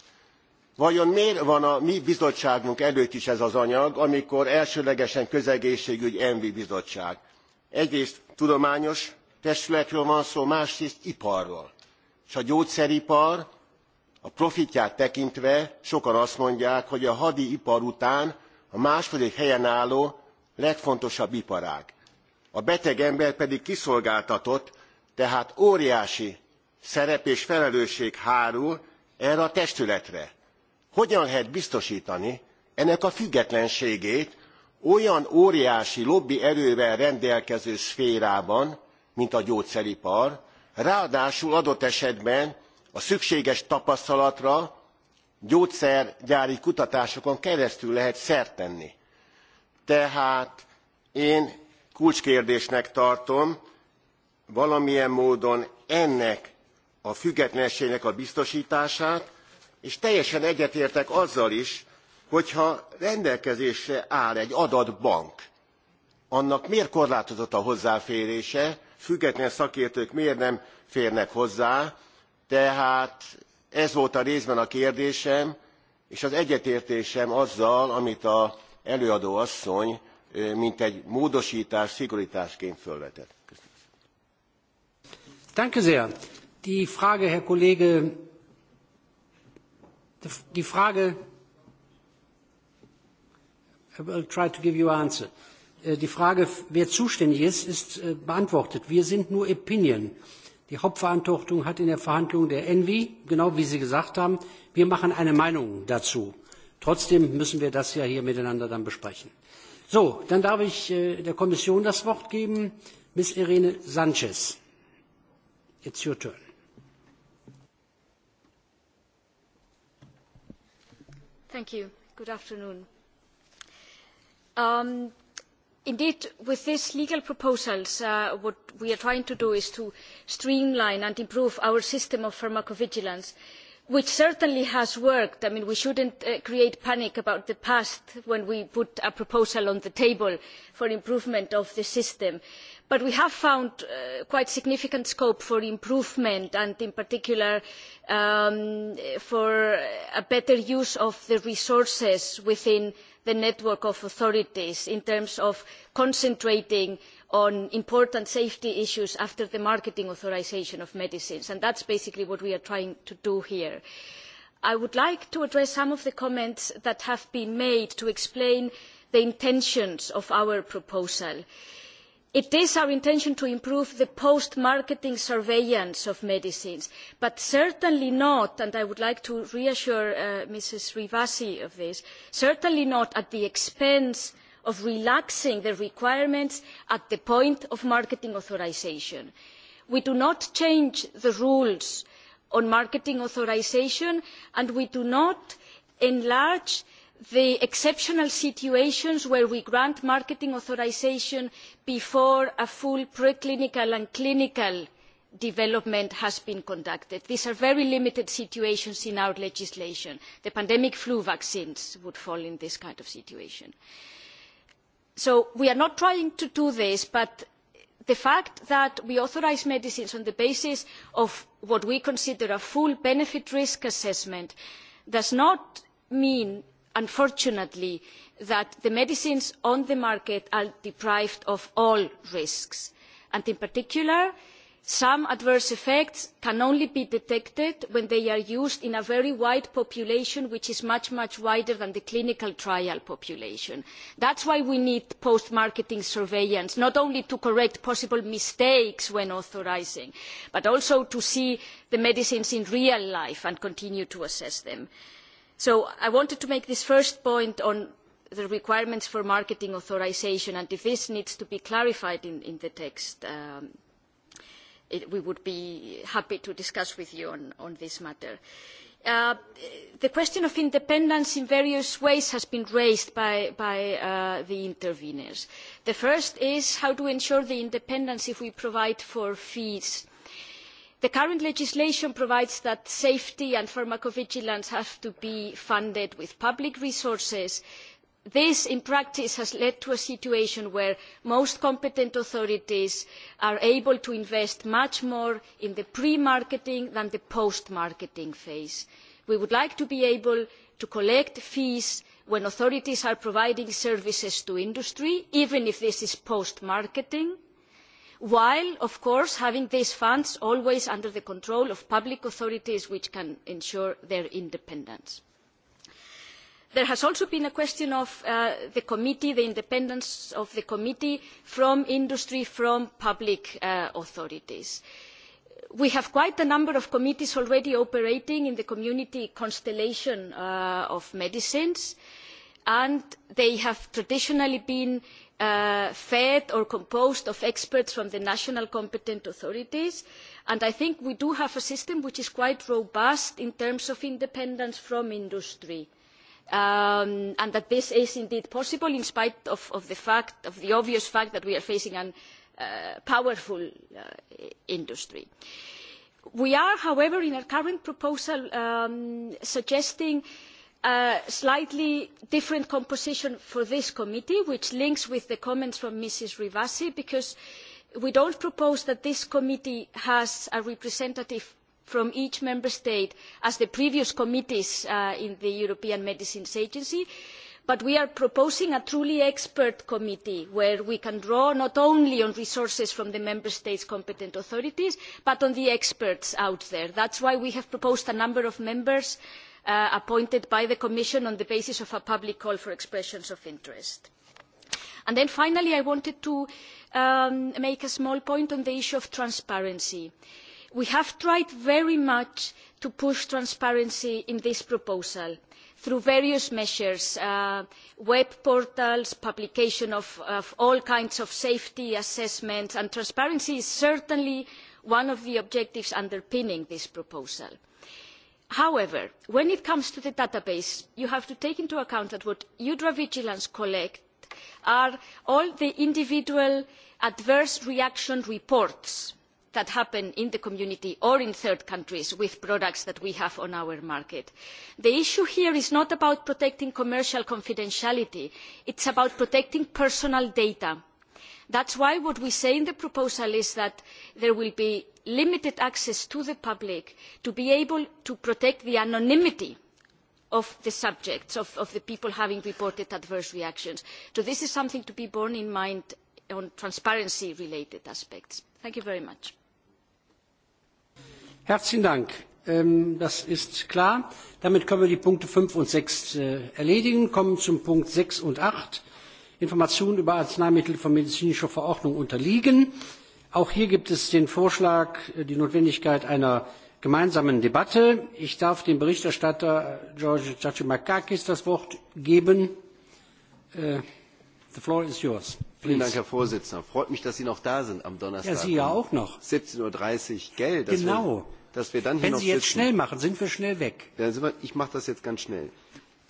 O: vajon miért van a mi bizottságunk előtt is ez az anyag amikor elsőlegesen közegészségügy envi bizottság? egyrészt tudományos testületről van szó másrészt iparról és a gyógyszeripar a profitját tekintve sokan azt mondják hogy a hadiipar után a második helyen álló legfontosabb iparág a beteg ember pedig kiszolgáltatott tehát óriási szerep és felelősség hárul erre a testületre. hogyan lehet biztostani ennek a függetlenségét olyan óriási lobbierővel rendelkező szférában mint a gyógyszeripar ráadásul adott esetben a szükséges tapasztalatra gyógyszergyári kutatásokon keresztül lehet szert tenni. tehát én kulcskérdésnek tartom valamilyen módon ennek a függetlenségnek a biztostását és teljesen egyetértek azzal is hogyha rendelkezésre áll egy adatbank annak miért korlátozott a hozzáférése független szakértők miért nem férnek hozzá tehát ez volt a részben a kérdésem és az egyetértésem azzal amit az előadó asszony mintegy módostás szigortásként fölvetett.
B: Danke sehr. Die Frage, Herr Kollege, die Frage, I will try to give you an answer. Äh, die Frage, wer zuständig ist, ist äh, beantwortet. Wir sind nur Opinion. Die Hauptverantwortung hat in der Verhandlung der Envi, genau wie Sie gesagt haben. Wir machen eine Meinung dazu. Trotzdem müssen wir das ja hier miteinander dann besprechen. So, dann darf ich äh, der Kommission das Wort geben. Miss Irene Sanchez. It's your turn.
R: Thank you. Good afternoon. Um, indeed with these legal proposals uh, what we are trying to do is to streamline and improve our system of pharmacovigilance which certainly has worked. I mean, we should not uh, create panic about the past when we put a proposal on the table for improvement of the system. Uh, but we have found uh, quite significant scope for improvement and in particular um, for a better use of the resources within the network of authorities in terms of concentrating on important safety issues after the marketing authorisation of medicines and that is basically what we are trying to do here. i would like to address some of the comments that have been made to explain the intentions of our proposal. Uh, it is our intention to improve the post marketing surveillance of medicines but certainly not and i would like to reassure uh, mrs rivasi of this certainly not at the expense of relaxing the requirements at the point of marketing authorisation. we do not change the rules on marketing authorisation and we do not enlarge the the exceptional situations where we grant marketing authorisation before a full preclinical and clinical development has been conducted. these are very limited situations in our legislation. the pandemic flu vaccines would fall in this kind of situation. so we are not trying to do this but the fact that we authorise medicines on the basis of what we consider a full benefit risk assessment does not mean unfortunately that the medicines on the market are deprived of all risks and in particular some adverse effects can only be detected when they are used in a very wide population which is much much wider than the clinical trial population. that is why we need post marketing surveillance not only to correct possible mistakes when authorising but also to see the medicines in real life and continue to assess them. So I wanted to make this first point on the requirements for marketing authorization, and if this needs to be clarified in, in the text, um, it, we would be happy to discuss with you on, on this matter. Uh, the question of independence in various ways has been raised by, by uh, the interveners. The first is how to ensure the independence if we provide for fees the current legislation provides that safety and pharmacovigilance have to be funded with public resources. this in practice has led to a situation where most competent authorities are able to invest much more in the pre marketing than the post marketing phase. we would like to be able to collect fees when authorities are providing services to industry even if this is post marketing while of course having these funds always under the control of public authorities which can ensure their independence. There has also been a question of uh, the committee, the independence of the committee from industry, from public uh, authorities. We have quite a number of committees already operating in the community constellation uh, of medicines, and they have traditionally been uh, uh, fed or composed of experts from the national competent authorities. And I think we do have a system which is quite robust in terms of independence from industry. Um, and that this is indeed possible in spite of, of the fact, of the obvious fact that we are facing an, Uh, powerful uh, industry. We are, however, in our current proposal um, suggesting uh, Uh, slightly different composition for this committee, which links with the comments from Mrs. Rivasi, because we don't propose that this committee has a representative from each member state as the previous committees uh, in the European Medicines Agency, but we are proposing a truly expert committee where we can draw not only on resources from the member states' competent authorities, but on the experts out there. That's why we have proposed a number of members uh, uh, appointed by the Commission on the basis of a public call for expressions of interest. And then finally, I wanted to um, make a small point on the issue of transparency. We have tried very much to push transparency in this proposal through various measures, uh, web portals, publication of, of all kinds of safety assessments, and transparency is certainly one of the objectives underpinning this proposal however when it comes to the database you have to take into account that what eudravigilance collects are all the individual adverse reaction reports that happen in the community or in third countries with products that we have on our market. the issue here is not about protecting commercial confidentiality it is about protecting personal data. that is why what we say in the proposal is that there will be limited access to the public to be able to protect the anonymity of the subjects, of, of the people having reported adverse reactions. So this is something to be borne in mind on transparency-related aspects. Thank you very much.
B: Herzlichen Dank. Ähm, das ist klar. Damit können wir die Punkte 5 und 6 äh, erledigen, kommen zum Punkt 6 und 8. Informationen über Arzneimittel von medizinischer Verordnung unterliegen. Auch hier gibt es den Vorschlag, äh, die Notwendigkeit einer gemeinsamen Debatte. Ich darf dem Berichterstatter äh, George Chachimakakis das Wort geben. Uh, the floor is yours. Please. Vielen Dank, Herr
S: Vorsitzender. Freut mich, dass Sie noch da sind am Donnerstag. Ja, Sie ja um auch noch. 17.30 Uhr, gell? Dass genau. Wir, dass wir dann Wenn hier noch Sie jetzt sitzen. schnell machen, sind wir schnell weg. Ja, sind wir, ich mache das jetzt ganz schnell.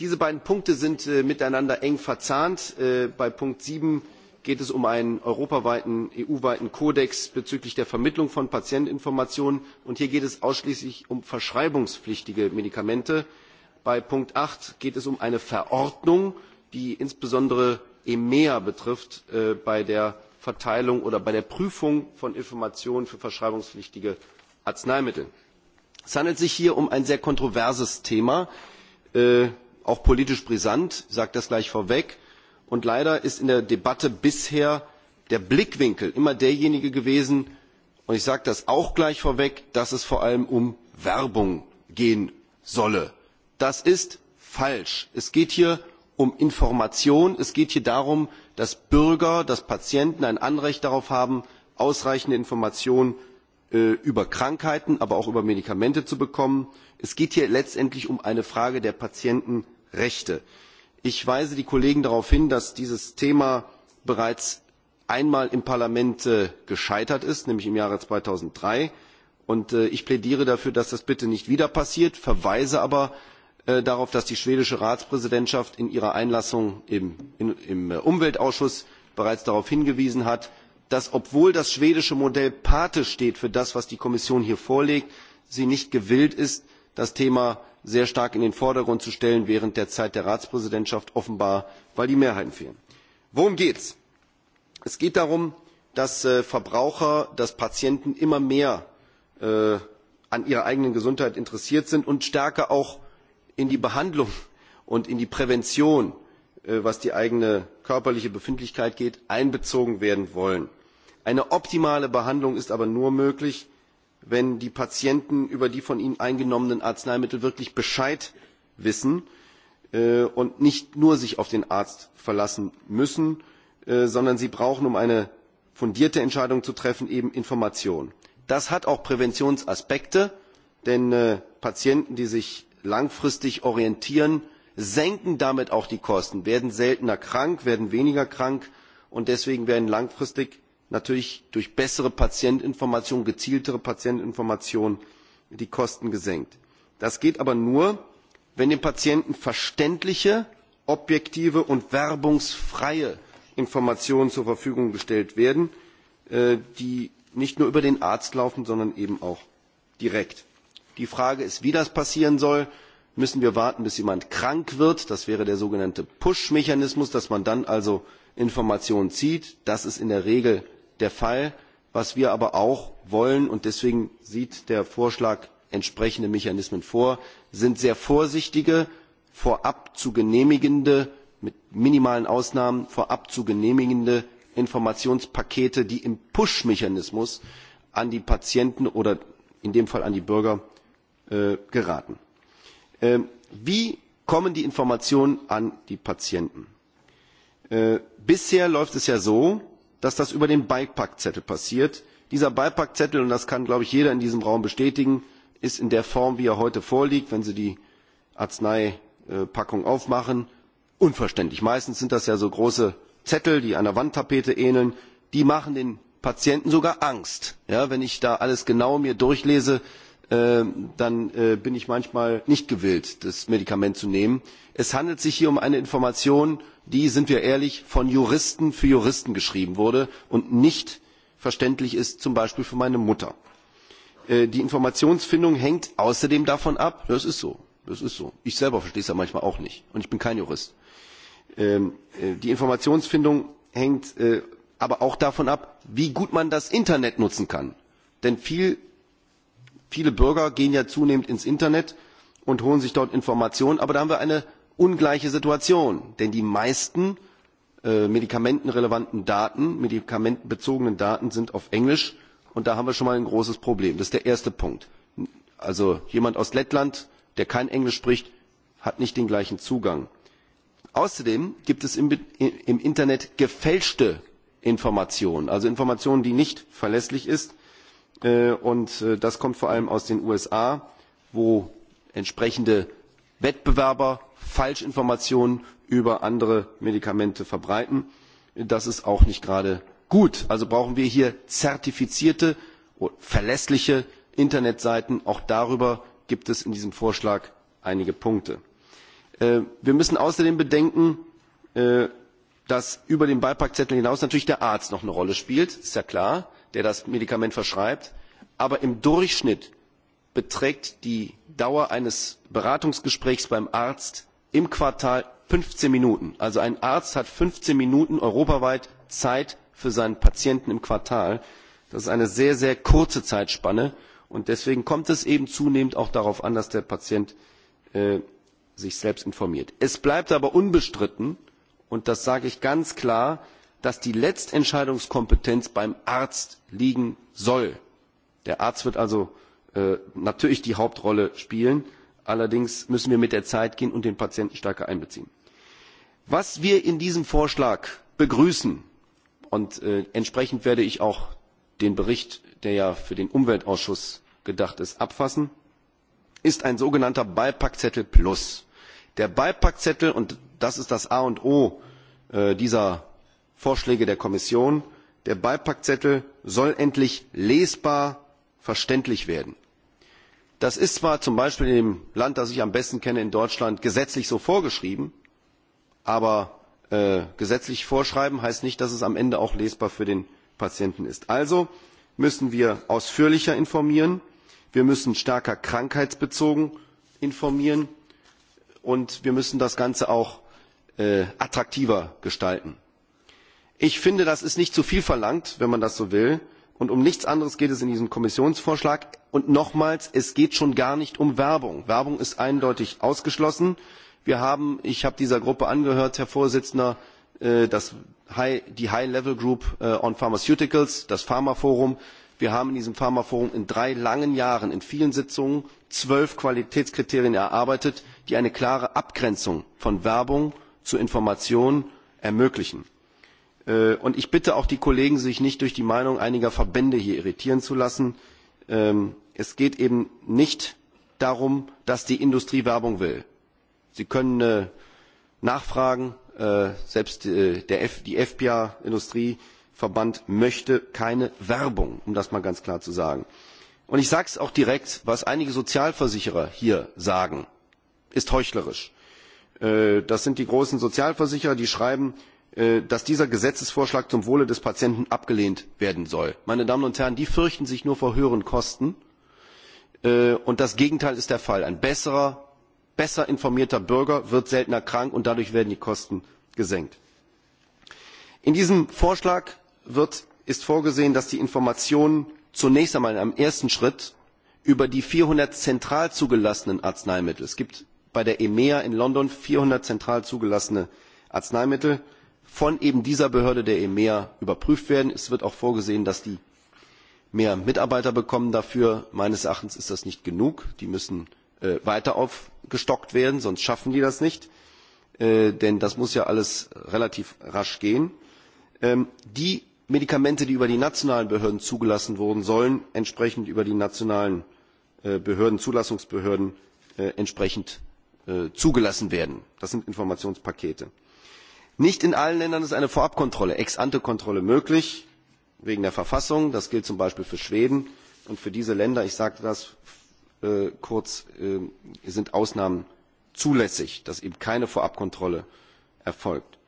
S: Diese beiden Punkte sind äh, miteinander eng verzahnt. Äh, bei Punkt 7 geht es um einen europaweiten eu weiten kodex bezüglich der vermittlung von patienteninformationen und hier geht es ausschließlich um verschreibungspflichtige medikamente. bei punkt acht geht es um eine verordnung die insbesondere emea betrifft äh, bei der verteilung oder bei der prüfung von informationen für verschreibungspflichtige arzneimittel. es handelt sich hier um ein sehr kontroverses thema äh, auch politisch brisant ich sage das gleich vorweg. Und leider ist in der Debatte bisher der Blickwinkel immer derjenige gewesen, und ich sage das auch gleich vorweg, dass es vor allem um Werbung gehen solle. Das ist falsch. Es geht hier um Information. Es geht hier darum, dass Bürger, dass Patienten ein Anrecht darauf haben, ausreichende Informationen äh, über Krankheiten, aber auch über Medikamente zu bekommen. Es geht hier letztendlich um eine Frage der Patientenrechte ich weise die kollegen darauf hin dass dieses thema bereits einmal im parlament äh, gescheitert ist nämlich im jahre zweitausenddrei und äh, ich plädiere dafür dass das bitte nicht wieder passiert verweise aber äh, darauf dass die schwedische ratspräsidentschaft in ihrer einlassung im, im umweltausschuss bereits darauf hingewiesen hat dass obwohl das schwedische modell pate steht für das was die kommission hier vorlegt sie nicht gewillt ist das thema sehr stark in den Vordergrund zu stellen während der Zeit der Ratspräsidentschaft, offenbar weil die Mehrheiten fehlen. Worum geht es? Es geht darum, dass äh, Verbraucher, dass Patienten immer mehr äh, an ihrer eigenen Gesundheit interessiert sind und stärker auch in die Behandlung und in die Prävention, äh, was die eigene körperliche Befindlichkeit geht, einbezogen werden wollen. Eine optimale Behandlung ist aber nur möglich, wenn die Patienten über die von ihnen eingenommenen Arzneimittel wirklich Bescheid wissen äh, und nicht nur sich auf den Arzt verlassen müssen, äh, sondern sie brauchen, um eine fundierte Entscheidung zu treffen, eben Information. Das hat auch Präventionsaspekte, denn äh, Patienten, die sich langfristig orientieren, senken damit auch die Kosten, werden seltener krank, werden weniger krank und deswegen werden langfristig natürlich durch bessere patienteninformation gezieltere patienteninformation die kosten gesenkt. das geht aber nur wenn dem patienten verständliche objektive und werbungsfreie informationen zur verfügung gestellt werden äh, die nicht nur über den arzt laufen sondern eben auch direkt. die frage ist wie das passieren soll. müssen wir warten bis jemand krank wird? das wäre der sogenannte push mechanismus dass man dann also informationen zieht. das ist in der regel der fall. was wir aber auch wollen und deswegen sieht der vorschlag entsprechende mechanismen vor sind sehr vorsichtige vorab zu genehmigende mit minimalen ausnahmen vorab zu genehmigende informationspakete die im push mechanismus an die patienten oder in dem fall an die bürger äh, geraten. Äh, wie kommen die informationen an die patienten? Äh, bisher läuft es ja so dass das über den beipackzettel passiert. dieser beipackzettel und das kann glaube ich jeder in diesem raum bestätigen ist in der form wie er heute vorliegt wenn sie die arzneipackung aufmachen unverständlich. meistens sind das ja so große zettel die einer wandtapete ähneln. die machen den patienten sogar angst. Ja, wenn ich mir da alles genau durchlese Ähm, dann äh, bin ich manchmal nicht gewillt, das Medikament zu nehmen. Es handelt sich hier um eine Information, die, sind wir ehrlich, von Juristen für Juristen geschrieben wurde und nicht verständlich ist, zum Beispiel für meine Mutter. Äh, die Informationsfindung hängt außerdem davon ab, das ist so, das ist so. Ich selber verstehe es ja manchmal auch nicht und ich bin kein Jurist. Ähm, äh, die Informationsfindung hängt aber auch davon ab, wie gut man das Internet nutzen kann. Denn viel viele Bürger gehen ja zunehmend ins Internet und holen sich dort Informationen, aber da haben wir eine ungleiche Situation, denn die meisten äh, medikamentenrelevanten Daten, medikamentenbezogenen Daten sind auf Englisch und da haben wir schon mal ein großes Problem. Das ist der erste Punkt. Also jemand aus Lettland, der kein Englisch spricht, hat nicht den gleichen Zugang. Außerdem gibt es im, im Internet gefälschte Informationen, also Informationen, die nicht verlässlich ist Äh, und äh, das kommt vor allem aus den USA, wo entsprechende Wettbewerber Falschinformationen über andere Medikamente verbreiten. Das ist auch nicht gerade gut. Also brauchen wir hier zertifizierte, verlässliche Internetseiten. Auch darüber gibt es in diesem Vorschlag einige Punkte. Äh, wir müssen außerdem bedenken, dass über den Beipackzettel hinaus natürlich der Arzt noch eine Rolle spielt, ist ja klar der das Medikament verschreibt. Aber im Durchschnitt beträgt die Dauer eines Beratungsgesprächs beim Arzt im Quartal 15 Minuten. Also ein Arzt hat 15 Minuten europaweit Zeit für seinen Patienten im Quartal. Das ist eine sehr, sehr kurze Zeitspanne. Und deswegen kommt es eben zunehmend auch darauf an, dass der Patient äh, sich selbst informiert. Es bleibt aber unbestritten, und das sage ich ganz klar, dass die letztentscheidungskompetenz beim arzt liegen soll. der arzt wird also äh, natürlich die hauptrolle spielen allerdings müssen wir mit der zeit gehen und den patienten stärker einbeziehen. was wir in diesem vorschlag begrüßen und äh, entsprechend werde ich auch den bericht der ja für den umweltausschuss gedacht ist abfassen ist ein sogenannter beipackzettel plus. der beipackzettel und das ist das a und o äh, dieser vorschläge der kommission der beipackzettel soll endlich lesbar verständlich werden. das ist zwar zum beispiel in dem land das ich am besten kenne in deutschland gesetzlich so vorgeschrieben aber äh, gesetzlich vorschreiben heißt nicht dass es am ende auch lesbar für den patienten ist. also müssen wir ausführlicher informieren wir müssen stärker krankheitsbezogen informieren und wir müssen das ganze auch äh, attraktiver gestalten ich finde das ist nicht zu viel verlangt wenn man das so will und um nichts anderes geht es in diesem kommissionsvorschlag und nochmals es geht schon gar nicht um werbung werbung ist eindeutig ausgeschlossen. wir haben ich habe dieser gruppe angehört herr vorsitzender äh, das high, die high level group äh, on pharmaceuticals das pharmaforum wir haben in diesem pharmaforum in drei langen jahren in vielen sitzungen zwölf qualitätskriterien erarbeitet die eine klare abgrenzung von werbung zu information ermöglichen. Äh, und ich bitte auch die Kollegen, sich nicht durch die Meinung einiger Verbände hier irritieren zu lassen. Ähm, es geht eben nicht darum, dass die Industrie Werbung will. Sie können äh, nachfragen, äh, selbst der F, die FPA Industrieverband möchte keine Werbung, um das mal ganz klar zu sagen. Und ich sage es auch direkt, was einige Sozialversicherer hier sagen, ist heuchlerisch. Das sind die großen Sozialversicherer, die schreiben, Äh, dass dieser Gesetzesvorschlag zum Wohle des Patienten abgelehnt werden soll. Meine Damen und Herren, die fürchten sich nur vor höheren Kosten. Äh, und das Gegenteil ist der Fall. Ein besserer, besser informierter Bürger wird seltener krank und dadurch werden die Kosten gesenkt. In diesem Vorschlag wird, ist vorgesehen, dass die Informationen zunächst einmal in einem ersten Schritt über die 400 zentral zugelassenen Arzneimittel. Es gibt bei der EMEA in London 400 zentral zugelassene Arzneimittel von eben dieser Behörde der EMEA überprüft werden. Es wird auch vorgesehen, dass die mehr Mitarbeiter bekommen dafür. Meines Erachtens ist das nicht genug. Die müssen äh, weiter aufgestockt werden, sonst schaffen die das nicht. Äh, denn das muss ja alles relativ rasch gehen. Ähm, die Medikamente, die über die nationalen Behörden zugelassen wurden, sollen entsprechend über die nationalen äh, Behörden, Zulassungsbehörden äh, entsprechend äh, zugelassen werden. Das sind Informationspakete nicht in allen ländern ist eine vorabkontrolle ex ante kontrolle möglich wegen der verfassung das gilt zum beispiel für schweden und für diese länder ich sagte das äh, kurz äh, sind ausnahmen zulässig dass eben keine vorabkontrolle erfolgt.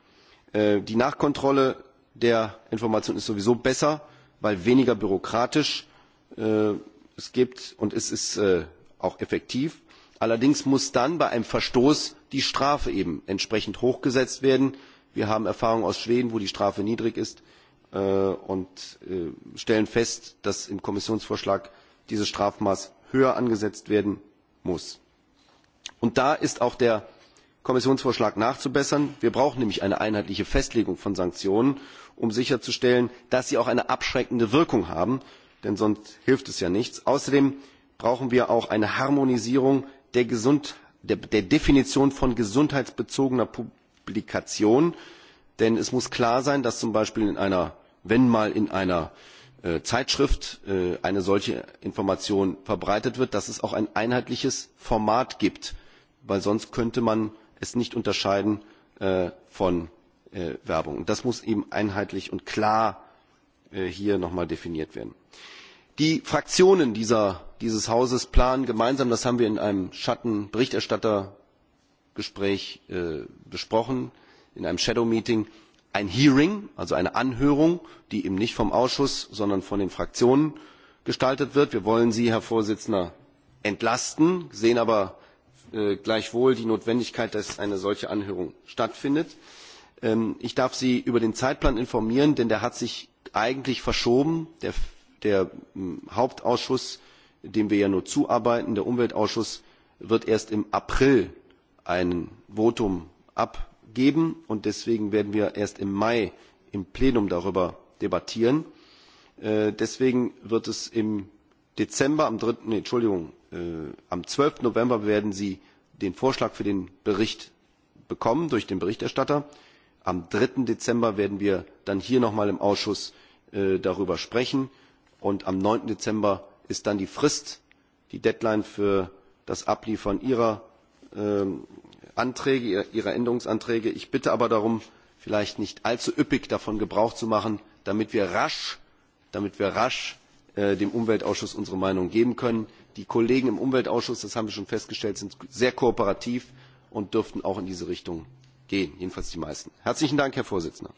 S: Äh, die nachkontrolle der information ist sowieso besser weil weniger bürokratisch äh, es gibt und es ist äh, auch effektiv. allerdings muss dann bei einem verstoß die strafe eben entsprechend hochgesetzt werden Wir haben Erfahrungen aus Schweden, wo die Strafe niedrig ist äh, und äh, stellen fest, dass im Kommissionsvorschlag dieses Strafmaß höher angesetzt werden muss. Und da ist auch der Kommissionsvorschlag nachzubessern. Wir brauchen nämlich eine einheitliche Festlegung von Sanktionen, um sicherzustellen, dass sie auch eine abschreckende Wirkung haben, denn sonst hilft es ja nichts. Außerdem brauchen wir auch eine Harmonisierung der, Gesund, der, der Definition von gesundheitsbezogener Pu Implikation. Denn es muss klar sein, dass zum Beispiel in einer, wenn mal in einer äh, Zeitschrift äh, eine solche Information verbreitet wird, dass es auch ein einheitliches Format gibt, weil sonst könnte man es nicht unterscheiden äh, von äh, Werbung. Und das muss eben einheitlich und klar äh, hier nochmal definiert werden. Die Fraktionen dieser, dieses Hauses planen gemeinsam, das haben wir in einem Schattenberichterstatter Gespräch äh, besprochen, in einem Shadow Meeting, ein Hearing, also eine Anhörung, die eben nicht vom Ausschuss, sondern von den Fraktionen gestaltet wird. Wir wollen Sie, Herr Vorsitzender, entlasten, sehen aber äh, gleichwohl die Notwendigkeit, dass eine solche Anhörung stattfindet. Ähm, ich darf Sie über den Zeitplan informieren, denn der hat sich eigentlich verschoben. Der, der mh, hm, Hauptausschuss, dem wir ja nur zuarbeiten, der Umweltausschuss, wird erst im April ein Votum abgeben und deswegen werden wir erst im Mai im Plenum darüber debattieren. Äh, deswegen wird es im Dezember, am 3., nee, Entschuldigung, äh, am 12. November werden Sie den Vorschlag für den Bericht bekommen durch den Berichterstatter. Am 3. Dezember werden wir dann hier nochmal im Ausschuss äh, darüber sprechen und am 9. Dezember ist dann die Frist, die Deadline für das Abliefern Ihrer ähm, Anträge, Ihrer Änderungsanträge. Ich bitte aber darum, vielleicht nicht allzu üppig davon Gebrauch zu machen, damit wir rasch, damit wir rasch äh, dem Umweltausschuss unsere Meinung geben können. Die Kollegen im Umweltausschuss, das haben wir schon festgestellt, sind sehr kooperativ und dürften auch in diese Richtung gehen, jedenfalls die meisten. Herzlichen Dank, Herr Vorsitzender.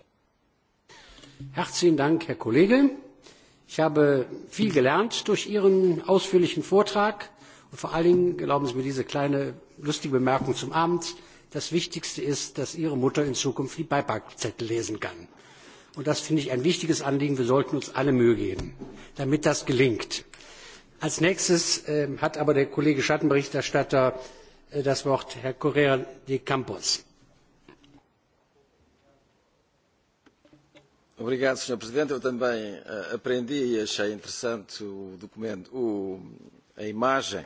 B: Herzlichen Dank, Herr Kollege. Ich habe viel gelernt durch Ihren ausführlichen Vortrag Und vor allen Dingen, erlauben Sie mir diese kleine lustige Bemerkung zum Abend, das Wichtigste ist, dass Ihre Mutter in Zukunft die Beipackzettel lesen kann. Und das finde ich ein wichtiges Anliegen. Wir sollten uns alle Mühe geben, damit das gelingt. Als nächstes äh, hat aber der Kollege Schattenberichterstatter äh, das Wort, Herr Correa de Campos.
E: Obrigado, Sr. Presidente. Eu também uh, aprendi e achei interessante o documento, o, a imagem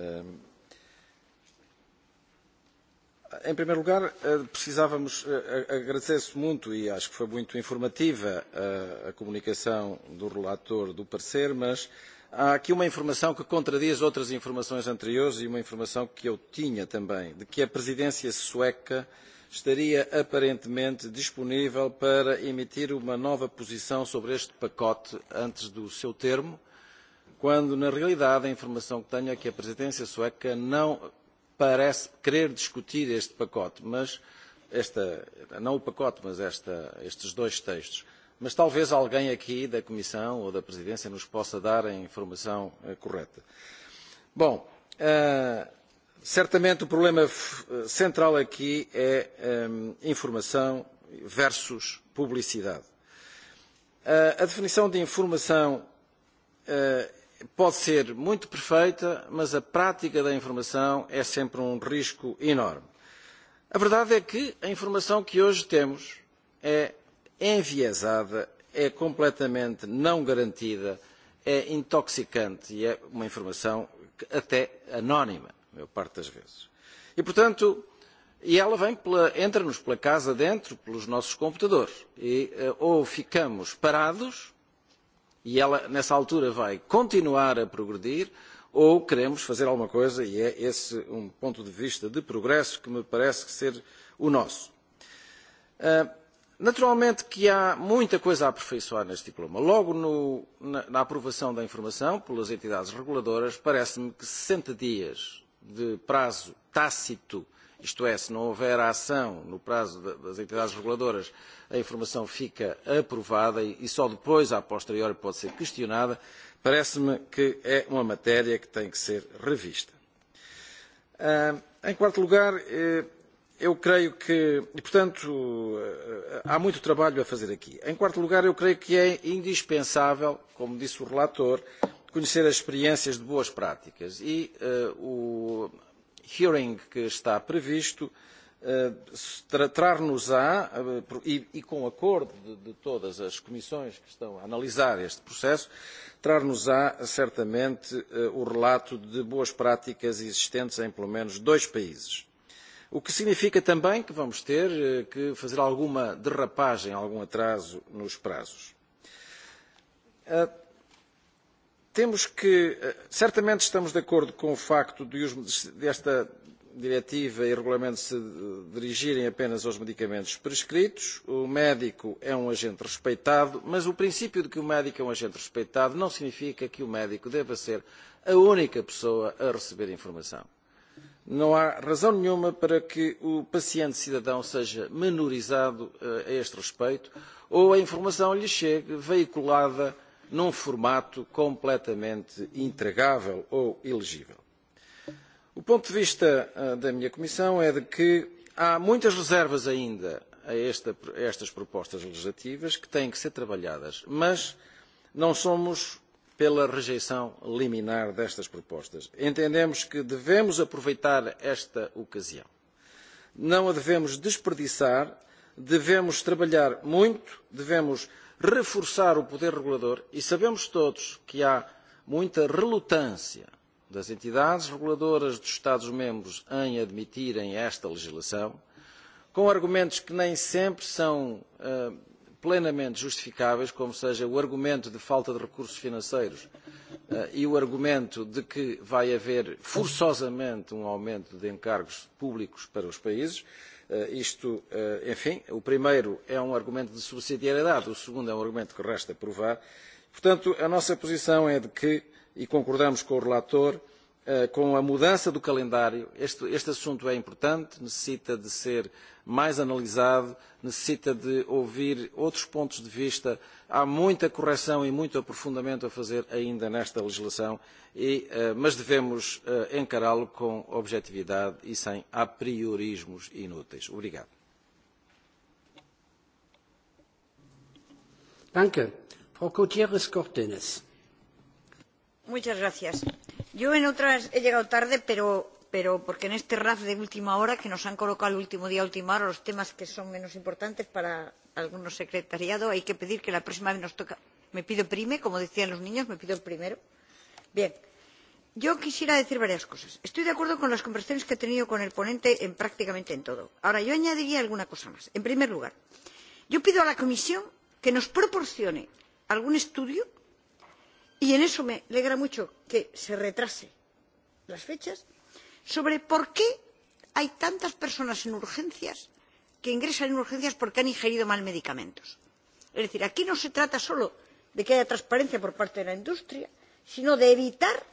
E: Ehm, em primeiro lugar, eh, precisávamos, eh, agradeço muito e acho que foi muito informativa a, eh, a comunicação do relator do parecer, mas há aqui uma informação que contradiz outras informações anteriores e uma informação que eu tinha também, de que a presidência sueca estaria aparentemente disponível para emitir uma nova posição sobre este pacote antes do seu termo quando na realidade a informação que tenho é que a presidência sueca não parece querer discutir este pacote, mas esta, não o pacote, mas esta, estes dois textos. Mas talvez alguém aqui da Comissão ou da Presidência nos possa dar a informação eh, correta. Bom, uh, certamente o problema eh, central aqui é um, informação versus publicidade. Uh, a definição de informação uh, pode ser muito perfeita, mas a prática da informação é sempre um risco enorme. A verdade é que a informação que hoje temos é enviesada, é completamente não garantida, é intoxicante e é uma informação até anónima, a maior parte das vezes. E, portanto, e ela vem pela, entra-nos pela casa dentro, pelos nossos computadores. E, eh, ou ficamos parados, e ela, nessa altura, vai continuar a progredir, ou queremos fazer alguma coisa, e é esse um ponto de vista de progresso que me parece que ser o nosso. Ah, naturalmente que há muita coisa a aperfeiçoar neste diploma. Logo no, na, na aprovação da informação pelas entidades reguladoras, parece-me que 60 dias de prazo tácito uh, Isto é, se não houver ação no prazo das entidades reguladoras, a informação fica aprovada e, e só depois, a posteriori, pode ser questionada. Parece-me que é uma matéria que tem que ser revista. Ah, em quarto lugar, eh, eu creio que, e portanto, eh, há muito trabalho a fazer aqui. Em quarto lugar, eu creio que é indispensável, como disse o relator, conhecer as experiências de boas práticas e uh, o, hearing que está previsto eh, trar-nos-á, eh, e, e com acordo de, de todas as comissões que estão a analisar este processo, trar-nos-á certamente eh, o relato de boas práticas existentes em pelo menos dois países. O que significa também que vamos ter que fazer alguma derrapagem, algum atraso nos prazos temos que eh, certamente estamos de acordo com o facto de esta diretiva e regulamento se dirigirem apenas aos medicamentos prescritos o médico é um agente respeitado mas o princípio de que o médico é um agente respeitado não significa que o médico deva ser a única pessoa a receber informação. não há razão nenhuma para que o paciente cidadão seja menorizado eh, a este respeito ou a informação lhe chegue veiculada num formato completamente intragável ou ilegível. O ponto de vista ah, da minha Comissão é de que há muitas reservas ainda a, esta, a estas propostas legislativas que têm que ser trabalhadas, mas não somos pela rejeição liminar destas propostas. Entendemos que devemos aproveitar esta ocasião. Não a devemos desperdiçar, devemos trabalhar muito, devemos reforçar o poder regulador, e sabemos todos que há muita relutância das entidades reguladoras dos Estados-membros em admitirem esta legislação, com argumentos que nem sempre são uh, plenamente justificáveis, como seja o argumento de falta de recursos financeiros uh, e o argumento de que vai haver forçosamente um aumento de encargos públicos para os países, uh, Eh, isto, eh, enfim, o primeiro é um argumento de subsidiariedade, o segundo é um argumento que resta provar. Portanto, a nossa posição é de que, e concordamos com o relator, Eh, com a mudança do calendário, este, este assunto é importante, necessita de ser mais analisado, necessita de ouvir outros pontos de vista. Há muita correção e muito aprofundamento a fazer ainda nesta legislação, e, eh, mas devemos eh, encará-lo com objetividade e sem a priorismos inúteis. Obrigado.
B: Danke. Frau Gutierrez Cortines.
D: Muchas gracias. Yo en otras he llegado tarde, pero, pero porque en este RAF de última hora, que nos han colocado el último día, última hora, los temas que son menos importantes para algunos secretariado, hay que pedir que la próxima vez nos toca. Me pido prime, como decían los niños, me pido el primero. Bien. Yo quisiera decir varias cosas. Estoy de acuerdo con las conversaciones que he tenido con el ponente en prácticamente en todo. Ahora, yo añadiría alguna cosa más. En primer lugar, yo pido a la Comisión que nos proporcione algún estudio y en eso me alegra mucho que se retrasen las fechas sobre por qué hay tantas personas en urgencias que ingresan en urgencias porque han ingerido mal medicamentos. Es decir, aquí no se trata solo de que haya transparencia por parte de la industria, sino de evitar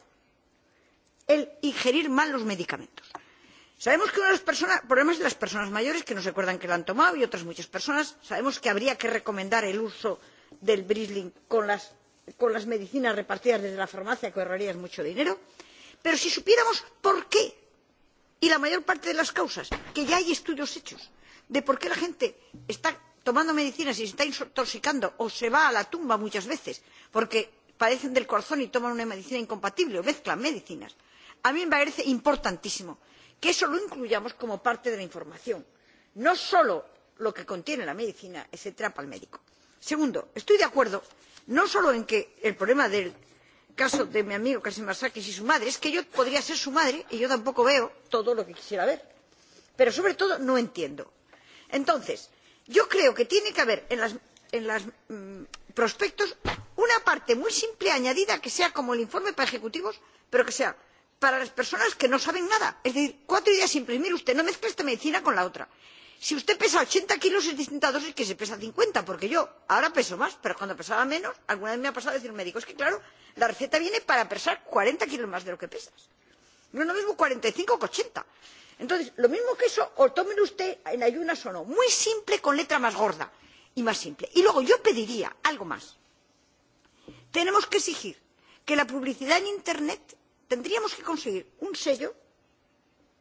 D: el ingerir mal los medicamentos. Sabemos que uno de los personas, problemas de las personas mayores que no se acuerdan que lo han tomado y otras muchas personas sabemos que habría que recomendar el uso del Brisling con las con las medicinas repartidas desde la farmacia que ahorrarías mucho dinero pero si supiéramos por qué y la mayor parte de las causas que ya hay estudios hechos de por qué la gente está tomando medicinas y se está intoxicando o se va a la tumba muchas veces porque padecen del corazón y toman una medicina incompatible o mezclan medicinas a mí me parece importantísimo que eso lo incluyamos como parte de la información no solo lo que contiene la medicina etcétera para el médico. segundo estoy de acuerdo en no solo en que el problema del caso de mi amigo Kasimasakis y su madre es que yo podría ser su madre y yo tampoco veo todo lo que quisiera ver. Pero sobre todo no entiendo. Entonces, yo creo que tiene que haber en las, en las mmm, prospectos una parte muy simple añadida que sea como el informe para ejecutivos, pero que sea para las personas que no saben nada. Es decir, cuatro ideas simples. Mire usted, no mezcle esta medicina con la otra si usted pesa ochenta kilos es distinta a dosis que si pesa cincuenta porque yo ahora peso más pero cuando pesaba menos alguna vez me ha pasado decir un médico es que claro la receta viene para pesar cuarenta kilos más de lo que pesas no es lo mismo cuarenta y cinco que ochenta entonces lo mismo que eso o tómelo usted en ayunas o no muy simple con letra más gorda y más simple y luego yo pediría algo más tenemos que exigir que la publicidad en internet tendríamos que conseguir un sello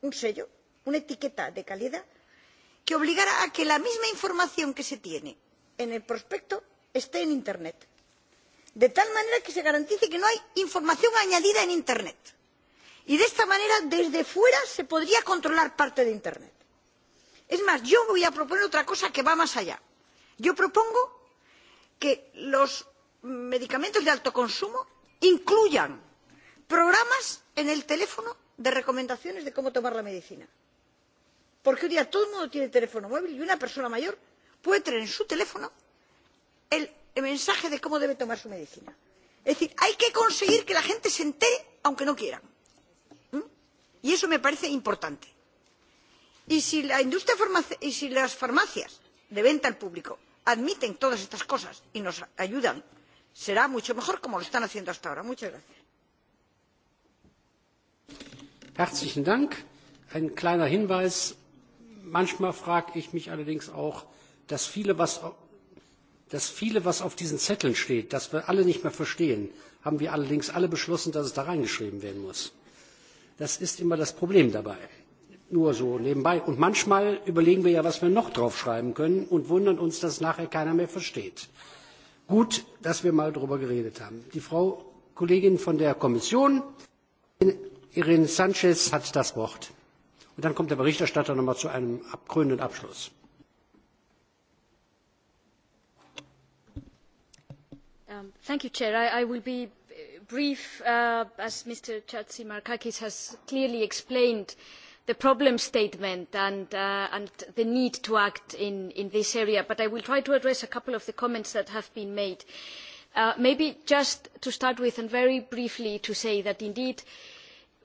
D: un sello una etiqueta de calidad que obligara a que la misma información que se tiene en el prospecto esté en internet de tal manera que se garantice que no hay información añadida en internet y de esta manera desde fuera se podría controlar parte de internet. es más yo voy a proponer otra cosa que va más allá yo propongo que los medicamentos de alto consumo incluyan programas en el teléfono de recomendaciones de cómo tomar la medicina Porque hoy día todo el mundo tiene teléfono móvil y una persona mayor puede tener en su teléfono el, el mensaje de cómo debe tomar su medicina. Es decir, hay que conseguir que la gente se entere aunque no quieran. ¿Mm? Y eso me parece importante. Y si, la industria y si las farmacias de venta al público admiten todas estas cosas y nos ayudan, será mucho mejor como lo están haciendo hasta ahora. Muchas gracias.
B: Herzlichen Dank. Ein kleiner Hinweis Manchmal frage ich mich allerdings auch, dass viele, was, dass viele, was auf diesen Zetteln steht, dass wir alle nicht mehr verstehen, haben wir allerdings alle beschlossen, dass es da reingeschrieben werden muss. Das ist immer das Problem dabei. Nur so nebenbei. Und manchmal überlegen wir ja, was wir noch draufschreiben können und wundern uns, dass nachher keiner mehr versteht. Gut, dass wir mal darüber geredet haben. Die Frau Kollegin von der Kommission, Irene Sanchez, hat das Wort. Und dann kommt der Berichterstatter nochmal zu einem krönenden Abschluss.
R: Um, thank you, Chair. I, I will be uh, brief, uh, as Mr. Chatzimarkakis has clearly explained the problem statement and, uh, and the need to act in, in this area, but I will try to address a couple of the comments that have been made. Uh, maybe just to start with and very briefly to say that indeed uh,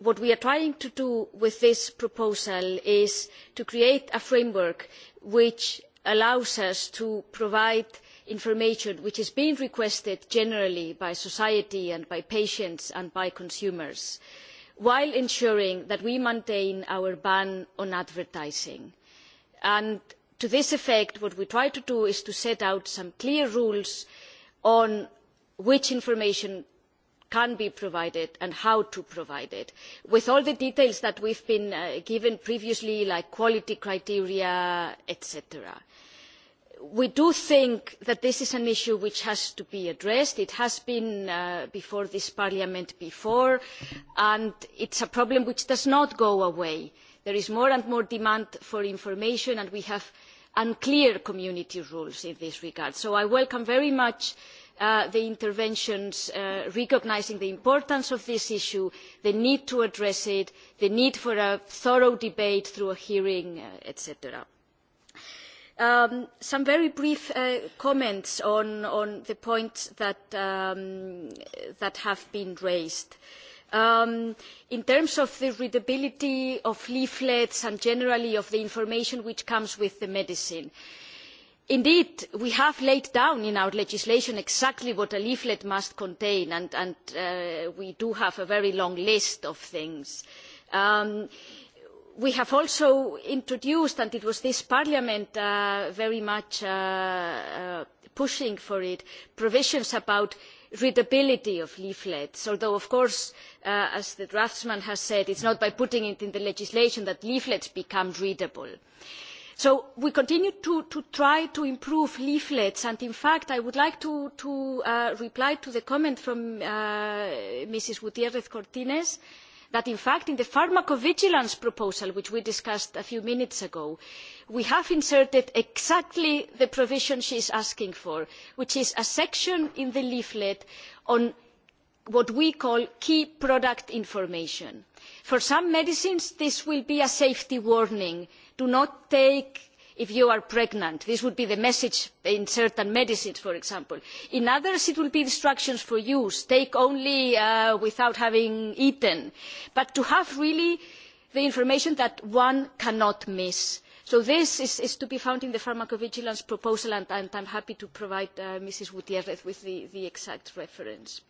R: what we are trying to do with this proposal is to create a framework which allows us to provide information which is being requested generally by society and by patients and by consumers while ensuring that we maintain our ban on advertising. And to this effect what we try to do is to set out some clear rules on which information can be provided and how to provide it with all the details that we've been uh, given previously like quality criteria etc we do think that this is an issue which has to be addressed. It has been uh, before this parliament before, and it's a problem which does not go away. There is more and more demand for information, and we have unclear community rules in this regard. So I welcome very much uh, uh, the interventions uh, recognising the importance of this issue, the need to address it, the need for a thorough debate through a hearing, uh, etc. Um, some very brief uh, comments on, on the points that, um, that have been raised. Um, in terms of the readability of leaflets and generally of the information which comes with the medicine, uh, indeed we have laid down in our legislation exactly what a leaflet must contain and, and uh, we do have a very long list of things. Um, we have also introduced and it was this parliament uh, very much uh, uh pushing for it provisions about readability of leaflets although of course uh, as the draftsman has said it is not by putting it in the legislation that leaflets become readable so we continue to, to try to improve leaflets and in fact i would like to, to uh, reply to the comment from uh, mrs gutierrez cortines that in fact in the pharmacovigilance proposal which we discussed a few minutes ago we have inserted exactly the provision she is asking for which is a section in the leaflet on what we call key product information. for some medicines this will be a safety warning' do not take if you are pregnant. This would be the message in certain medicines, for example. In others, it will be instructions for use. Take only uh, without having eaten. But to have really the information that one cannot miss. So this is, is to be found in the pharmacovigilance proposal, and, and I'm happy to provide uh, Mrs. Gutierrez with the, the exact reference.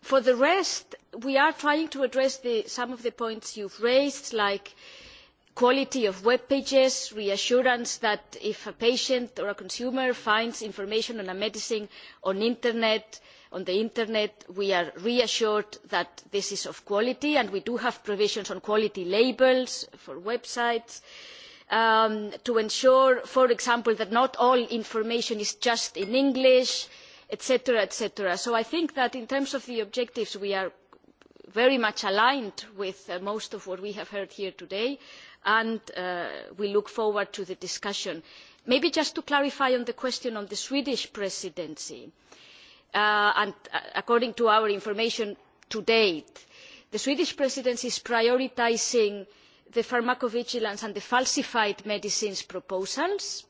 R: For the rest, we are trying to address the, some of the points you've raised, like uh, quality of web pages, reassurance that if a patient or a consumer finds information on a medicine on internet, on the internet, we are reassured that this is of quality, and we do have provisions on quality labels for websites. Um, to ensure, for example, that not all information is just in English, etc., etc. So I think that in terms of the objectives, we are very much aligned with uh, most of what we have heard here today. Uh, and uh, we look forward to the discussion. Maybe just to clarify on the question on the Swedish presidency, uh, and uh, according to our information to date, the Swedish presidency is prioritizing the pharmacovigilance and the falsified medicines proposals,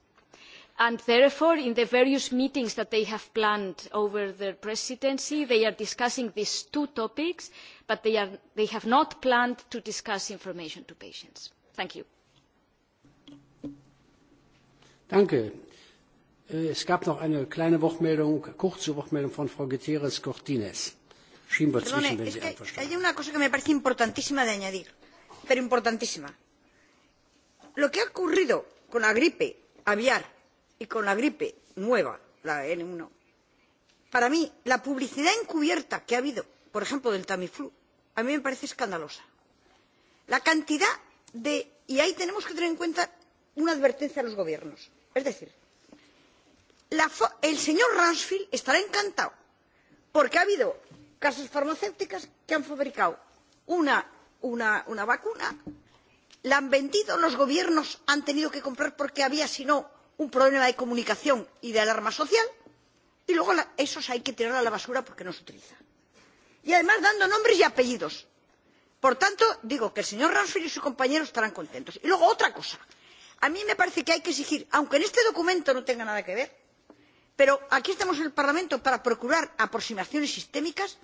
R: and therefore in the various meetings that they have planned over their presidency they are discussing these two topics but they, are, they have not planned to discuss information to patients. Thank you.
B: Danke. Eh, es gab noch eine kleine Wortmeldung, kurze Wortmeldung von Frau Gutierrez Cortines. Schieben wir Perdone, zwischen, wenn Sie
D: einverstanden Hay una cosa que me parece importantísima de añadir, pero importantísima. Lo que ha ocurrido con la gripe aviar y con la gripe nueva, la N1, para mí, la publicidad encubierta que ha habido, por ejemplo, del Tamiflu, a mí me parece escandalosa. La cantidad de, y ahí tenemos que tener en cuenta una advertencia a los gobiernos. Es decir, la, el señor Ransfield estará encantado porque ha habido casas farmacéuticas que han fabricado una, una, una vacuna, la han vendido, los gobiernos han tenido que comprar porque había, si no, un problema de comunicación y de alarma social, y luego la, esos hay que tirarlos a la basura porque no se utilizan. Y además dando nombres y apellidos por tanto digo que el señor ramsay y sus compañeros estarán contentos. y luego otra cosa a mí me parece que hay que exigir aunque en este documento no tenga nada que ver pero aquí estamos en el parlamento para procurar aproximaciones sistémicas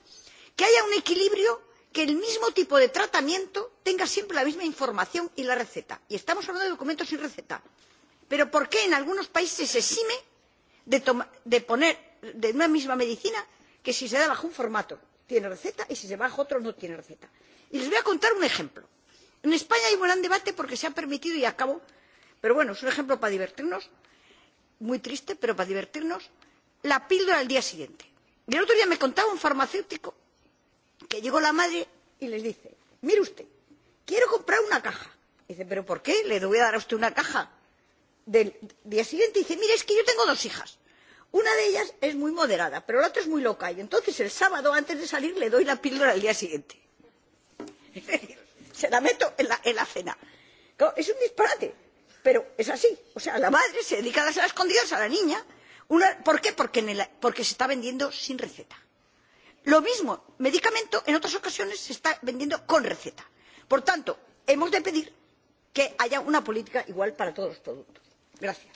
D: que haya un equilibrio que el mismo tipo de tratamiento tenga siempre la misma información y la receta y estamos hablando de documentos sin receta pero por qué en algunos países se exime de, de poner de una misma medicina que si se da bajo un formato tiene receta y si se da bajo otro no tiene receta? y les voy a contar un ejemplo. en españa hay un gran debate porque se ha permitido y acabo pero bueno es un ejemplo para divertirnos muy triste pero para divertirnos la píldora al día siguiente. y el otro día me contaba un farmacéutico que llegó la madre y les dice mire usted quiero comprar una caja. dice pero por qué le voy a dar a usted una caja del día siguiente? dice mire es que yo tengo dos hijas una de ellas es muy moderada pero la otra es muy loca y entonces el sábado antes de salir le doy la píldora al día siguiente. se la meto en la, en la cena. Claro, es un disparate, pero es así. O sea, la madre se dedica a las escondidas a la niña. Una, ¿Por qué? Porque, en el, porque se está vendiendo sin receta. Lo mismo, medicamento en otras ocasiones se está vendiendo con receta. Por tanto, hemos de pedir que haya una política igual para todos los productos. Gracias.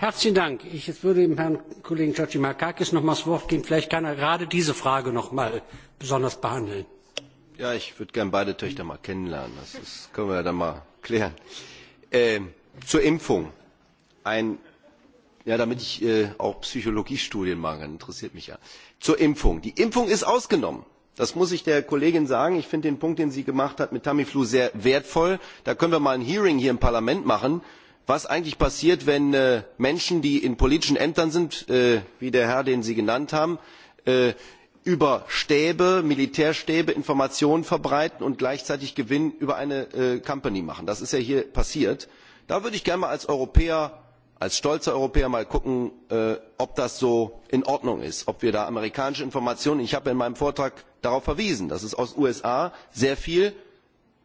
B: Herzlichen Dank. Ich jetzt würde dem Herrn Kollegen Chachimakakis noch mal das Wort geben. Vielleicht kann er gerade diese Frage noch mal besonders behandeln.
S: Ja, ich würde gern beide Töchter mal kennenlernen. Das ist, können wir ja dann mal klären. Äh, zur Impfung. Ein, ja, damit ich äh, auch Psychologiestudien mache, interessiert mich ja. Zur Impfung. Die Impfung ist ausgenommen. Das muss ich der Kollegin sagen. Ich finde den Punkt, den sie gemacht hat mit Tamiflu sehr wertvoll. Da können wir mal ein Hearing hier im Parlament machen, was eigentlich passiert, wenn äh, Menschen, die in politischen Ämtern sind, äh, wie der Herr, den Sie genannt haben, äh, über stäbe militärstäbe informationen verbreiten und gleichzeitig gewinn über eine äh, company machen. das ist ja hier passiert. da würde ich gerne mal als europäer als stolzer europäer mal gucken äh, ob das so in ordnung ist ob wir da amerikanische informationen ich habe in meinem vortrag darauf verwiesen dass es aus den usa sehr viel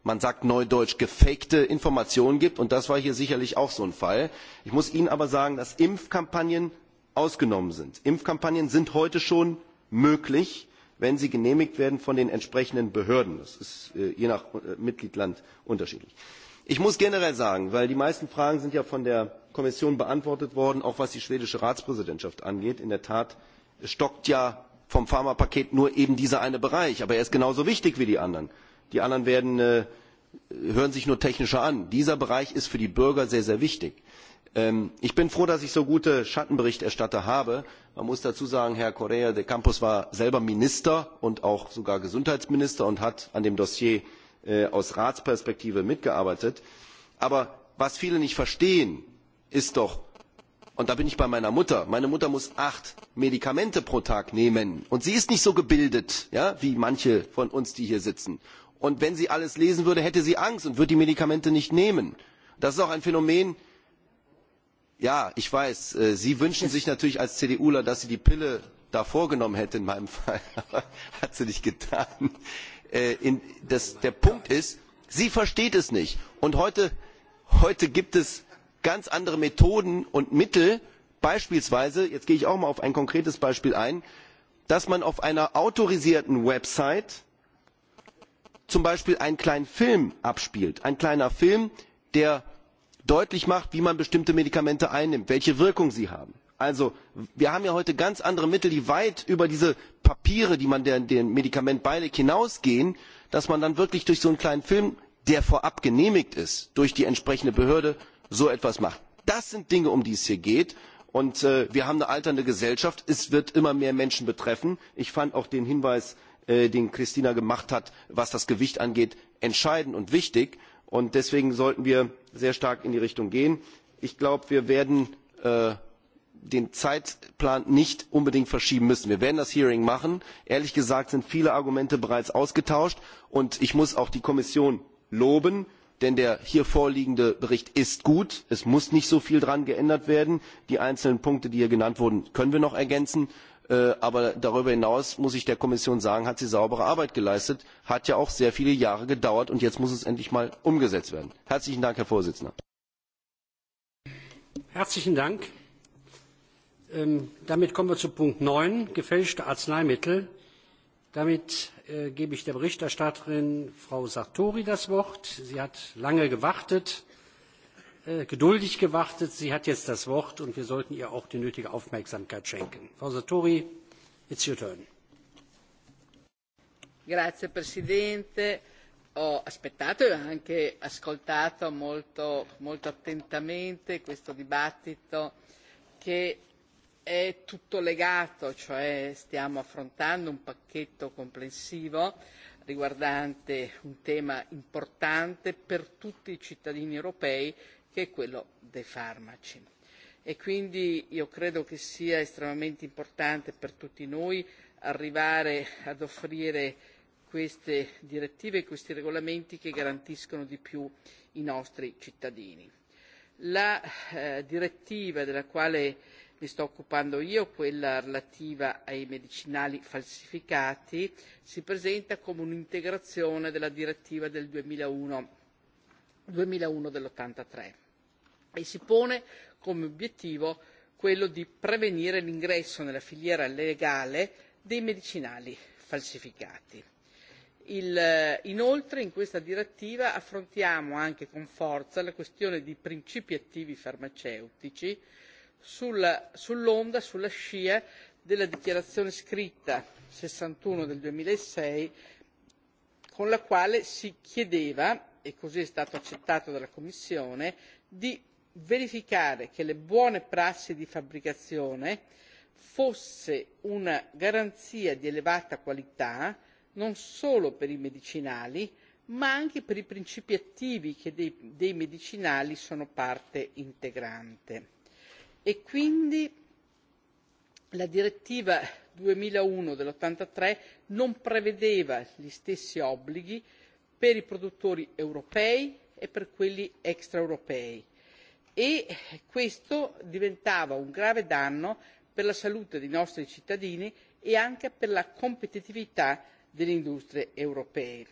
S: man sagt neudeutsch gefakte informationen gibt und das war hier sicherlich auch so ein fall. ich muss ihnen aber sagen dass impfkampagnen ausgenommen sind. impfkampagnen sind heute schon möglich wenn sie genehmigt werden von den entsprechenden behörden. das ist äh, je nach äh, mitgliedstaat unterschiedlich. ich muss generell sagen weil die meisten fragen sind ja von der kommission beantwortet worden auch was die schwedische ratspräsidentschaft angeht in der tat stockt ja vom pharmapaket nur eben dieser eine bereich aber er ist genauso wichtig wie die anderen. die anderen werden, äh, hören sich nur technischer an. dieser bereich ist für die bürger sehr sehr wichtig. Ähm, ich bin froh dass ich so gute schattenberichterstatter habe. man muss dazu sagen herr correia de campos war selber minister und auch sogar gesundheitsminister und hat an dem dossier äh, aus ratsperspektive mitgearbeitet. aber was viele nicht verstehen ist doch und da bin ich bei meiner mutter meine mutter muss acht medikamente pro tag nehmen und sie ist nicht so gebildet ja, wie manche von uns die hier sitzen. und wenn sie alles lesen würde hätte sie angst und würde die medikamente nicht nehmen. das ist auch ein phänomen Ja, ich weiß, äh, Sie wünschen sich natürlich als CDUler, dass sie die Pille da vorgenommen hätte in meinem Fall, aber hat sie nicht getan. Äh, in, das, der Punkt ist, sie versteht es nicht. Und heute, heute gibt es ganz andere Methoden und Mittel, beispielsweise, jetzt gehe ich auch mal auf ein konkretes Beispiel ein, dass man auf einer autorisierten Website zum Beispiel einen kleinen Film abspielt. Ein kleiner Film, der deutlich macht, wie man bestimmte Medikamente einnimmt, welche Wirkung sie haben. Also wir haben ja heute ganz andere Mittel, die weit über diese Papiere, die man dem Medikament beilegt, hinausgehen, dass man dann wirklich durch so einen kleinen Film, der vorab genehmigt ist durch die entsprechende Behörde, so etwas macht. Das sind Dinge, um die es hier geht. Und äh, wir haben eine alternde Gesellschaft. Es wird immer mehr Menschen betreffen. Ich fand auch den Hinweis, äh, den Christina gemacht hat, was das Gewicht angeht, entscheidend und wichtig. Und deswegen sollten wir sehr stark in die richtung gehen. ich glaube wir werden äh, den zeitplan nicht unbedingt verschieben müssen. wir werden das hearing machen. ehrlich gesagt sind viele argumente bereits ausgetauscht und ich muss auch die kommission loben denn der hier vorliegende bericht ist gut es muss nicht so viel daran geändert werden die einzelnen punkte die hier genannt wurden können wir noch ergänzen. Äh, aber darüber hinaus muss ich der kommission sagen hat sie saubere arbeit geleistet hat ja auch sehr viele jahre gedauert und jetzt muss es endlich mal umgesetzt werden. herzlichen dank herr präsident!
B: herzlichen dank! Ähm, damit kommen wir zu punkt neun gefälschte arzneimittel. damit äh, gebe ich der berichterstatterin frau sartori das wort. sie hat lange gewartet Äh, geduldig gewartet. Sie hat jetzt das Wort und wir sollten ihr auch die nötige Aufmerksamkeit schenken. Frau Satori, it's your turn.
T: Grazie Presidente. Ho aspettato e anche ascoltato molto, molto attentamente questo dibattito che è tutto legato, cioè stiamo affrontando un pacchetto complessivo riguardante un tema importante per tutti i cittadini europei che è quello dei farmaci. E quindi io credo che sia estremamente importante per tutti noi arrivare ad offrire queste direttive e questi regolamenti che garantiscono di più i nostri cittadini. La eh, direttiva della quale mi sto occupando io, quella relativa ai medicinali falsificati, si presenta come un'integrazione della direttiva del 2001, 2001 dell'83 e si pone come obiettivo quello di prevenire l'ingresso nella filiera legale dei medicinali falsificati. inoltre in questa direttiva affrontiamo anche con forza la questione di principi attivi farmaceutici sull'onda sulla scia della dichiarazione scritta sessantuno del duemilasei con la quale si chiedeva e così è stato accettato dalla commissione di verificare che le buone prassi di fabbricazione fosse una garanzia di elevata qualità non solo per i medicinali ma anche per i principi attivi che dei, dei medicinali sono parte integrante e quindi la direttiva duemilauno dell' ottantatré non prevedeva gli stessi obblighi per i produttori europei e per quelli extraeuropei e questo diventava un grave danno per la salute dei nostri cittadini e anche per la competitività delle industrie europee.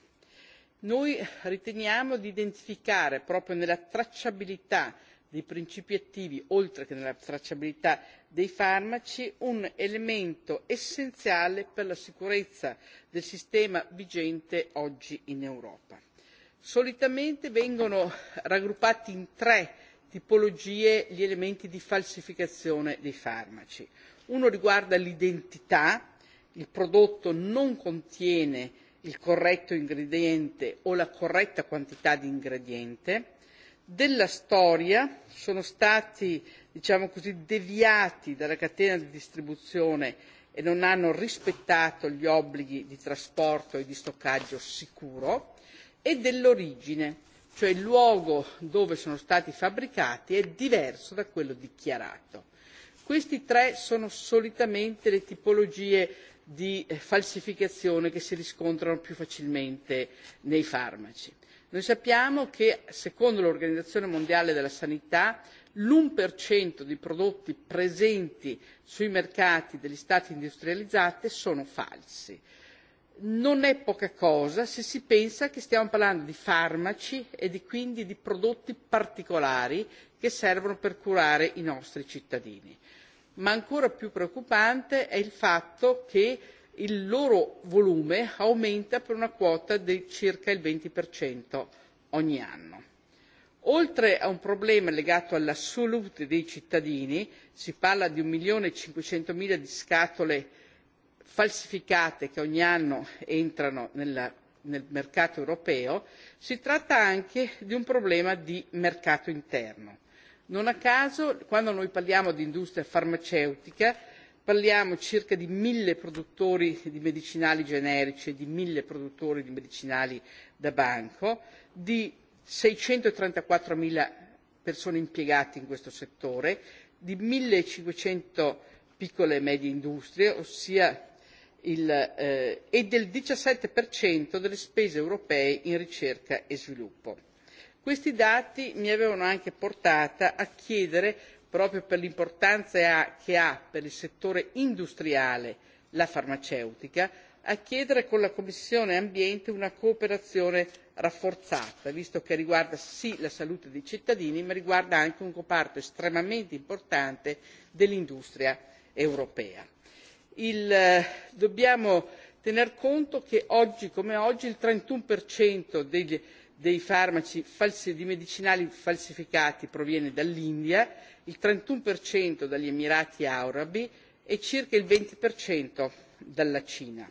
T: noi riteniamo di identificare proprio nella tracciabilità dei principi attivi oltre che nella tracciabilità dei farmaci un elemento essenziale per la sicurezza del sistema vigente oggi in europa. solitamente vengono raggruppati in tre tipologie gli elementi di falsificazione dei farmaci uno riguarda l'identità il prodotto non contiene il corretto ingrediente o la corretta quantità di ingrediente della storia sono stati diciamo così deviati dalla catena di distribuzione e non hanno rispettato gli obblighi di trasporto e di stoccaggio sicuro e dell'origine cioè il luogo dove sono stati fabbricati è diverso da quello dichiarato. Questi tre sono solitamente le tipologie di eh, falsificazione che si riscontrano più facilmente nei farmaci. Noi sappiamo che, secondo l'Organizzazione Mondiale della Sanità, l'1% dei prodotti presenti sui mercati degli Stati industrializzati sono falsi non è poca cosa se si pensa che stiamo parlando di farmaci e di, quindi di prodotti particolari che servono per curare i nostri cittadini. Ma ancora più preoccupante è il fatto che il loro volume aumenta per una quota di circa il 20% ogni anno. Oltre a un problema legato alla salute dei cittadini, si parla di 1.500.000 e di scatole falsificate che ogni anno entrano nella, nel mercato europeo si tratta anche di un problema di mercato interno. non a caso quando noi parliamo di industria farmaceutica parliamo circa di mille produttori di medicinali generici e di mille produttori di medicinali da banco di seicentotrentaquattro zero persone impiegate in questo settore di millecinquecento piccole e medie industrie ossia il, eh, e del 17% delle spese europee in ricerca e sviluppo. Questi dati mi avevano anche portata a chiedere, proprio per l'importanza e che ha per il settore industriale la farmaceutica, a chiedere con la Commissione Ambiente una cooperazione rafforzata, visto che riguarda sì la salute dei cittadini, ma riguarda anche un comparto estremamente importante dell'industria europea il, eh, dobbiamo tener conto che oggi come oggi il 31% degli, dei farmaci falsi, di medicinali falsificati proviene dall'India, il 31% dagli Emirati Arabi e circa il 20% dalla Cina.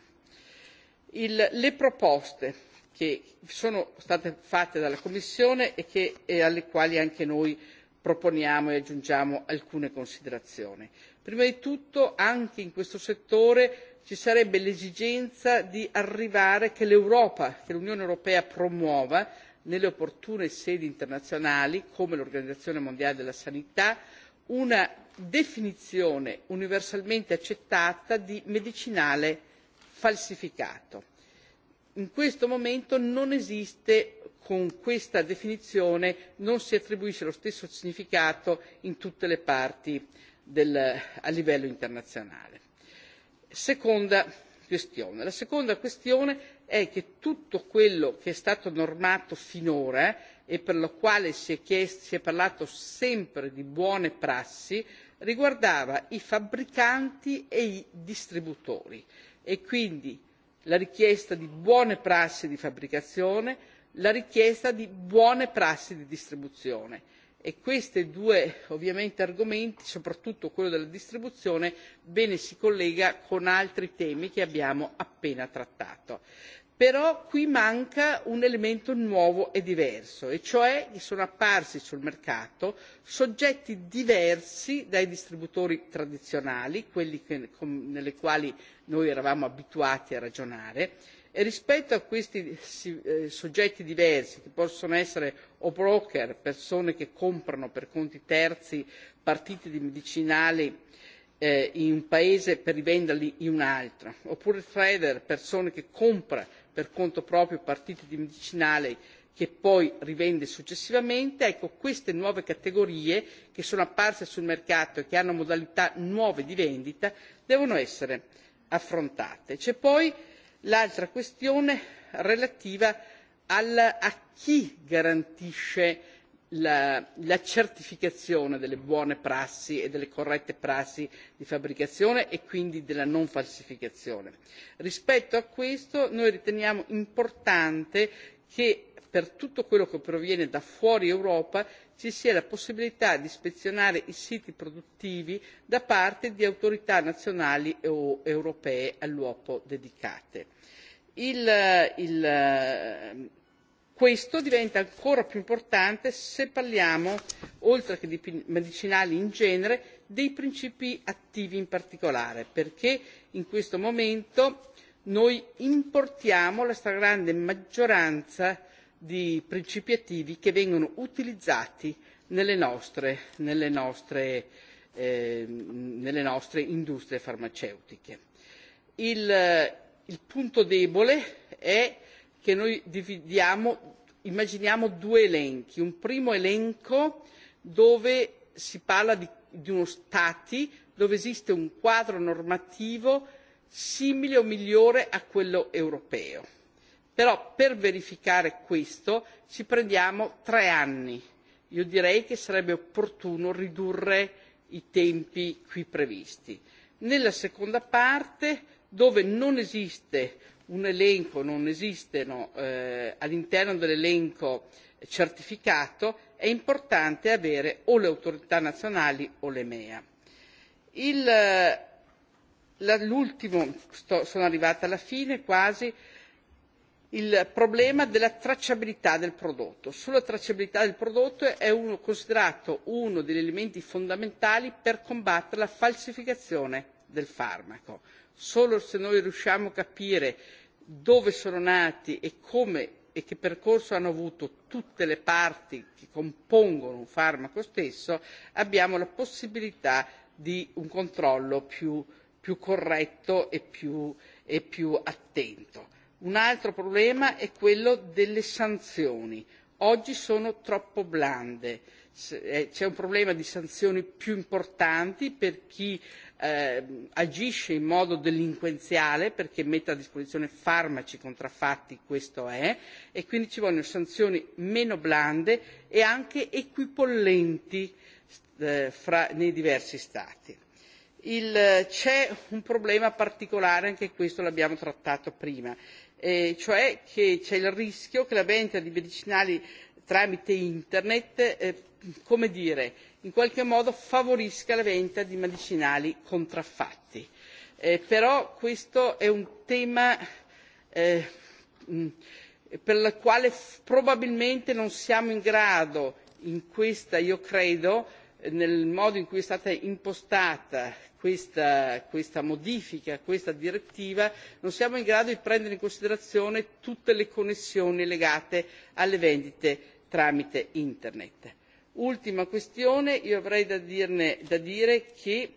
T: Il, le proposte che sono state fatte dalla Commissione e, che, e alle quali anche noi proponiamo e aggiungiamo alcune considerazioni prima di tutto anche in questo settore ci sarebbe l'esigenza di arrivare che l'europa che l'unione europea promuova nelle opportune sedi internazionali come l'organizzazione mondiale della sanità una definizione universalmente accettata di medicinale falsificato. in questo momento non esiste con questa definizione non si attribuisce lo stesso significato in tutte le parti del, a livello internazionale. Seconda questione. La seconda questione è che tutto quello che è stato normato finora e per lo quale si è, chiesto, si è parlato sempre di buone prassi riguardava i fabbricanti e i distributori e quindi la richiesta di buone prassi di fabbricazione la richiesta di buone prassi di distribuzione e questi due ovviamente argomenti soprattutto quello della distribuzione bene si collega con altri temi che abbiamo appena trattato però qui manca un elemento nuovo e diverso e cioè che sono apparsi sul mercato soggetti diversi dai distributori tradizionali quelli nelle quali noi eravamo abituati a ragionare e rispetto a questi eh, soggetti diversi che possono essere o broker persone che comprano per conti terzi partite di medicinali eh, in un paese per rivenderli in un altro oppure trader persone che compra per conto proprio partite di medicinali che poi rivende successivamente ecco queste nuove categorie che sono apparse sul mercato e che hanno modalità nuove di vendita devono essere affrontate. c'è poi l'altra questione relativa al, a chi garantisce la, la certificazione delle buone prassi e delle corrette prassi di fabbricazione e quindi della non falsificazione. rispetto a questo noi riteniamo importante che per tutto quello che proviene da fuori Europa ci sia la possibilità di ispezionare i siti produttivi da parte di autorità nazionali e o europee all'uopo dedicate. Il, il, questo diventa ancora più importante se parliamo, oltre che di medicinali in genere, dei principi attivi in particolare, perché in questo momento noi importiamo la stragrande maggioranza di principi attivi che vengono utilizzati nelle nostre, nelle nostre, eh, nelle nostre industrie farmaceutiche. Il, il punto debole è che noi dividiamo, immaginiamo due elenchi. Un primo elenco dove si parla di, di uno stati dove esiste un quadro normativo simile o migliore a quello europeo però per verificare questo ci prendiamo tre anni io direi che sarebbe opportuno ridurre i tempi qui previsti. nella seconda parte dove non esiste un elenco non esistono eh, all'interno dell'elenco certificato è importante avere o le autorità nazionali o l'emea. il l'ultimo sono arrivata alla fine quasi il problema della tracciabilità del prodotto. sulla tracciabilità del prodotto è uno, considerato uno degli elementi fondamentali per combattere la falsificazione del farmaco. solo se noi riusciamo a capire dove sono nati e come e che percorso hanno avuto tutte le parti che compongono un farmaco stesso abbiamo la possibilità di un controllo più più corretto e più, e più attento. Un altro problema è quello delle sanzioni. Oggi sono troppo blande. Eh, c'è un problema di sanzioni più importanti per chi eh, agisce in modo delinquenziale perché mette a disposizione farmaci contraffatti, questo è, e quindi ci vogliono sanzioni meno blande e anche equipollenti eh, fra, nei diversi Stati c'è un problema particolare anche questo l'abbiamo trattato prima e cioè che c'è il rischio che la vendita di medicinali tramite internet eh, come dire in qualche modo favorisca la vendita di medicinali contraffatti eh, però questo è un tema eh, mm, per il quale probabilmente non siamo in grado in questa io credo nel modo in cui è stata impostata questa, questa modifica, questa direttiva, non siamo in grado di prendere in considerazione tutte le connessioni legate alle vendite tramite internet. Ultima questione, io avrei da, dirne, da dire che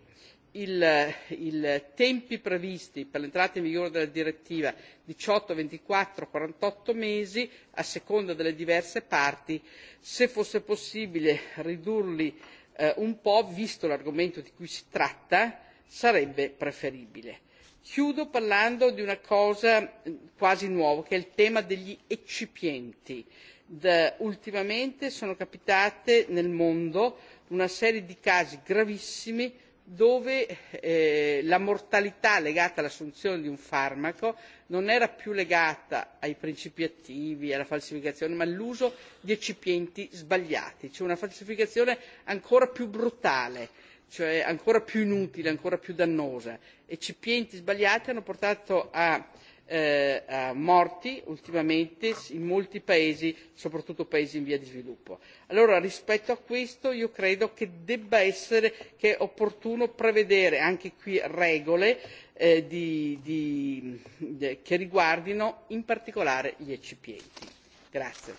T: il, il tempi previsti per l'entrata in vigore della direttiva 18, 24, 48 mesi a seconda delle diverse parti, se fosse possibile ridurli eh, un po' visto l'argomento di cui si tratta sarebbe preferibile. Chiudo parlando di una cosa eh, quasi nuova che è il tema degli eccipienti. De, ultimamente sono capitate nel mondo una serie di casi gravissimi dove eh, la mortalità legata all'assunzione di un farmaco non era più legata ai principi attivi alla falsificazione ma all'uso di eccipienti sbagliati cioè una falsificazione ancora più brutale cioè ancora più inutile ancora più dannosa. eccipienti sbagliati hanno portato a eh, a eh, morti ultimamente in molti paesi soprattutto paesi in via di sviluppo. allora rispetto a questo io credo che debba essere che è opportuno prevedere anche qui regole eh, di, di, de, che riguardino in particolare gli eccipienti. Grazie.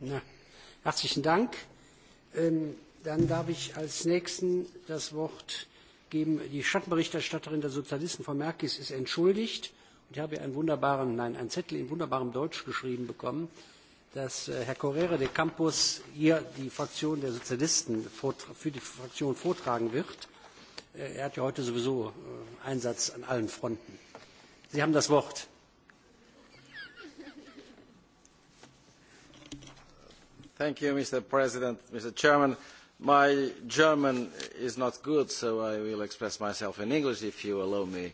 B: Na, herzlichen Dank. Ähm, dann darf ich als nächsten das Wort geben. Die Schattenberichterstatterin der Sozialisten, Frau Merkis, ist entschuldigt. Und ich habe einen wunderbaren, nein, einen Zettel in wunderbarem Deutsch geschrieben bekommen, dass äh, Herr Correa de Campos hier die Fraktion der Sozialisten für die Fraktion vortragen wird. Äh, er hat ja heute sowieso äh, Einsatz an allen Fronten.
E: Sie haben das Wort. Thank you, Mr. President, Mr. Chairman. My German is not good, so I will express myself in English if you allow me.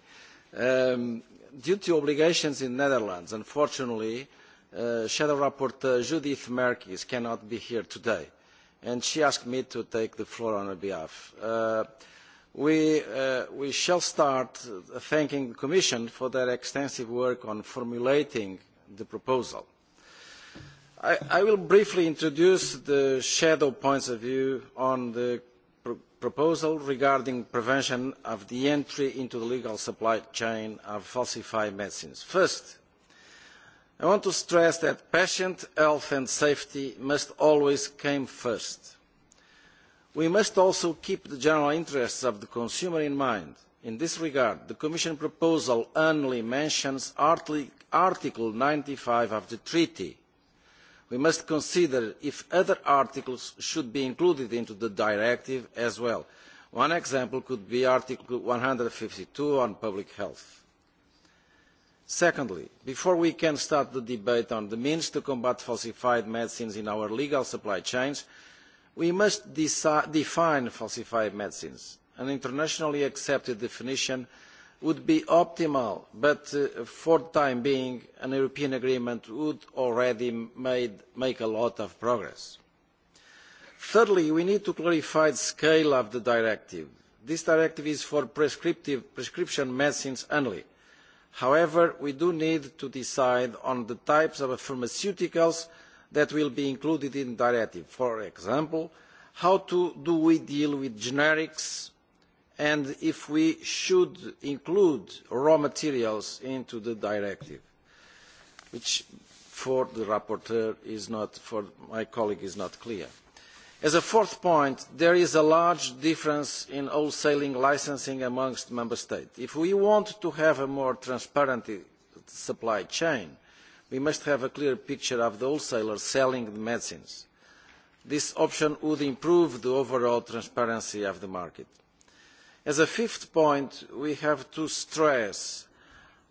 E: Um, due to obligations in the Netherlands, unfortunately, uh, Shadow Rapporteur Judith Merkis cannot be here today, and she asked me to take the floor on her behalf. Uh, we, uh, we shall start thanking the Commission for their extensive work on formulating the proposal I, I will briefly introduce the shadow points of view on the pr proposal regarding prevention of the entry into the legal supply chain of falsified medicines. First, I want to stress that patient health and safety must always come first. We must also keep the general interests of the consumer in mind. In this regard, the Commission proposal only mentions Article 95 of the Treaty – we must consider if other articles should be included into the directive as well. One example could be Article 152 on public health. Secondly, before we can start the debate on the means to combat falsified medicines in our legal supply chains, we must define falsified medicines. An internationally accepted definition would be optimal but uh, for the time being an european agreement would already made, make a lot of progress. thirdly we need to clarify the scale of the directive. this directive is for prescription medicines only. however we do need to decide on the types of pharmaceuticals that will be included in the directive. for example how to, do we deal with generics and if we should include raw materials into the directive, which for the rapporteur is not, for my colleague is not clear. As a fourth point, there is a large difference in wholesaling licensing amongst member states. If we want to have a more transparent supply chain, we must have a clear picture of the wholesaler selling the medicines. This option would improve the overall transparency of the market. As a fifth point, we have to stress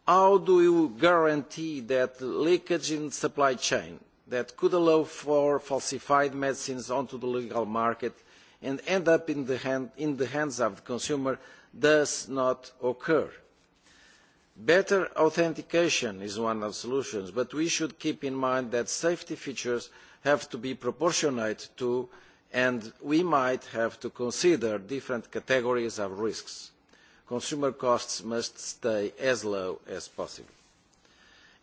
E: how do you guarantee that leakage in supply chain that could allow for falsified medicines onto the legal market and end up in the, hand, in the hands of the consumer does not occur. Better authentication is one of the solutions, but we should keep in mind that safety features have to be proportionate to uh, and we might have to consider different categories of risks. Consumer costs must stay as low as possible.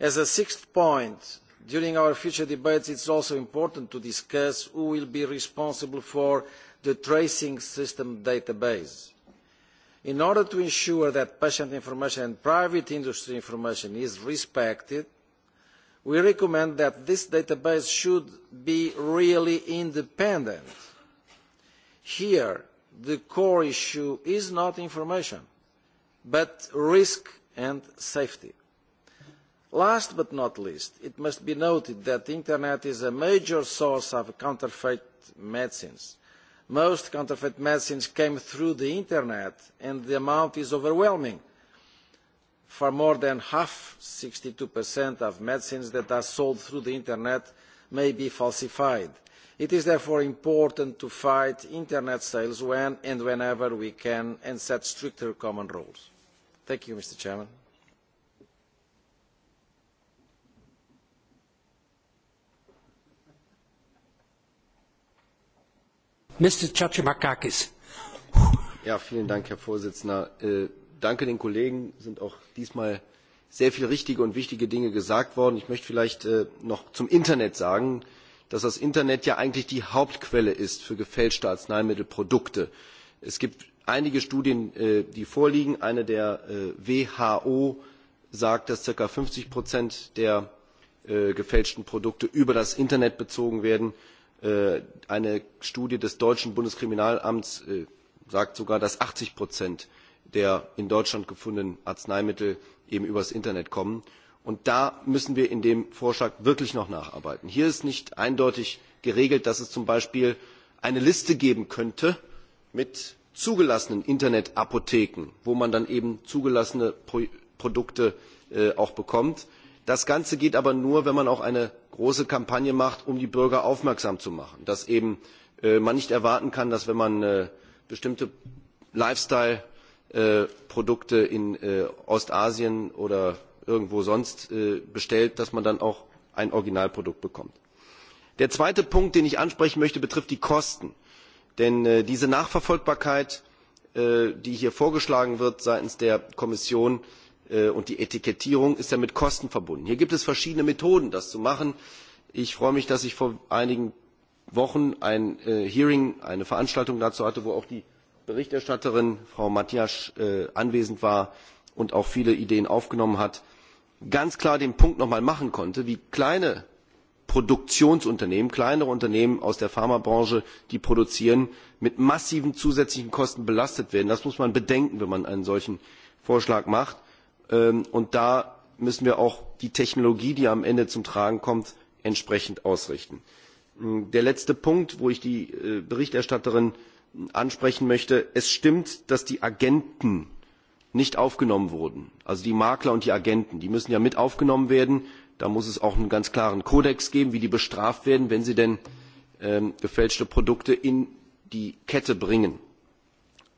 E: As a sixth point, during our future debates it is also important to discuss who will be responsible for the tracing system database. In order to ensure that patient information and private industry information is respected, we recommend that this database should be really independent. here the core issue is not information but risk and safety. last but not least it must be noted that the internet is a major source of counterfeit medicines. most counterfeit medicines came through the internet and the amount is overwhelming for more than half, 62% of medicines that are sold through the internet may be falsified. It is therefore important to fight internet sales when and whenever we can and set stricter common rules. Thank you, Mr. Chairman.
B: Mr. Chachimakakis.
S: Ja, vielen Dank, Herr Vorsitzender. Äh danke den Kollegen, sind auch diesmal sehr viele richtige und wichtige Dinge gesagt worden. Ich möchte vielleicht äh, noch zum Internet sagen, dass das Internet ja eigentlich die Hauptquelle ist für gefälschte Arzneimittelprodukte. Es gibt einige Studien, äh, die vorliegen. Eine der äh, WHO sagt, dass ca. 50 Prozent der äh, gefälschten Produkte über das Internet bezogen werden. Äh, eine Studie des deutschen Bundeskriminalamts äh, sagt sogar, dass 80 Prozent der in Deutschland gefundenen Arzneimittel eben übers Internet kommen. Und da müssen wir in dem Vorschlag wirklich noch nacharbeiten. Hier ist nicht eindeutig geregelt, dass es zum Beispiel eine Liste geben könnte mit zugelassenen Internetapotheken, wo man dann eben zugelassene Pro Produkte äh, auch bekommt. Das Ganze geht aber nur, wenn man auch eine große Kampagne macht, um die Bürger aufmerksam zu machen, dass eben äh, man nicht erwarten kann, dass wenn man äh, bestimmte Lifestyle äh, Produkte in äh, Ostasien oder irgendwo sonst äh, bestellt, dass man dann auch ein Originalprodukt bekommt. Der zweite Punkt, den ich ansprechen möchte, betrifft die Kosten. Denn äh, diese Nachverfolgbarkeit, äh, die hier vorgeschlagen wird seitens der Kommission äh, und die Etikettierung, ist ja mit Kosten verbunden. Hier gibt es verschiedene Methoden, das zu machen. Ich freue mich, dass ich vor einigen Wochen ein äh, Hearing, eine Veranstaltung dazu hatte, wo auch die berichterstatterin frau matias äh, anwesend war und auch viele ideen aufgenommen hat ganz klar den punkt noch einmal machen konnte wie kleine produktionsunternehmen kleinere unternehmen aus der pharmabranche die produzieren mit massiven zusätzlichen kosten belastet werden. das muss man bedenken wenn man einen solchen vorschlag macht. Ähm, und da müssen wir auch die technologie die am ende zum tragen kommt entsprechend ausrichten. Hm, der letzte punkt wo ich die äh, berichterstatterin ansprechen möchte. Es stimmt, dass die Agenten nicht aufgenommen wurden. Also die Makler und die Agenten, die müssen ja mit aufgenommen werden. Da muss es auch einen ganz klaren Kodex geben, wie die bestraft werden, wenn sie denn ähm, gefälschte Produkte in die Kette bringen.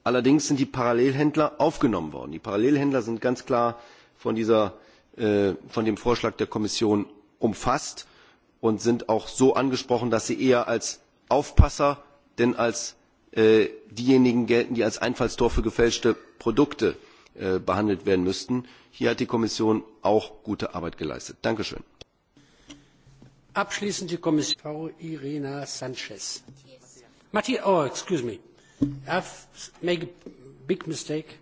S: Allerdings sind die Parallelhändler aufgenommen worden. Die Parallelhändler sind ganz klar von, dieser, äh, von dem Vorschlag der Kommission umfasst und sind auch so angesprochen, dass sie eher als Aufpasser denn als äh, diejenigen gelten, die als Einfallstor für gefälschte Produkte äh, behandelt werden müssten. Hier hat die Kommission auch gute Arbeit geleistet. Dankeschön.
B: Abschließend die Kommission, Frau Irina Sanchez. Matthias, oh, excuse me. I've made a big mistake.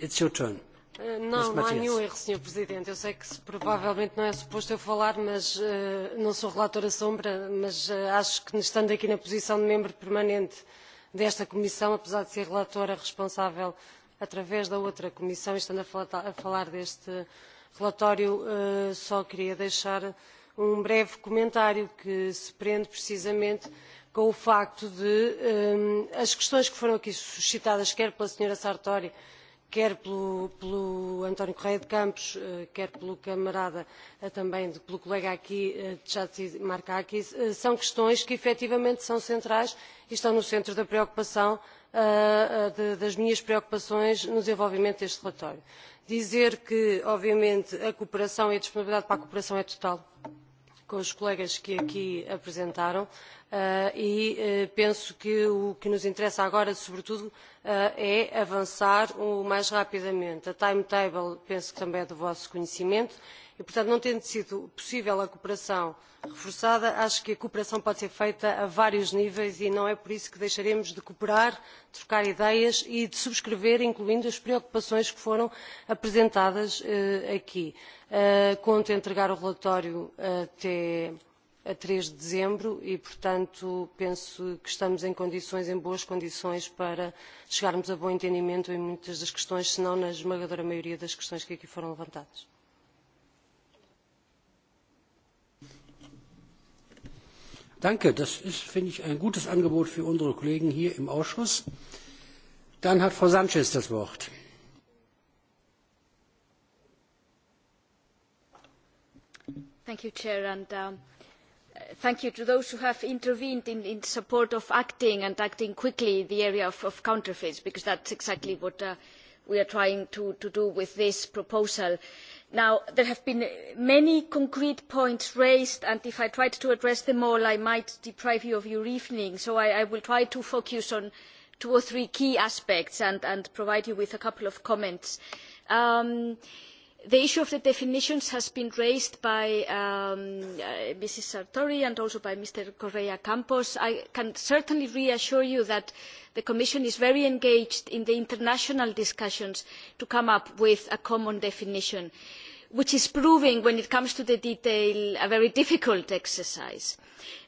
B: It's your turn.
N: Eh, não, não há nenhum erro, Sr. Presidente. Eu sei que se, provavelmente não é suposto eu falar, mas uh, não sou relatora sombra, mas uh, acho que estando aqui na posição de membro permanente desta Comissão, apesar de ser relatora responsável através da outra Comissão, e estando a falar, a falar deste relatório, uh, só queria deixar um breve comentário que se prende precisamente com o facto de um, as questões que foram aqui suscitadas, quer pela Sra. Sartori, uh, quer pelo, pelo António Correia de Campos, eh, quer pelo camarada eh, também, pelo colega aqui, Tchatsi eh, Markakis, são questões que efetivamente são centrais e estão no centro da preocupação, de, das minhas preocupações no desenvolvimento deste relatório. Dizer que, obviamente, a cooperação e a disponibilidade para a cooperação é total com os colegas que aqui apresentaram uh, e uh, penso que o que nos interessa agora, sobretudo, uh, é avançar o mais rapidamente. A timetable penso que também é do vosso conhecimento e portanto não tendo sido possível a cooperação reforçada acho que a cooperação pode ser feita a vários níveis e não é por isso que deixaremos de cooperar de trocar ideias e de subscrever incluindo as preocupações que foram apresentadas eh, aqui. Eh, conto entregar o relatório eh, até a 3 de dezembro e, portanto, penso que estamos em condições, em boas condições, para chegarmos a bom entendimento em muitas das questões, se não na esmagadora maioria das questões que aqui foram levantadas.
B: Danke, das ist, finde ich, ein gutes Angebot für unsere Kollegen hier im Ausschuss. Dann hat Frau Sanchez das Wort.
R: Thank you, Chair, and um, uh, thank you to those who have intervened in, in support of acting and acting quickly in the area of, of counterfeits, because that's exactly what uh, we are trying to, to do with this proposal. Uh, Now, there have been uh, many concrete points raised, and if I tried to address them all, I might deprive you of your evening. So I, I will try to focus on two or three key aspects and, and provide you with a couple of comments. Um, uh, The issue of the definitions has been raised by um, uh, Mrs. Sartori and also by Mr. Correa Campos. I can certainly reassure you that the Commission is very engaged in the international discussions to come up with a common definition, which is proving, when it comes to the detail, a very difficult exercise.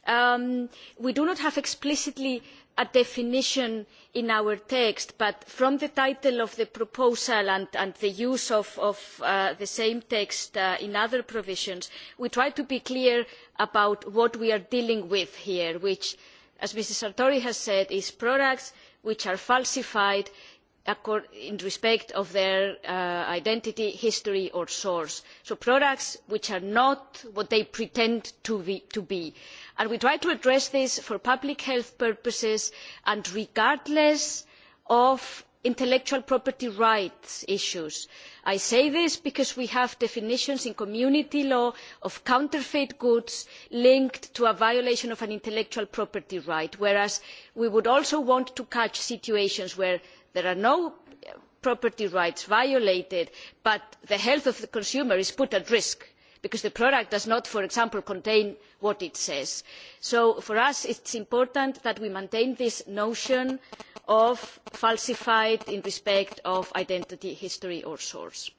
R: Um, we do not have explicitly a definition in our text but from the title of the proposal and, and the use of, of uh, the same text uh, in other provisions we try to be clear about what we are dealing with here which as mrs sartori has said is products which are falsified and in respect of their uh, identity, history or source. So products which are not what they pretend to be. To be. And we try to address this for public health purposes and regardless of intellectual property rights issues. I say this because we have definitions in community law of counterfeit goods linked to a violation of an intellectual property right, whereas we would also want to catch situations where there are no property rights violated but the health of the consumer is put at risk because the product does not for example contain what it says. so for us it is important that we maintain this notion of falsified in respect of identity history or source.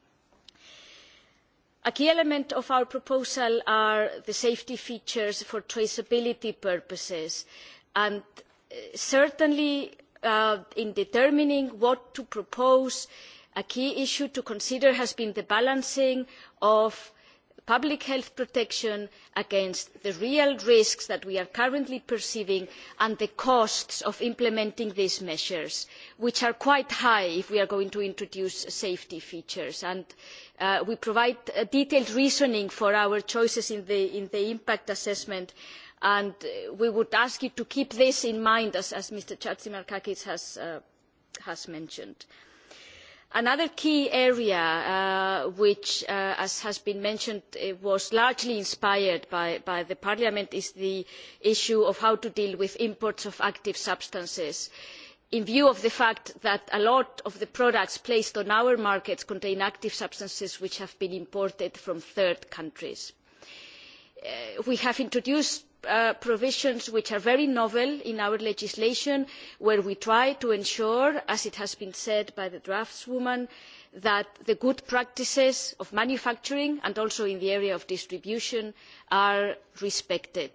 R: A key element of our proposal are the safety features for traceability purposes and uh, certainly uh, in determining what to propose, a key issue to consider has been the balancing of public health protection against the real risks that we are currently perceiving and the costs of implementing these measures, which are quite high if we are going to introduce safety features. And, uh, we provide detailed reasoning for our choices in the, in the impact assessment and uh, we would ask you to keep this in mind as, as mr chatzimarkakis has, uh, has mentioned. another key area uh, which uh, as has been mentioned uh, was largely inspired by, by the parliament is the issue of how to deal with imports of active substances in view of the fact that a lot of the products placed on our markets contain active substances which have been imported from third countries. Uh, we have introduced uh, provisions which are very novel in our legislation where we try to ensure as has been said by the draftswoman that the good practices of manufacturing and also in the area of distribution are respected.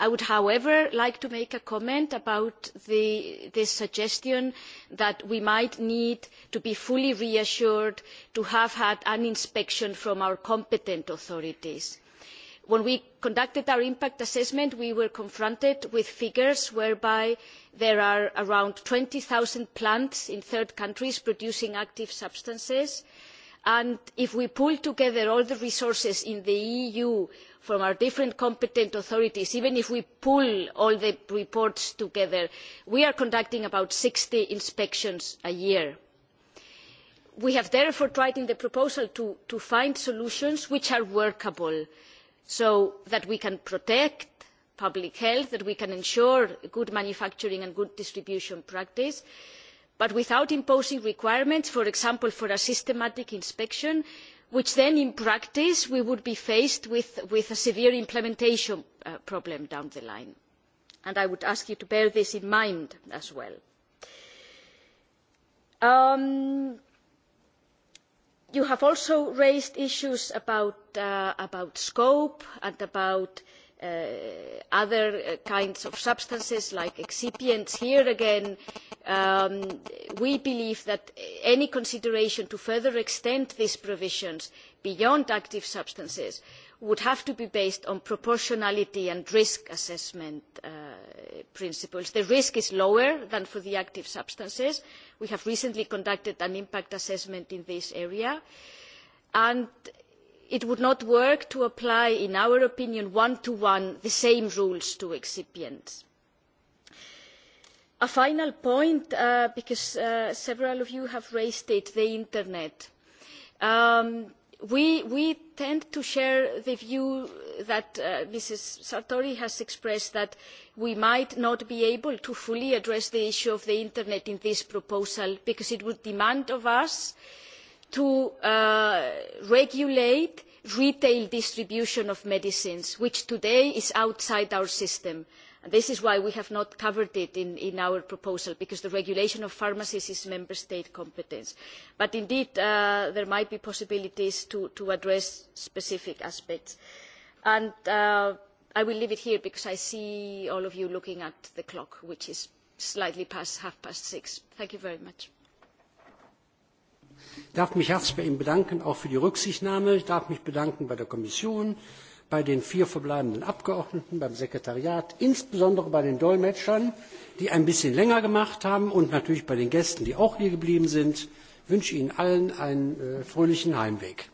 R: I would, however, like to make a comment about the, the suggestion that we might need to be fully reassured to have had an inspection from our competent authorities when we conducted our impact assessment we were confronted with figures whereby there are around twenty zero plants in third countries producing active substances and if we pool together all the resources in the eu from our different competent authorities even if we pool all the reports together we are conducting about sixty inspections a year we have therefore tried in the proposal to, to find solutions which are workable so that we can protect public health, that we can ensure good manufacturing and good distribution practice, but without imposing requirements, for example, for a systematic inspection, which then in practice we would be faced with, with a severe implementation uh, problem down the line. And I would ask you to bear this in mind as well. Um, you have also raised issues about, uh, about scope and about uh, other uh, kinds of substances like excipients. Here again, um, we believe that any consideration to further extend these provisions beyond active substances uh, would have to be based on proportionality and risk assessment uh, principles. The risk is lower than for the active substances. We have recently conducted an impact assessment in this area. And it would not work to apply, in our opinion, one-to-one -one, the same rules to excipients. A final point, uh, because uh, several of you have raised it, the Internet. Um, we, we tend to share the view that uh, Mrs. Sartori has expressed that we might not be able to fully address the issue of the Internet in this proposal because it would demand of us to uh, regulate retail distribution of medicines, which today is outside our system. Uh, this is why we have not covered it in, in our proposal because the regulation of pharmacies is member state competence. but indeed uh, there might be possibilities to, to address specific aspects. And, uh, i will leave it here because i see all of you looking at the clock which is slightly past half past six. thank you very much.
B: ich darf mich herzlich bei ihnen bedanken auch für die rücksichtnahme. ich darf mich bedanken bei der kommission bei den vier verbleibenden Abgeordneten, beim Sekretariat, insbesondere bei den Dolmetschern, die ein bisschen länger gemacht haben und natürlich bei den Gästen, die auch hier geblieben sind. Ich wünsche Ihnen allen einen äh, fröhlichen Heimweg.